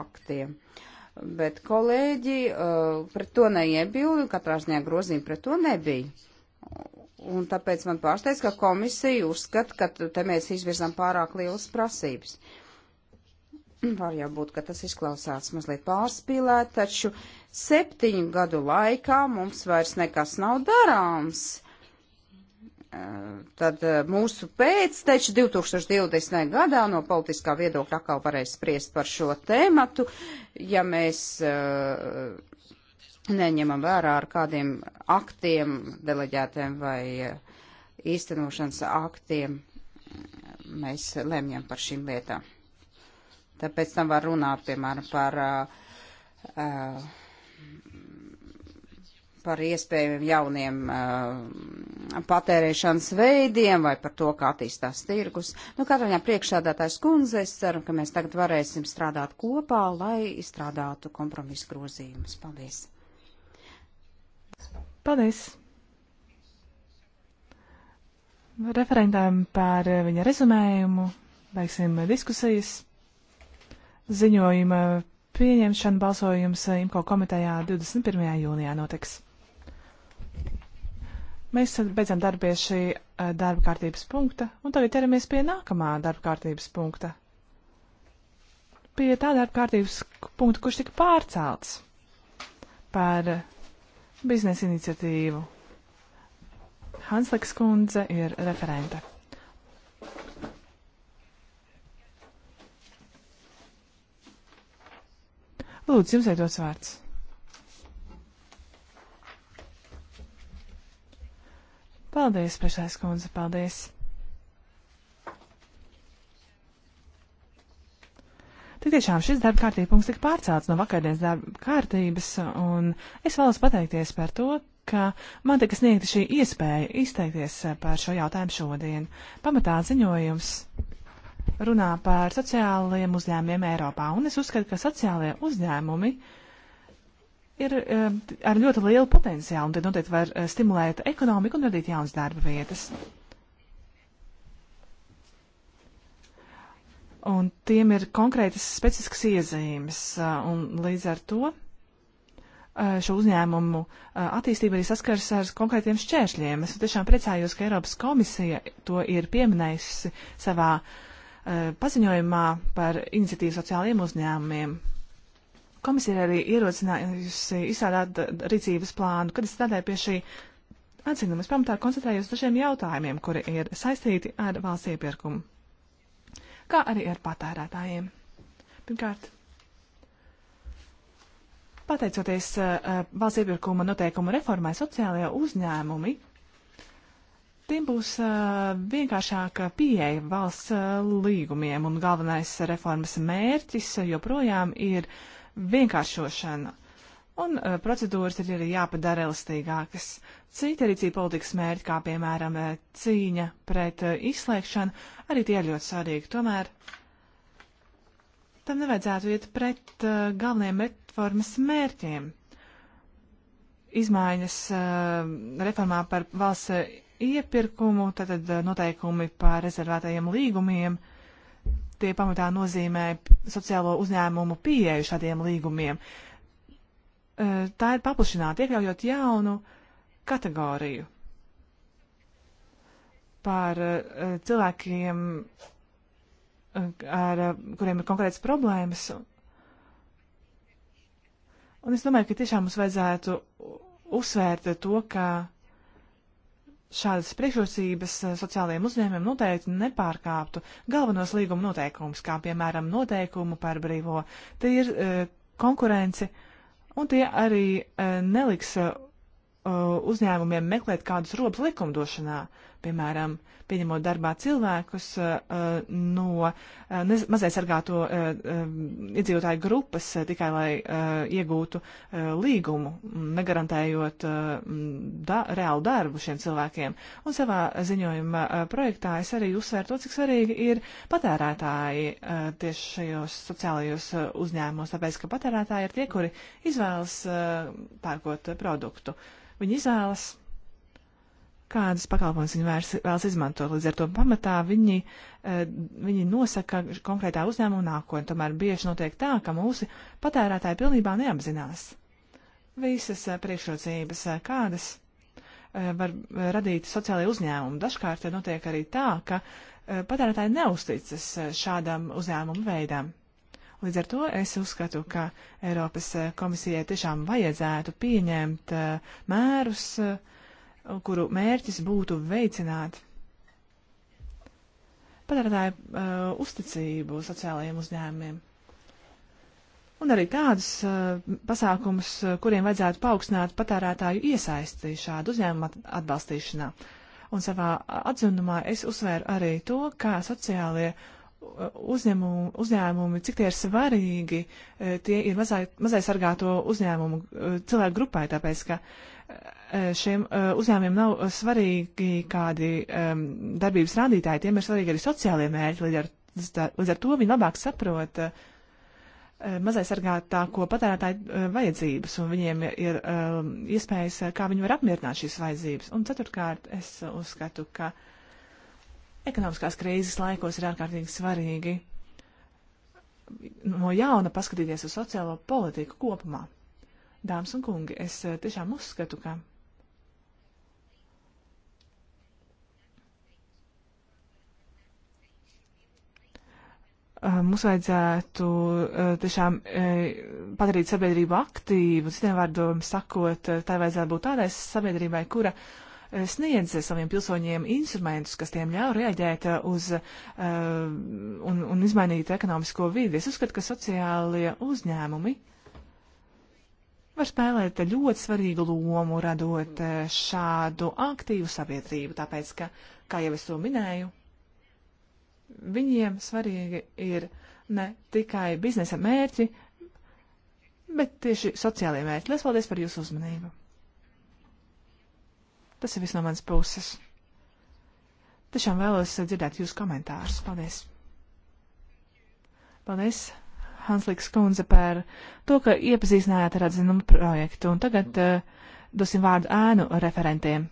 aktiem. Uh, bet kolēģi uh, pret to neiebildu, katrā ziņā grozījumi pret to nebija. Un tāpēc man pārsteidz, ka komisija uzskata, ka te mēs izvirzām pārāk lielas prasības. Var jau būt, ka tas izklausās mazliet pārspīlēt, taču septiņu gadu laikā mums vairs nekas nav darāms tad eh, mūsu pēcteči 2020. gadā no politiskā viedokļa atkal varēs spriest par šo tēmatu, ja mēs eh, neņemam vērā ar kādiem aktiem, deleģētiem vai eh, īstenošanas aktiem, mēs lemjam par šīm lietām. Tāpēc tam var runāt, piemēram, par uh, par iespējamiem jauniem uh, patērēšanas veidiem vai par to, kā attīstās tirgus. Nu, katrā ziņā priekšsādātājs kundze, es ceru, ka mēs tagad varēsim strādāt kopā, lai izstrādātu kompromisu grozījumus. Paldies! Paldies! Referentām par viņa rezumējumu beigsim diskusijas. Ziņojuma pieņemšana balsojums IMCO komitejā 21. jūnijā notiks. Mēs beidzam darbu pie šī darba kārtības punkta, un tagad ķeramies pie nākamā darba kārtības punkta. Pie tā darba kārtības punkta, kurš tika pārcelts par biznesa iniciatīvu. Hansleks kundze ir referente. Lūdzu, jums ir dots vārds. Paldies, priekšsēdētājas kundze, paldies! Tik tiešām šis darba kārtība punkts tika pārcelts no vakardienas darba kārtības, un es vēlos pateikties par to, ka man tika sniegta šī iespēja izteikties par šo jautājumu šodien. Pamatā ziņojums runā par sociālajiem uzņēmumiem Eiropā, un es uzskatu, ka sociālajie uzņēmumi uh, ir eh, ar ļoti lielu potenciālu, un tad noteikti var eh, stimulēt ekonomiku un radīt jaunas darba vietas. Un tiem ir konkrētas specifiskas iezīmes, eh, un līdz ar to šo uzņēmumu attīstība arī saskars ar konkrētiem šķēršļiem. Es tiešām priecājos, ka Eiropas komisija to ir pieminējusi savā paziņojumā par iniciatīvu sociālajiem uzņēmumiem, Komisija arī ierosinājusi izstrādāt rīcības plānu, kad es strādāju pie šī atzinuma. Es pamatā koncentrējos dažiem jautājumiem, kuri ir saistīti ar valsts iepirkumu, kā arī ar patērētājiem. Pirmkārt, pateicoties uh, uh valsts iepirkuma noteikumu reformai, sociālajie uzņēmumi Tiem būs uh, vienkāršāka pieeja valsts uh, līgumiem, un galvenais reformas mērķis joprojām ir vienkāršošana. Un uh, procedūras ir arī jāpadara elastīgākas. Citi rīcība politikas mērķi, kā piemēram uh, cīņa pret uh, izslēgšanu, arī tie ir ļoti svarīgi. Tomēr tam nevajadzētu iet pret uh, galvenajiem reformas mērķiem. Izmaiņas uh, reformā par valsts iepirkumu, tātad uh, noteikumi par rezervētajiem līgumiem. Uh, tie pamatā nozīmē sociālo uzņēmumu pieeju šādiem līgumiem. E, tā ir paplašināta, iekļaujot jaunu kategoriju par e, cilvēkiem, e, ar kuriem ir konkrētas problēmas. Un es domāju, ka tiešām mums vajadzētu uzsvērt to, ka šādas priekšrocības eh, sociālajiem uzņēmumiem noteikti nepārkāptu galvenos līguma noteikumus, kā piemēram noteikumu par brīvo tīr, eh, konkurenci, un tie arī eh, neliks uzņēmumiem meklēt kādus robus likumdošanā piemēram, pieņemot darbā cilvēkus eh, no eh, mazai sargāto eh, iedzīvotāju grupas tikai lai iegūtu līgumu, negarantējot da reālu darbu šiem cilvēkiem. Un savā ziņojuma projektā es arī uzsvēru to, cik svarīgi ir patērētāji tieši šajos sociālajos uzņēmumos, tāpēc, ka patērētāji ir tie, kuri izvēlas pērkot produktu. Viņi izvēlas kādus pakalpojumus viņi vērs, vēlas izmantot. Līdz ar to pamatā viņi, eh, viņi nosaka konkrētā uzņēmuma nākotni. Tomēr bieži notiek tā, ka mūsu patērētāji pilnībā neapzinās visas eh, priekšrocības, eh, kādas var radīt sociālajie uzņēmumi. Dažkārt notiek arī tā, ka patērētāji neusticas šādam uzņēmumu veidam. Līdz ar to es uzskatu, ka Eiropas komisijai tiešām vajadzētu pieņemt mērus, uh, kuru mērķis būtu veicināt patērētāju uh, uzticību sociālajiem uzņēmumiem. Un arī tādus uh, pasākumus, uh, kuriem vajadzētu paaugstināt patērētāju iesaisti šādu uzņēmumu at atbalstīšanā. Un savā atzinumā es uzsvēru arī to, kā sociālie uh, uzņēmumi, uzņēmumi cik tie ir svarīgi, uh, tie ir mazai, mazai sargāto uzņēmumu cilvēku grupai, tāpēc, ka uh, Eh, šiem eh, uzņēmumiem nav eh, svarīgi kādi um, darbības rādītāji, tiem ir svarīgi arī sociālie mērķi, līdz ar, līdz ar to viņi labāk saprot uh, mazai sargātāko patērētāju uh, vajadzības, un viņiem ir um, iespējas, kā viņi var apmierināt šīs vajadzības. Un ceturtkārt, es uzskatu, ka ekonomiskās krīzes laikos ir ārkārtīgi svarīgi no jauna paskatīties uz sociālo politiku kopumā. Dāmas un kungi, es tiešām uzskatu, ka Eh, mums vajadzētu eh, tiešām eh, padarīt sabiedrību aktīvu, citiem vārdiem sakot, tā vajadzētu būt tādai sabiedrībai, kura sniedz saviem pilsoņiem instrumentus, kas tiem ļauj reaģēt uz un, un izmainīt ekonomisko vidi. Es uzskatu, ka sociālie uzņēmumi var spēlēt ļoti svarīgu lomu, radot šādu aktīvu sabiedrību, tāpēc, ka, kā jau es to minēju, Viņiem svarīgi ir ne tikai biznesa mērķi, bet tieši sociālajie mērķi. Lielas paldies par jūsu uzmanību. Tas ir viss no manas puses. Tiešām vēlos dzirdēt jūsu komentārus. Paldies! Paldies, Hanslīks kundze, par to, ka iepazīstinājāt ar atzinumu projektu. Un tagad uh, dosim vārdu ēnu referentiem.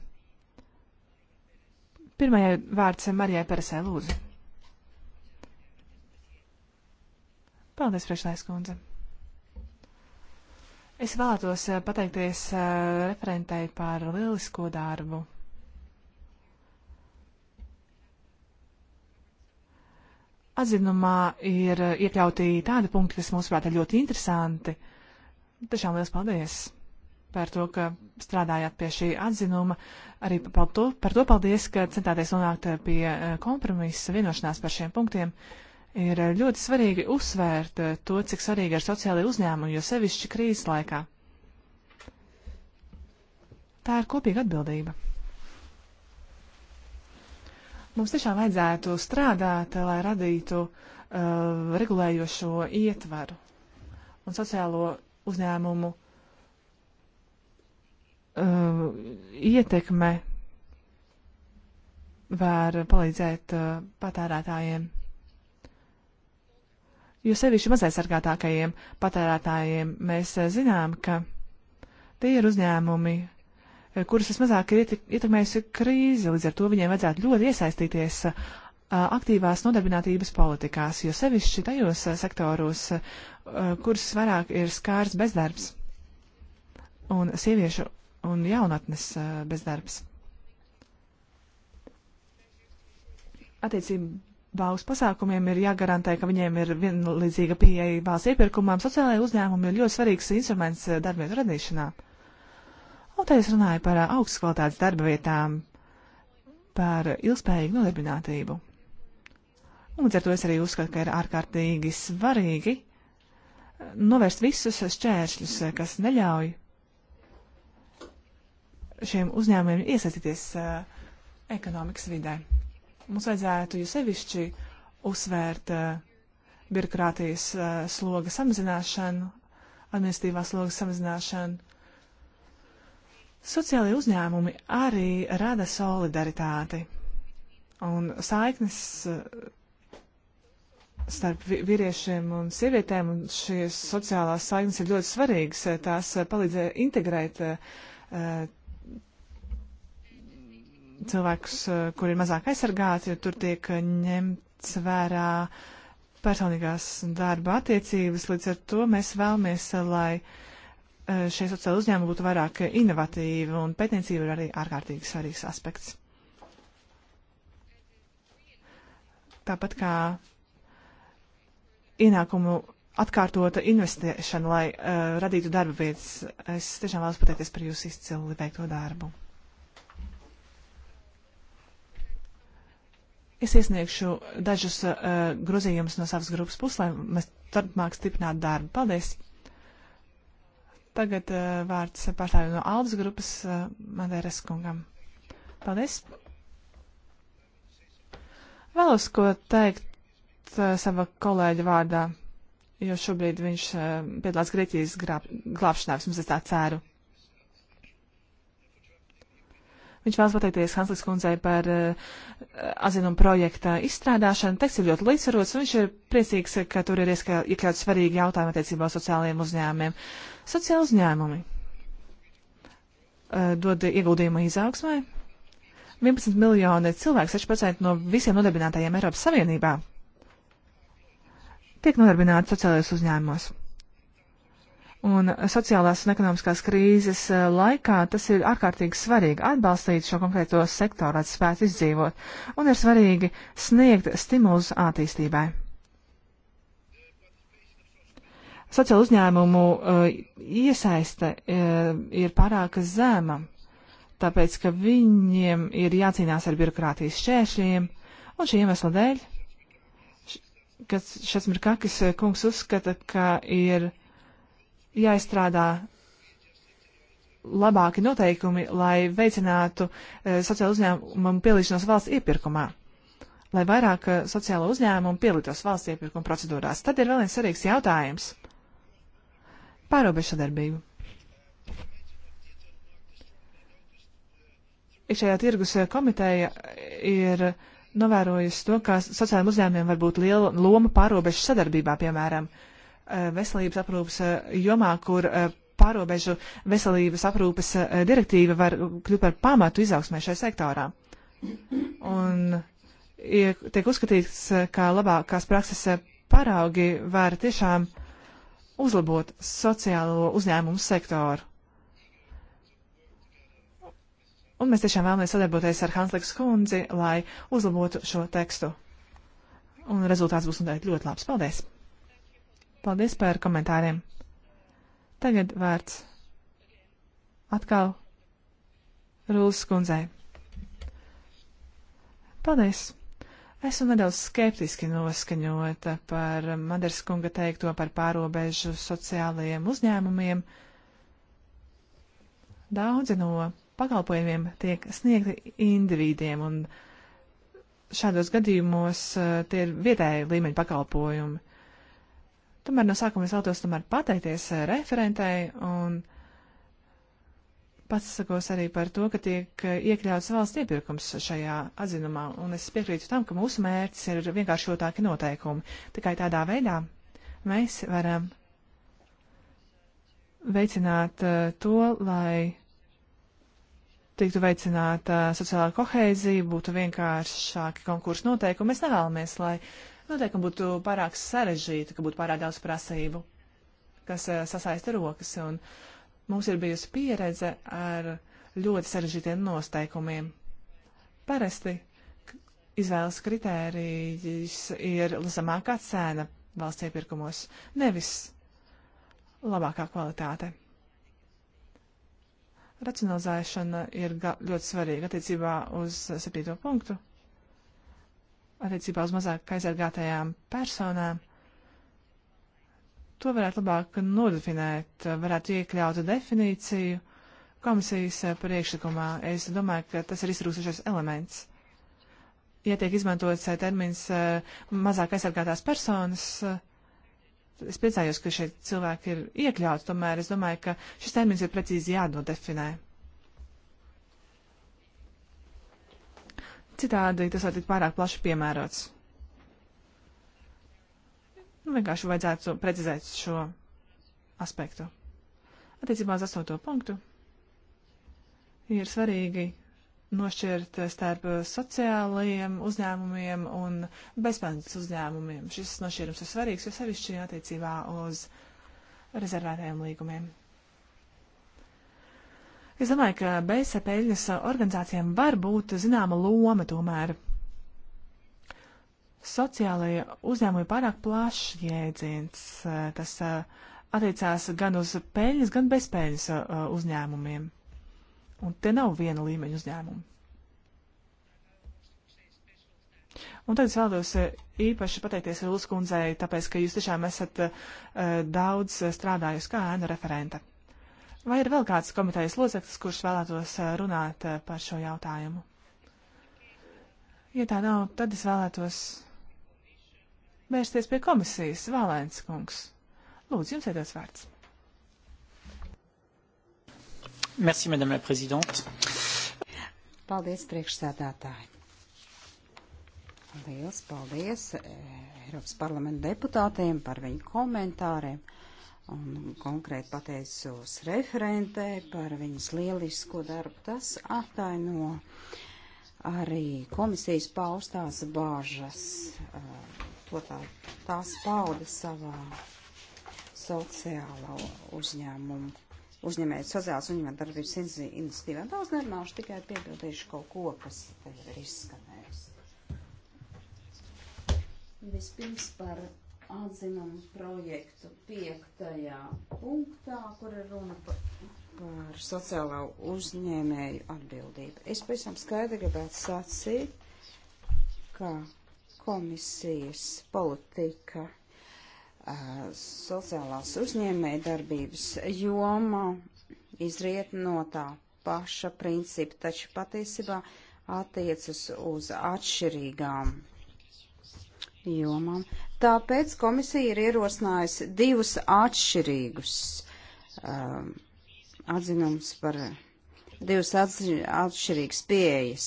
Pirmajai vārds Marijai Peresē lūdzu. Paldies, priekšlēs kundze. Es vēlētos eh, pateikties eh, referentai par lielisko darbu. Atzinumā ir eh, iekļauti tādi punkti, kas mūsuprāt ir ļoti interesanti. Tiešām liels paldies par to, ka strādājāt pie šī atzinuma. Arī par to, par to paldies, ka centāties nonākt pie kompromisa vienošanās par šiem punktiem. Uh, Ir eh, ļoti svarīgi uzsvērt eh, to, cik svarīgi ir sociālai uzņēmumi, jo sevišķi krīzes laikā. Tā ir kopīga atbildība. Mums tiešām vajadzētu strādāt, eh, lai radītu uh, regulējošo ietvaru un sociālo uzņēmumu uh, ietekme var palīdzēt uh, patērētājiem jo sevišķi mazaisargātākajiem patērētājiem mēs eh, zinām, ka tie ir uzņēmumi, eh, kurus vismazāk ir ietekmējusi krīze, līdz ar to viņiem vajadzētu ļoti iesaistīties eh, aktīvās nodarbinātības politikās, jo sevišķi tajos sektoros, kurus vairāk ir skārs bezdarbs un sieviešu un jaunatnes bezdarbs. Attiecība Bāus pasākumiem ir jāgarantē, ka viņiem ir vienlīdzīga pieeja valsts iepirkumam. Sociālajie uzņēmumi ir ļoti svarīgs instruments eh, darbvietu radīšanā. Un te es runāju par eh, augstas kvalitātes darba vietām, par ilgspējīgu nodarbinātību. Un līdz ar to es arī uzskatu, ka ir ārkārtīgi svarīgi eh, novērst visus šķēršļus, kas neļauj šiem uzņēmumiem iesaistīties uh, ekonomikas vidē. Mums vajadzētu jo sevišķi uzsvērt uh, birokrātijas uh, sloga samazināšanu, administratīvās slogas samazināšanu. Sociālie uzņēmumi arī rada solidaritāti un saiknes uh, starp vīriešiem un sievietēm, un šīs sociālās saiknes ir ļoti svarīgas. Tās palīdzē integrēt uh, cilvēkus, eh, kur ir mazāk aizsargāti, jo tur tiek eh, ņemts vērā personīgās darba attiecības. Līdz ar to mēs vēlamies, eh, lai šie sociāli uzņēmumi būtu vairāk inovatīvi, un pētniecība ir arī ārkārtīgi svarīgs aspekts. Tāpat kā ienākumu atkārtota investēšana, lai uh, radītu darba vietas. Es tiešām vēlos pateikties par jūsu izcilu veikto darbu. Es iesniegšu dažus uh, grozījumus no savas grupas puses, lai mēs turpmāk stiprinātu darbu. Paldies! Tagad uh, vārds pārstāvju no Aldas grupas uh, eh, Madēras kungam. Paldies! Vēlos ko teikt uh, sava kolēģa vārdā, jo šobrīd viņš uh, piedalās Grieķijas glābšanā, vismaz es tā ceru. Viņš vēlas pateikties Hanslis kundzei par uh, atzinumu projekta izstrādāšanu. Teksts ir ļoti līdzsvarots, un viņš ir priecīgs, ka tur ir iekļauts svarīgi jautājumi attiecībā uz sociālajiem uzņēmumiem. Sociāli uzņēmumi uh, dod ieguldījumu izaugsmai. 11 miljoni cilvēku, 6% no visiem nodarbinātajiem Eiropas Savienībā tiek nodarbināti sociālajos uzņēmumos. Un sociālās un ekonomiskās krīzes eh, laikā tas ir ārkārtīgi svarīgi atbalstīt šo konkrēto sektoru, lai spētu izdzīvot, un ir svarīgi sniegt stimulus attīstībai. Sociāla uzņēmumu eh, iesaiste eh, ir pārāk zema, tāpēc ka viņiem ir jācīnās ar birokrātijas šķēršļiem, un šī iemesla dēļ, kad Šasmirkakis kungs uzskata, ka ir jāizstrādā labāki noteikumi, lai veicinātu e, sociālo uzņēmumu pielīšanos valsts iepirkumā, lai vairāk e, sociālo uzņēmumu pielītos valsts iepirkuma procedūrās. Tad ir vēl viens svarīgs jautājums - pārobežu sadarbību. Iekšējā tirgus e, komiteja ir novērojusi to, ka sociālajiem uzņēmumiem var būt liela loma pārobežu sadarbībā, piemēram, uh, Eh, veselības aprūpas eh, jomā, kur eh, pārobežu veselības aprūpas direktīva var kļūt par pamatu izaugsmē šajā sektorā. Un tiek uzskatīts, ka labākās prakses paraugi var tiešām uzlabot sociālo uzņēmumu sektoru. Un mēs tiešām vēlamies sadarboties ar Hanslīgas kundzi, lai uzlabotu šo tekstu. Un rezultāts būs noteikti ļoti labs. Paldies! Paldies par komentāriem. Tagad vērts atkal Rūlas kundzei. Paldies! Esmu nedaudz skeptiski noskaņota par Madaras kunga teikto par pārobežu sociālajiem uzņēmumiem. Daudzi no pakalpojumiem tiek sniegti individiem, un šādos gadījumos eh, tie ir vietēji līmeņa pakalpojumi. Tomēr no sākuma es vēlos tomēr pateikties eh, referentei un pasakos arī par to, ka tiek eh, iekļauts valsts iepirkums šajā atzinumā, un es piekrītu tam, ka mūsu mērķis ir vienkāršotāki noteikumi. Tikai tādā veidā mēs varam veicināt uh, to, lai tiktu veicināta uh, sociālā kohēzija, būtu vienkāršāki konkursu noteikumi. Mēs nevēlamies, lai Noteikti, ka būtu pārāk sarežģīti, ka būtu pārāk daudz prasību, kas eh, sasaista rokas. Un mums ir bijusi pieredze ar ļoti sarežģītiem nosteikumiem. Parasti izvēles kritērijs ir zemākā cena valsts iepirkumos, nevis labākā kvalitāte. Racionalizēšana ir ļoti svarīga attiecībā uz septīto punktu attiecībā uz mazāk aizsargātajām personām. To varētu labāk nodefinēt, varētu iekļaut definīciju komisijas priekšlikumā. Es domāju, ka tas ir izrūsušais elements. Ja tiek izmantots termins eh, mazāk aizsargātās personas, eh, es priecājos, ka šie cilvēki ir iekļauti, tomēr es domāju, ka šis termins ir precīzi jānodefinē. Citādi tas var tikt pārāk plaši piemērots. Nu, vienkārši vajadzētu precizēt šo aspektu. Attiecībā uz astoto punktu ir svarīgi nošķirt starp sociālajiem uzņēmumiem un bezpēdas uzņēmumiem. Šis nošķirums ir svarīgs, jo sevišķi attiecībā uz rezervētajiem līgumiem. Es domāju, ka bez peļņas organizācijām var būt zināma loma tomēr. Sociālajie uzņēmumi ir pārāk plašs jēdziens. Tas uh, attiecās gan uz peļņas, gan bezpeļņas uh, uzņēmumiem. Un te nav viena līmeņa uzņēmumu. Un tad es vēlos uh, īpaši pateikties Ilus kundzei, tāpēc, ka jūs tiešām esat daudz strādājusi kā ēnu referenta. Vai ir vēl kāds komitejas loceklis, kurš vēlētos eh, runāt eh, par šo jautājumu? Ja tā nav, tad es vēlētos vērsties pie komisijas. Valēns kungs, lūdzu, jums ir dots vārds. Merci, madame la présidente. Paldies, priekšsēdētāji. Liels paldies eh, Eiropas parlamenta deputātiem par viņu komentāriem un konkrēti pateicos referentē par viņas lielisko darbu. Tas attaino arī komisijas paustās bāžas, eh, to tā, tās pauda savā sociālo uzņēmumu. Uzņēmējas sociālās uzņēmējas darbības iniciatīvā. Daudz nerunāšu, tikai piebildīšu kaut ko, kas te ir izskanējis. Vispirms par atzinumu projektu piektajā punktā, kur ir runa par, par sociālā uzņēmēju atbildību. Es pēc tam skaidri gribētu sacīt, ka komisijas politika sociālās uzņēmēja darbības joma izriet no tā paša principa, taču patiesībā attiecas uz atšķirīgām jomām. Tāpēc komisija ir ierosinājusi divus atšķirīgus um, atzinums par divas atzi, atšķirīgas pieejas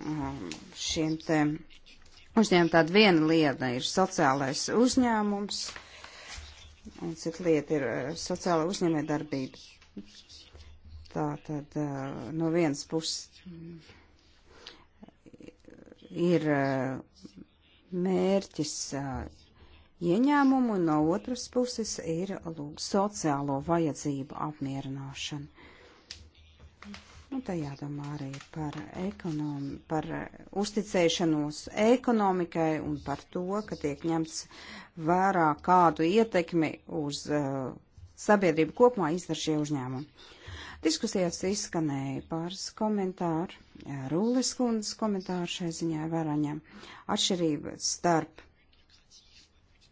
um, šiem te uzņēmumiem. Tāda viena lieta ir sociālais uzņēmums, un cita lieta ir uh, sociāla uzņēmē darbība. Tā tad uh, no vienas puses ir. Uh, mērķis ieņēmumu, un no otras puses ir lūk, sociālo vajadzību apmierināšana. Un nu, tā jādomā arī par, ekonomi, par uzticēšanos ekonomikai un par to, ka tiek ņemts vērā kādu ietekmi uz uh, sabiedrību kopumā izdara šie uzņēmumi. Diskusijās izskanēja pāris komentāru, Rūles kundzes komentāru šai ziņā varaņam. Atšķirība starp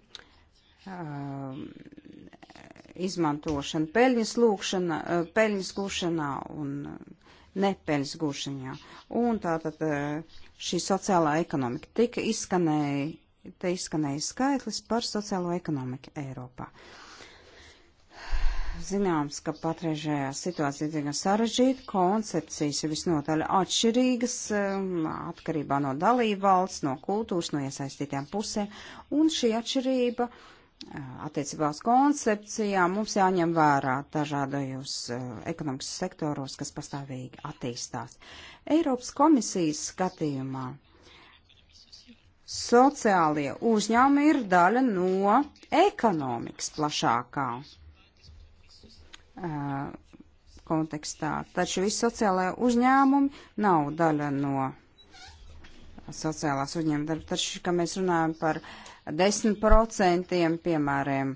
uh, izmantošanu peļņas, lūkšana, uh, peļņas gūšanā un nepeļņas gūšanā. Un tātad uh, šī sociālā ekonomika tika izskanēja, te izskanēja skaitlis par sociālo ekonomiku Eiropā. Uh, zināms, ka patreizējā situācija ir diezgan sarežģīta, koncepcijas ir visnotaļ atšķirīgas, um, atkarībā no dalībvalsts, no kultūras, no iesaistītām pusēm, un šī atšķirība uh, attiecībā uz koncepcijām mums jāņem vērā dažādajos uh, ekonomikas sektoros, kas pastāvīgi attīstās. Eiropas komisijas skatījumā sociālie uzņēmumi ir daļa no ekonomikas plašākā kontekstā. Taču visi sociālajie uzņēmumi nav daļa no sociālās uzņēmuma darba. Taču, ka mēs runājam par 10% piemēriem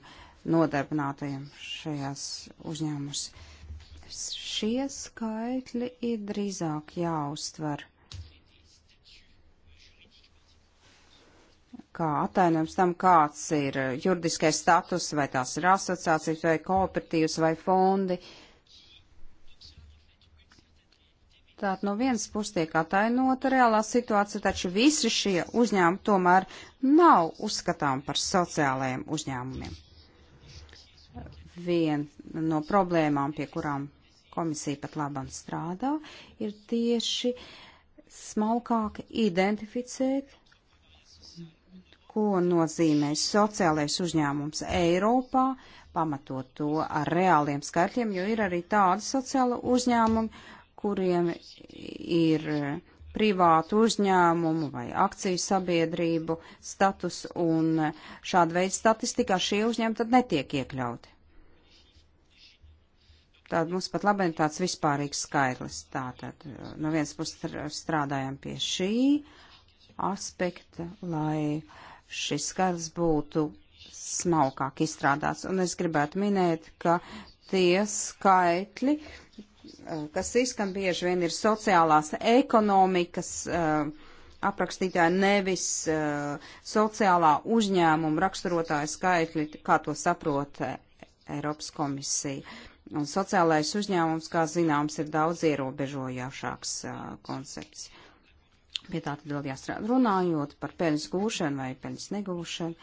nodarbinātajiem šajās uzņēmumus. Šie skaitļi ir drīzāk jāuztver kā atainojums tam, kāds ir juridiskais status, vai tās ir asociācijas, vai kooperatīvas, vai fondi. Tātad no vienas puses tiek atainota reālā situācija, taču visi šie uzņēmumi tomēr nav uzskatām par sociālajiem uzņēmumiem. Viena no problēmām, pie kurām komisija pat labam strādā, ir tieši smalkāk identificēt ko nozīmē sociālais uzņēmums Eiropā, pamatot to ar reāliem skaitļiem, jo ir arī tādi sociāla uzņēmumi, kuriem ir privātu uzņēmumu vai akciju sabiedrību status, un šāda veida statistikā šie uzņēmumi tad netiek iekļauti. Tāda mums pat labi ir tāds vispārīgs skaidrs. Tātad no vienas puses strādājam pie šī aspekta, lai uh, šis skats būtu smalkāk izstrādāts. Un es gribētu minēt, ka tie skaitļi, eh, kas izskan bieži vien ir sociālās ekonomikas uh, aprakstītāji, nevis uh, sociālā uzņēmuma raksturotāja skaitļi, kā to saprot Eiropas komisija. Un sociālais uzņēmums, kā zināms, ir daudz ierobežojošāks uh, koncepts. Uh, Pie tā tad vēl jāstrādā. Runājot par peļņas gūšanu vai peļņas negūšanu,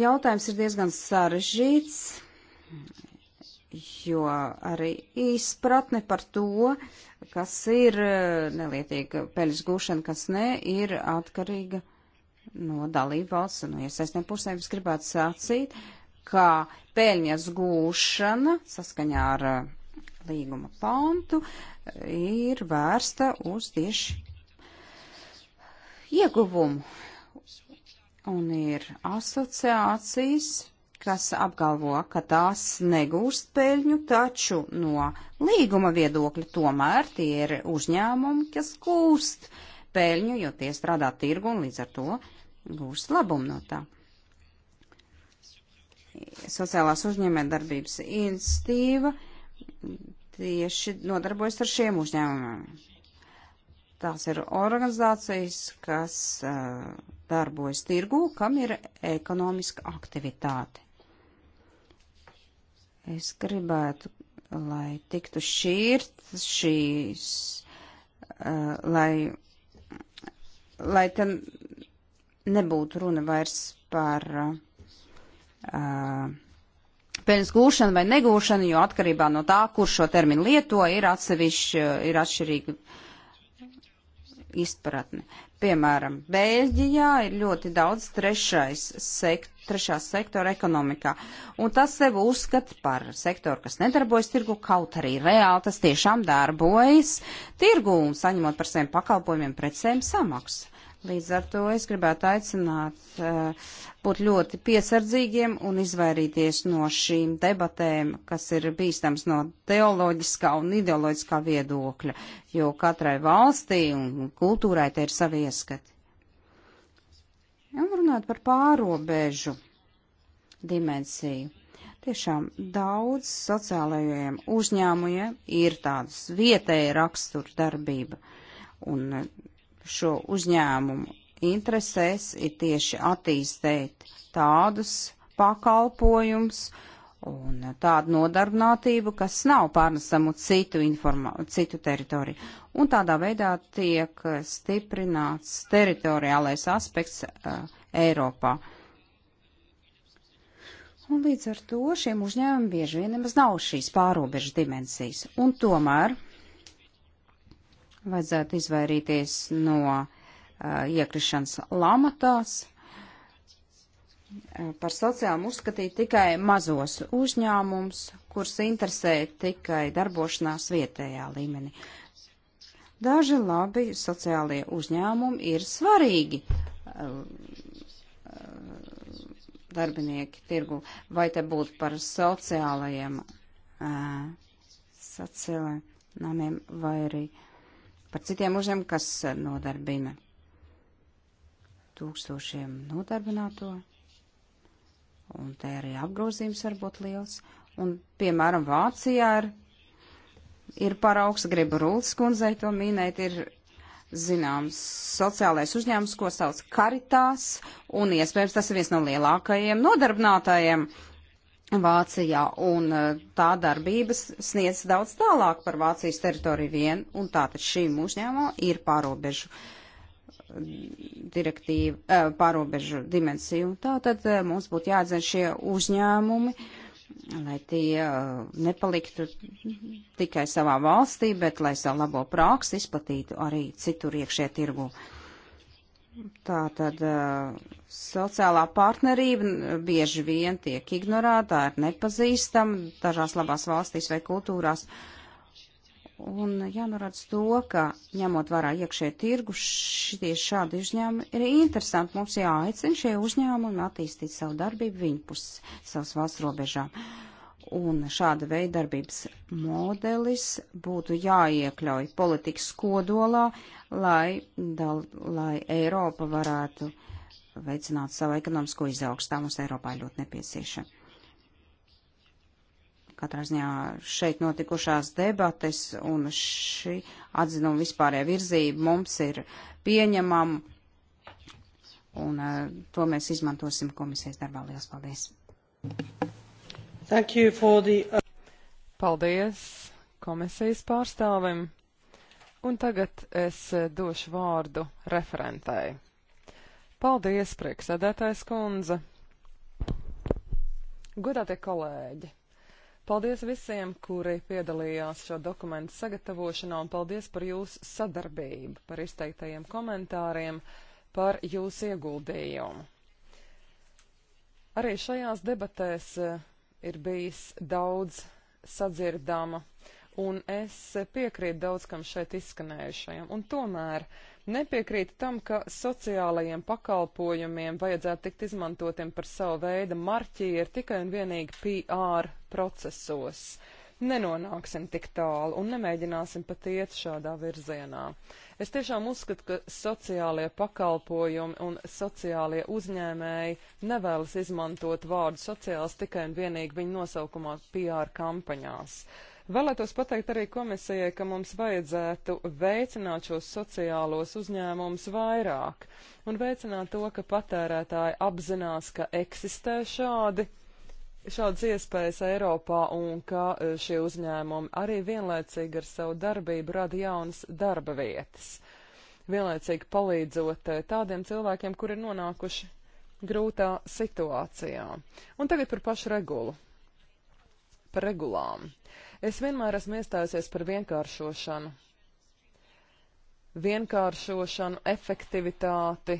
jautājums ir diezgan sarežģīts, jo arī izpratne par to, kas ir e, nelietīga peļņas gūšana, kas nē, ir atkarīga no dalību valsts un no iesaistiem pusēm. Es gribētu sacīt, ka peļņas gūšana saskaņā ar e, līguma pantu e, ir vērsta uz tieši ieguvumu. Un ir asociācijas, kas apgalvo, ka tās negūst peļņu, taču no līguma viedokļa tomēr tie ir uzņēmumi, kas gūst peļņu, jo tie strādā tirgu un līdz ar to gūst labumu no tā. Sociālās uzņēmējdarbības institīva tieši nodarbojas ar šiem uzņēmumiem. Tās ir organizācijas, kas uh, darbojas tirgū, kam ir ekonomiska aktivitāte. Es gribētu, lai tiktu šīrt šīs, uh, lai, lai tam nebūtu runa vairs par uh, peļņas gūšanu vai negūšanu, jo atkarībā no tā, kur šo terminu lieto, ir atsevišķi, ir atšķirīgi. Uh, izpratni. Piemēram, Bēļģijā ir ļoti daudz trešais sekt, trešā sektora ekonomikā, un tas sev uzskata par sektoru, kas nedarbojas tirgu, kaut arī reāli tas tiešām darbojas tirgu un saņemot par saviem pakalpojumiem precēm samaksu. Līdz ar to es gribētu aicināt eh, būt ļoti piesardzīgiem un izvairīties no šīm debatēm, kas ir bīstams no teoloģiskā un ideoloģiskā viedokļa, jo katrai valstī un kultūrai te ir savi ieskati. Un runāt par pārobežu dimensiju. Tiešām daudz sociālajiem uzņēmumiem ir tādas vietēja rakstura darbība. Un šo uzņēmumu interesēs ir tieši attīstīt tādus pakalpojumus un tādu nodarbinātību, kas nav pārnesamu citu, informa, citu teritoriju. Un tādā veidā tiek stiprināts teritoriālais aspekts uh, Eiropā. Un līdz ar to šiem uzņēmumiem bieži vien nemaz nav šīs pārobežu dimensijas. Un tomēr Vajadzētu izvairīties no uh, iekrišanas lamatās. Uh, par sociālu uzskatīt tikai mazos uzņēmumus, kurus interesē tikai darbošanās vietējā līmenī. Daži labi sociālie uzņēmumi ir svarīgi uh, darbinieki tirgu, vai te būtu par sociālajiem uh, sociālajiem namiem vai arī uh, par citiem uzņēmumiem, kas nodarbina tūkstošiem nodarbināto. Un te arī apgrozījums var būt liels. Un, piemēram, Vācijā ir, ir paraugs, gribu Rūlis kundzei to minēt, ir zināms sociālais uzņēmums, ko sauc Karitās, un iespējams tas ir viens no lielākajiem nodarbinātājiem uh, Vācijā, un eh, tā darbības sniedz daudz tālāk par Vācijas teritoriju vien, un tātad šīm uzņēmumam ir pārobežu eh, direktīva, eh, pārobežu dimensija, un tātad mums būtu jāatdzen šie uzņēmumi, lai tie nepaliktu tikai savā valstī, bet lai savu labo prāks izplatītu arī citur iekšē tirgu. Uh, Tā tad sociālā partnerība bieži vien tiek ignorēta, ir nepazīstama dažās labās valstīs vai kultūrās. Un jānorāda nu to, ka ņemot vērā iekšē tirgu, šie šādi uzņēmumi ir interesanti. Mums jāaicina šie uzņēmumi attīstīt savu darbību viņpus savas valsts robežām. Un šāda veida darbības modelis būtu jāiekļauj politikas kodolā, lai, dal, lai Eiropa varētu veicināt savu ekonomisko izaugsmu. Tā mums Eiropā ļoti nepieciešama. Katrā ziņā šeit notikušās debates un šī atzinuma vispārējā virzība mums ir pieņemama, un uh, to mēs izmantosim komisijas darbā. Lielas paldies! Thank you for the... Uh, paldies komisijas pārstāvim! Un tagad es eh, došu vārdu referentēji. Paldies, prieksēdētājs kundze! Godātie kolēģi! Paldies visiem, kuri piedalījās šo dokumentu sagatavošanā, un paldies par jūsu sadarbību, par izteiktajiem komentāriem, par jūsu ieguldījumu. Arī šajās debatēs eh, ir bijis daudz sadzirdama. Uh, un es piekrītu daudz kam šeit izskanējušajam, un tomēr nepiekrītu tam, ka sociālajiem pakalpojumiem vajadzētu tikt izmantotiem par savu veidu marķieri tikai un vienīgi PR procesos. Nenonāksim tik tālu un nemēģināsim pat iet šādā virzienā. Es tiešām uzskatu, ka sociālie pakalpojumi un sociālie uzņēmēji nevēlas izmantot vārdu sociāls tikai un vienīgi viņu nosaukumā PR kampaņās. Uh, Vēlētos pateikt arī komisijai, ka mums vajadzētu veicināt šos sociālos uzņēmumus vairāk un veicināt to, ka patērētāji apzinās, ka eksistē šādi šādas iespējas Eiropā un ka e, šie uzņēmumi arī vienlaicīgi ar savu darbību rada jaunas darba vietas. Vienlaicīgi palīdzot e, tādiem cilvēkiem, kuri ir nonākuši grūtā situācijā. Un tagad par pašu regulu. Par regulām. Uh, Es vienmēr esmu iestājusies par vienkāršošanu. Vienkāršošanu, efektivitāti,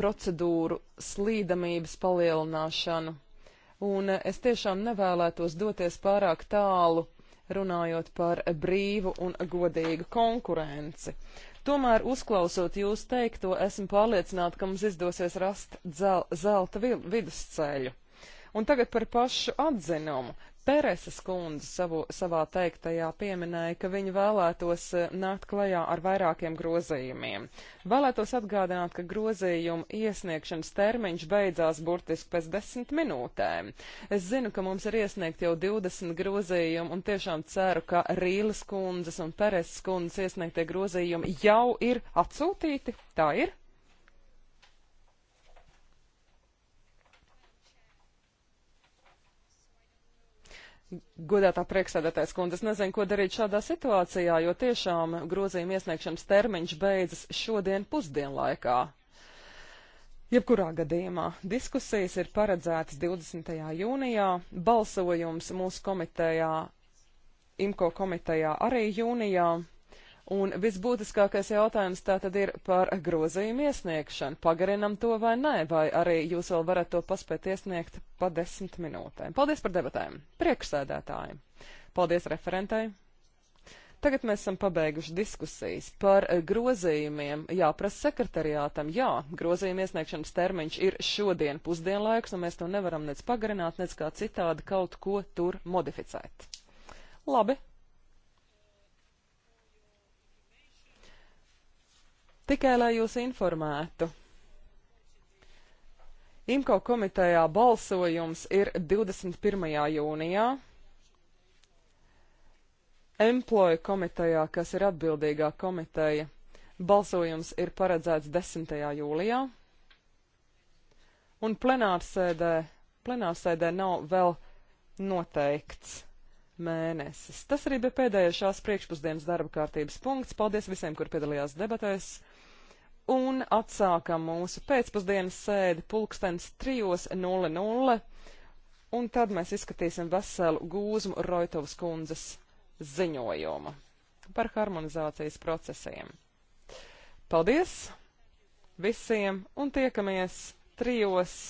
procedūru slīdamības palielināšanu. Un es tiešām nevēlētos doties pārāk tālu, runājot par brīvu un godīgu konkurenci. Tomēr, uzklausot jūs teikto, esmu pārliecināta, ka mums izdosies rast zel zelta vidusceļu. Un tagad par pašu atzinumu. Pereses kundze savu, savā teiktajā pieminēja, ka viņi vēlētos eh, nākt klajā ar vairākiem grozījumiem. Vēlētos atgādināt, ka grozījumu iesniegšanas termiņš beidzās burtiski pēc desmit minūtēm. Es zinu, ka mums ir iesniegt jau 20 grozījumu un tiešām ceru, ka Rīles kundzes un Pereses kundzes iesniegtie grozījumi jau ir atsūtīti. Tā ir. Godētā priekšsēdētājs kundze, es nezinu, ko darīt šādā situācijā, jo tiešām grozījuma iesniegšanas termiņš beidzas šodien pusdienlaikā. Jebkurā gadījumā diskusijas ir paredzētas 20. jūnijā, balsojums mūsu komitejā, IMCO komitejā arī jūnijā. Un visbūtiskākais jautājums tā tad ir par grozījumu iesniegšanu. Pagarinam to vai nē, vai arī jūs vēl varat to paspēt iesniegt pa desmit minūtēm. Paldies par debatēm. Priekšsēdētājiem. Paldies referentai. Tagad mēs esam pabeiguši diskusijas par grozījumiem. Jāprasa sekretariātam, jā, grozījuma iesniegšanas termiņš ir šodien pusdienlaiks, un mēs to nevaram nec pagarināt, nec kā citādi kaut ko tur modificēt. Labi, Tikai lai jūs informētu. IMCO komitejā balsojums ir 21. jūnijā. Employ komitejā, kas ir atbildīgā komiteja, balsojums ir paredzēts 10. jūlijā. Un plenārsēdē, plenārsēdē nav vēl noteikts mēnesis. Tas arī bija pēdējais šās priekšpusdienas darba kārtības punkts. Paldies visiem, kur piedalījās debatēs un atsākam mūsu pēcpusdienas sēdi pulkstens 3.00, un tad mēs izskatīsim veselu gūzmu Roitovas kundzes ziņojumu par harmonizācijas procesiem. Paldies visiem un tiekamies trijos!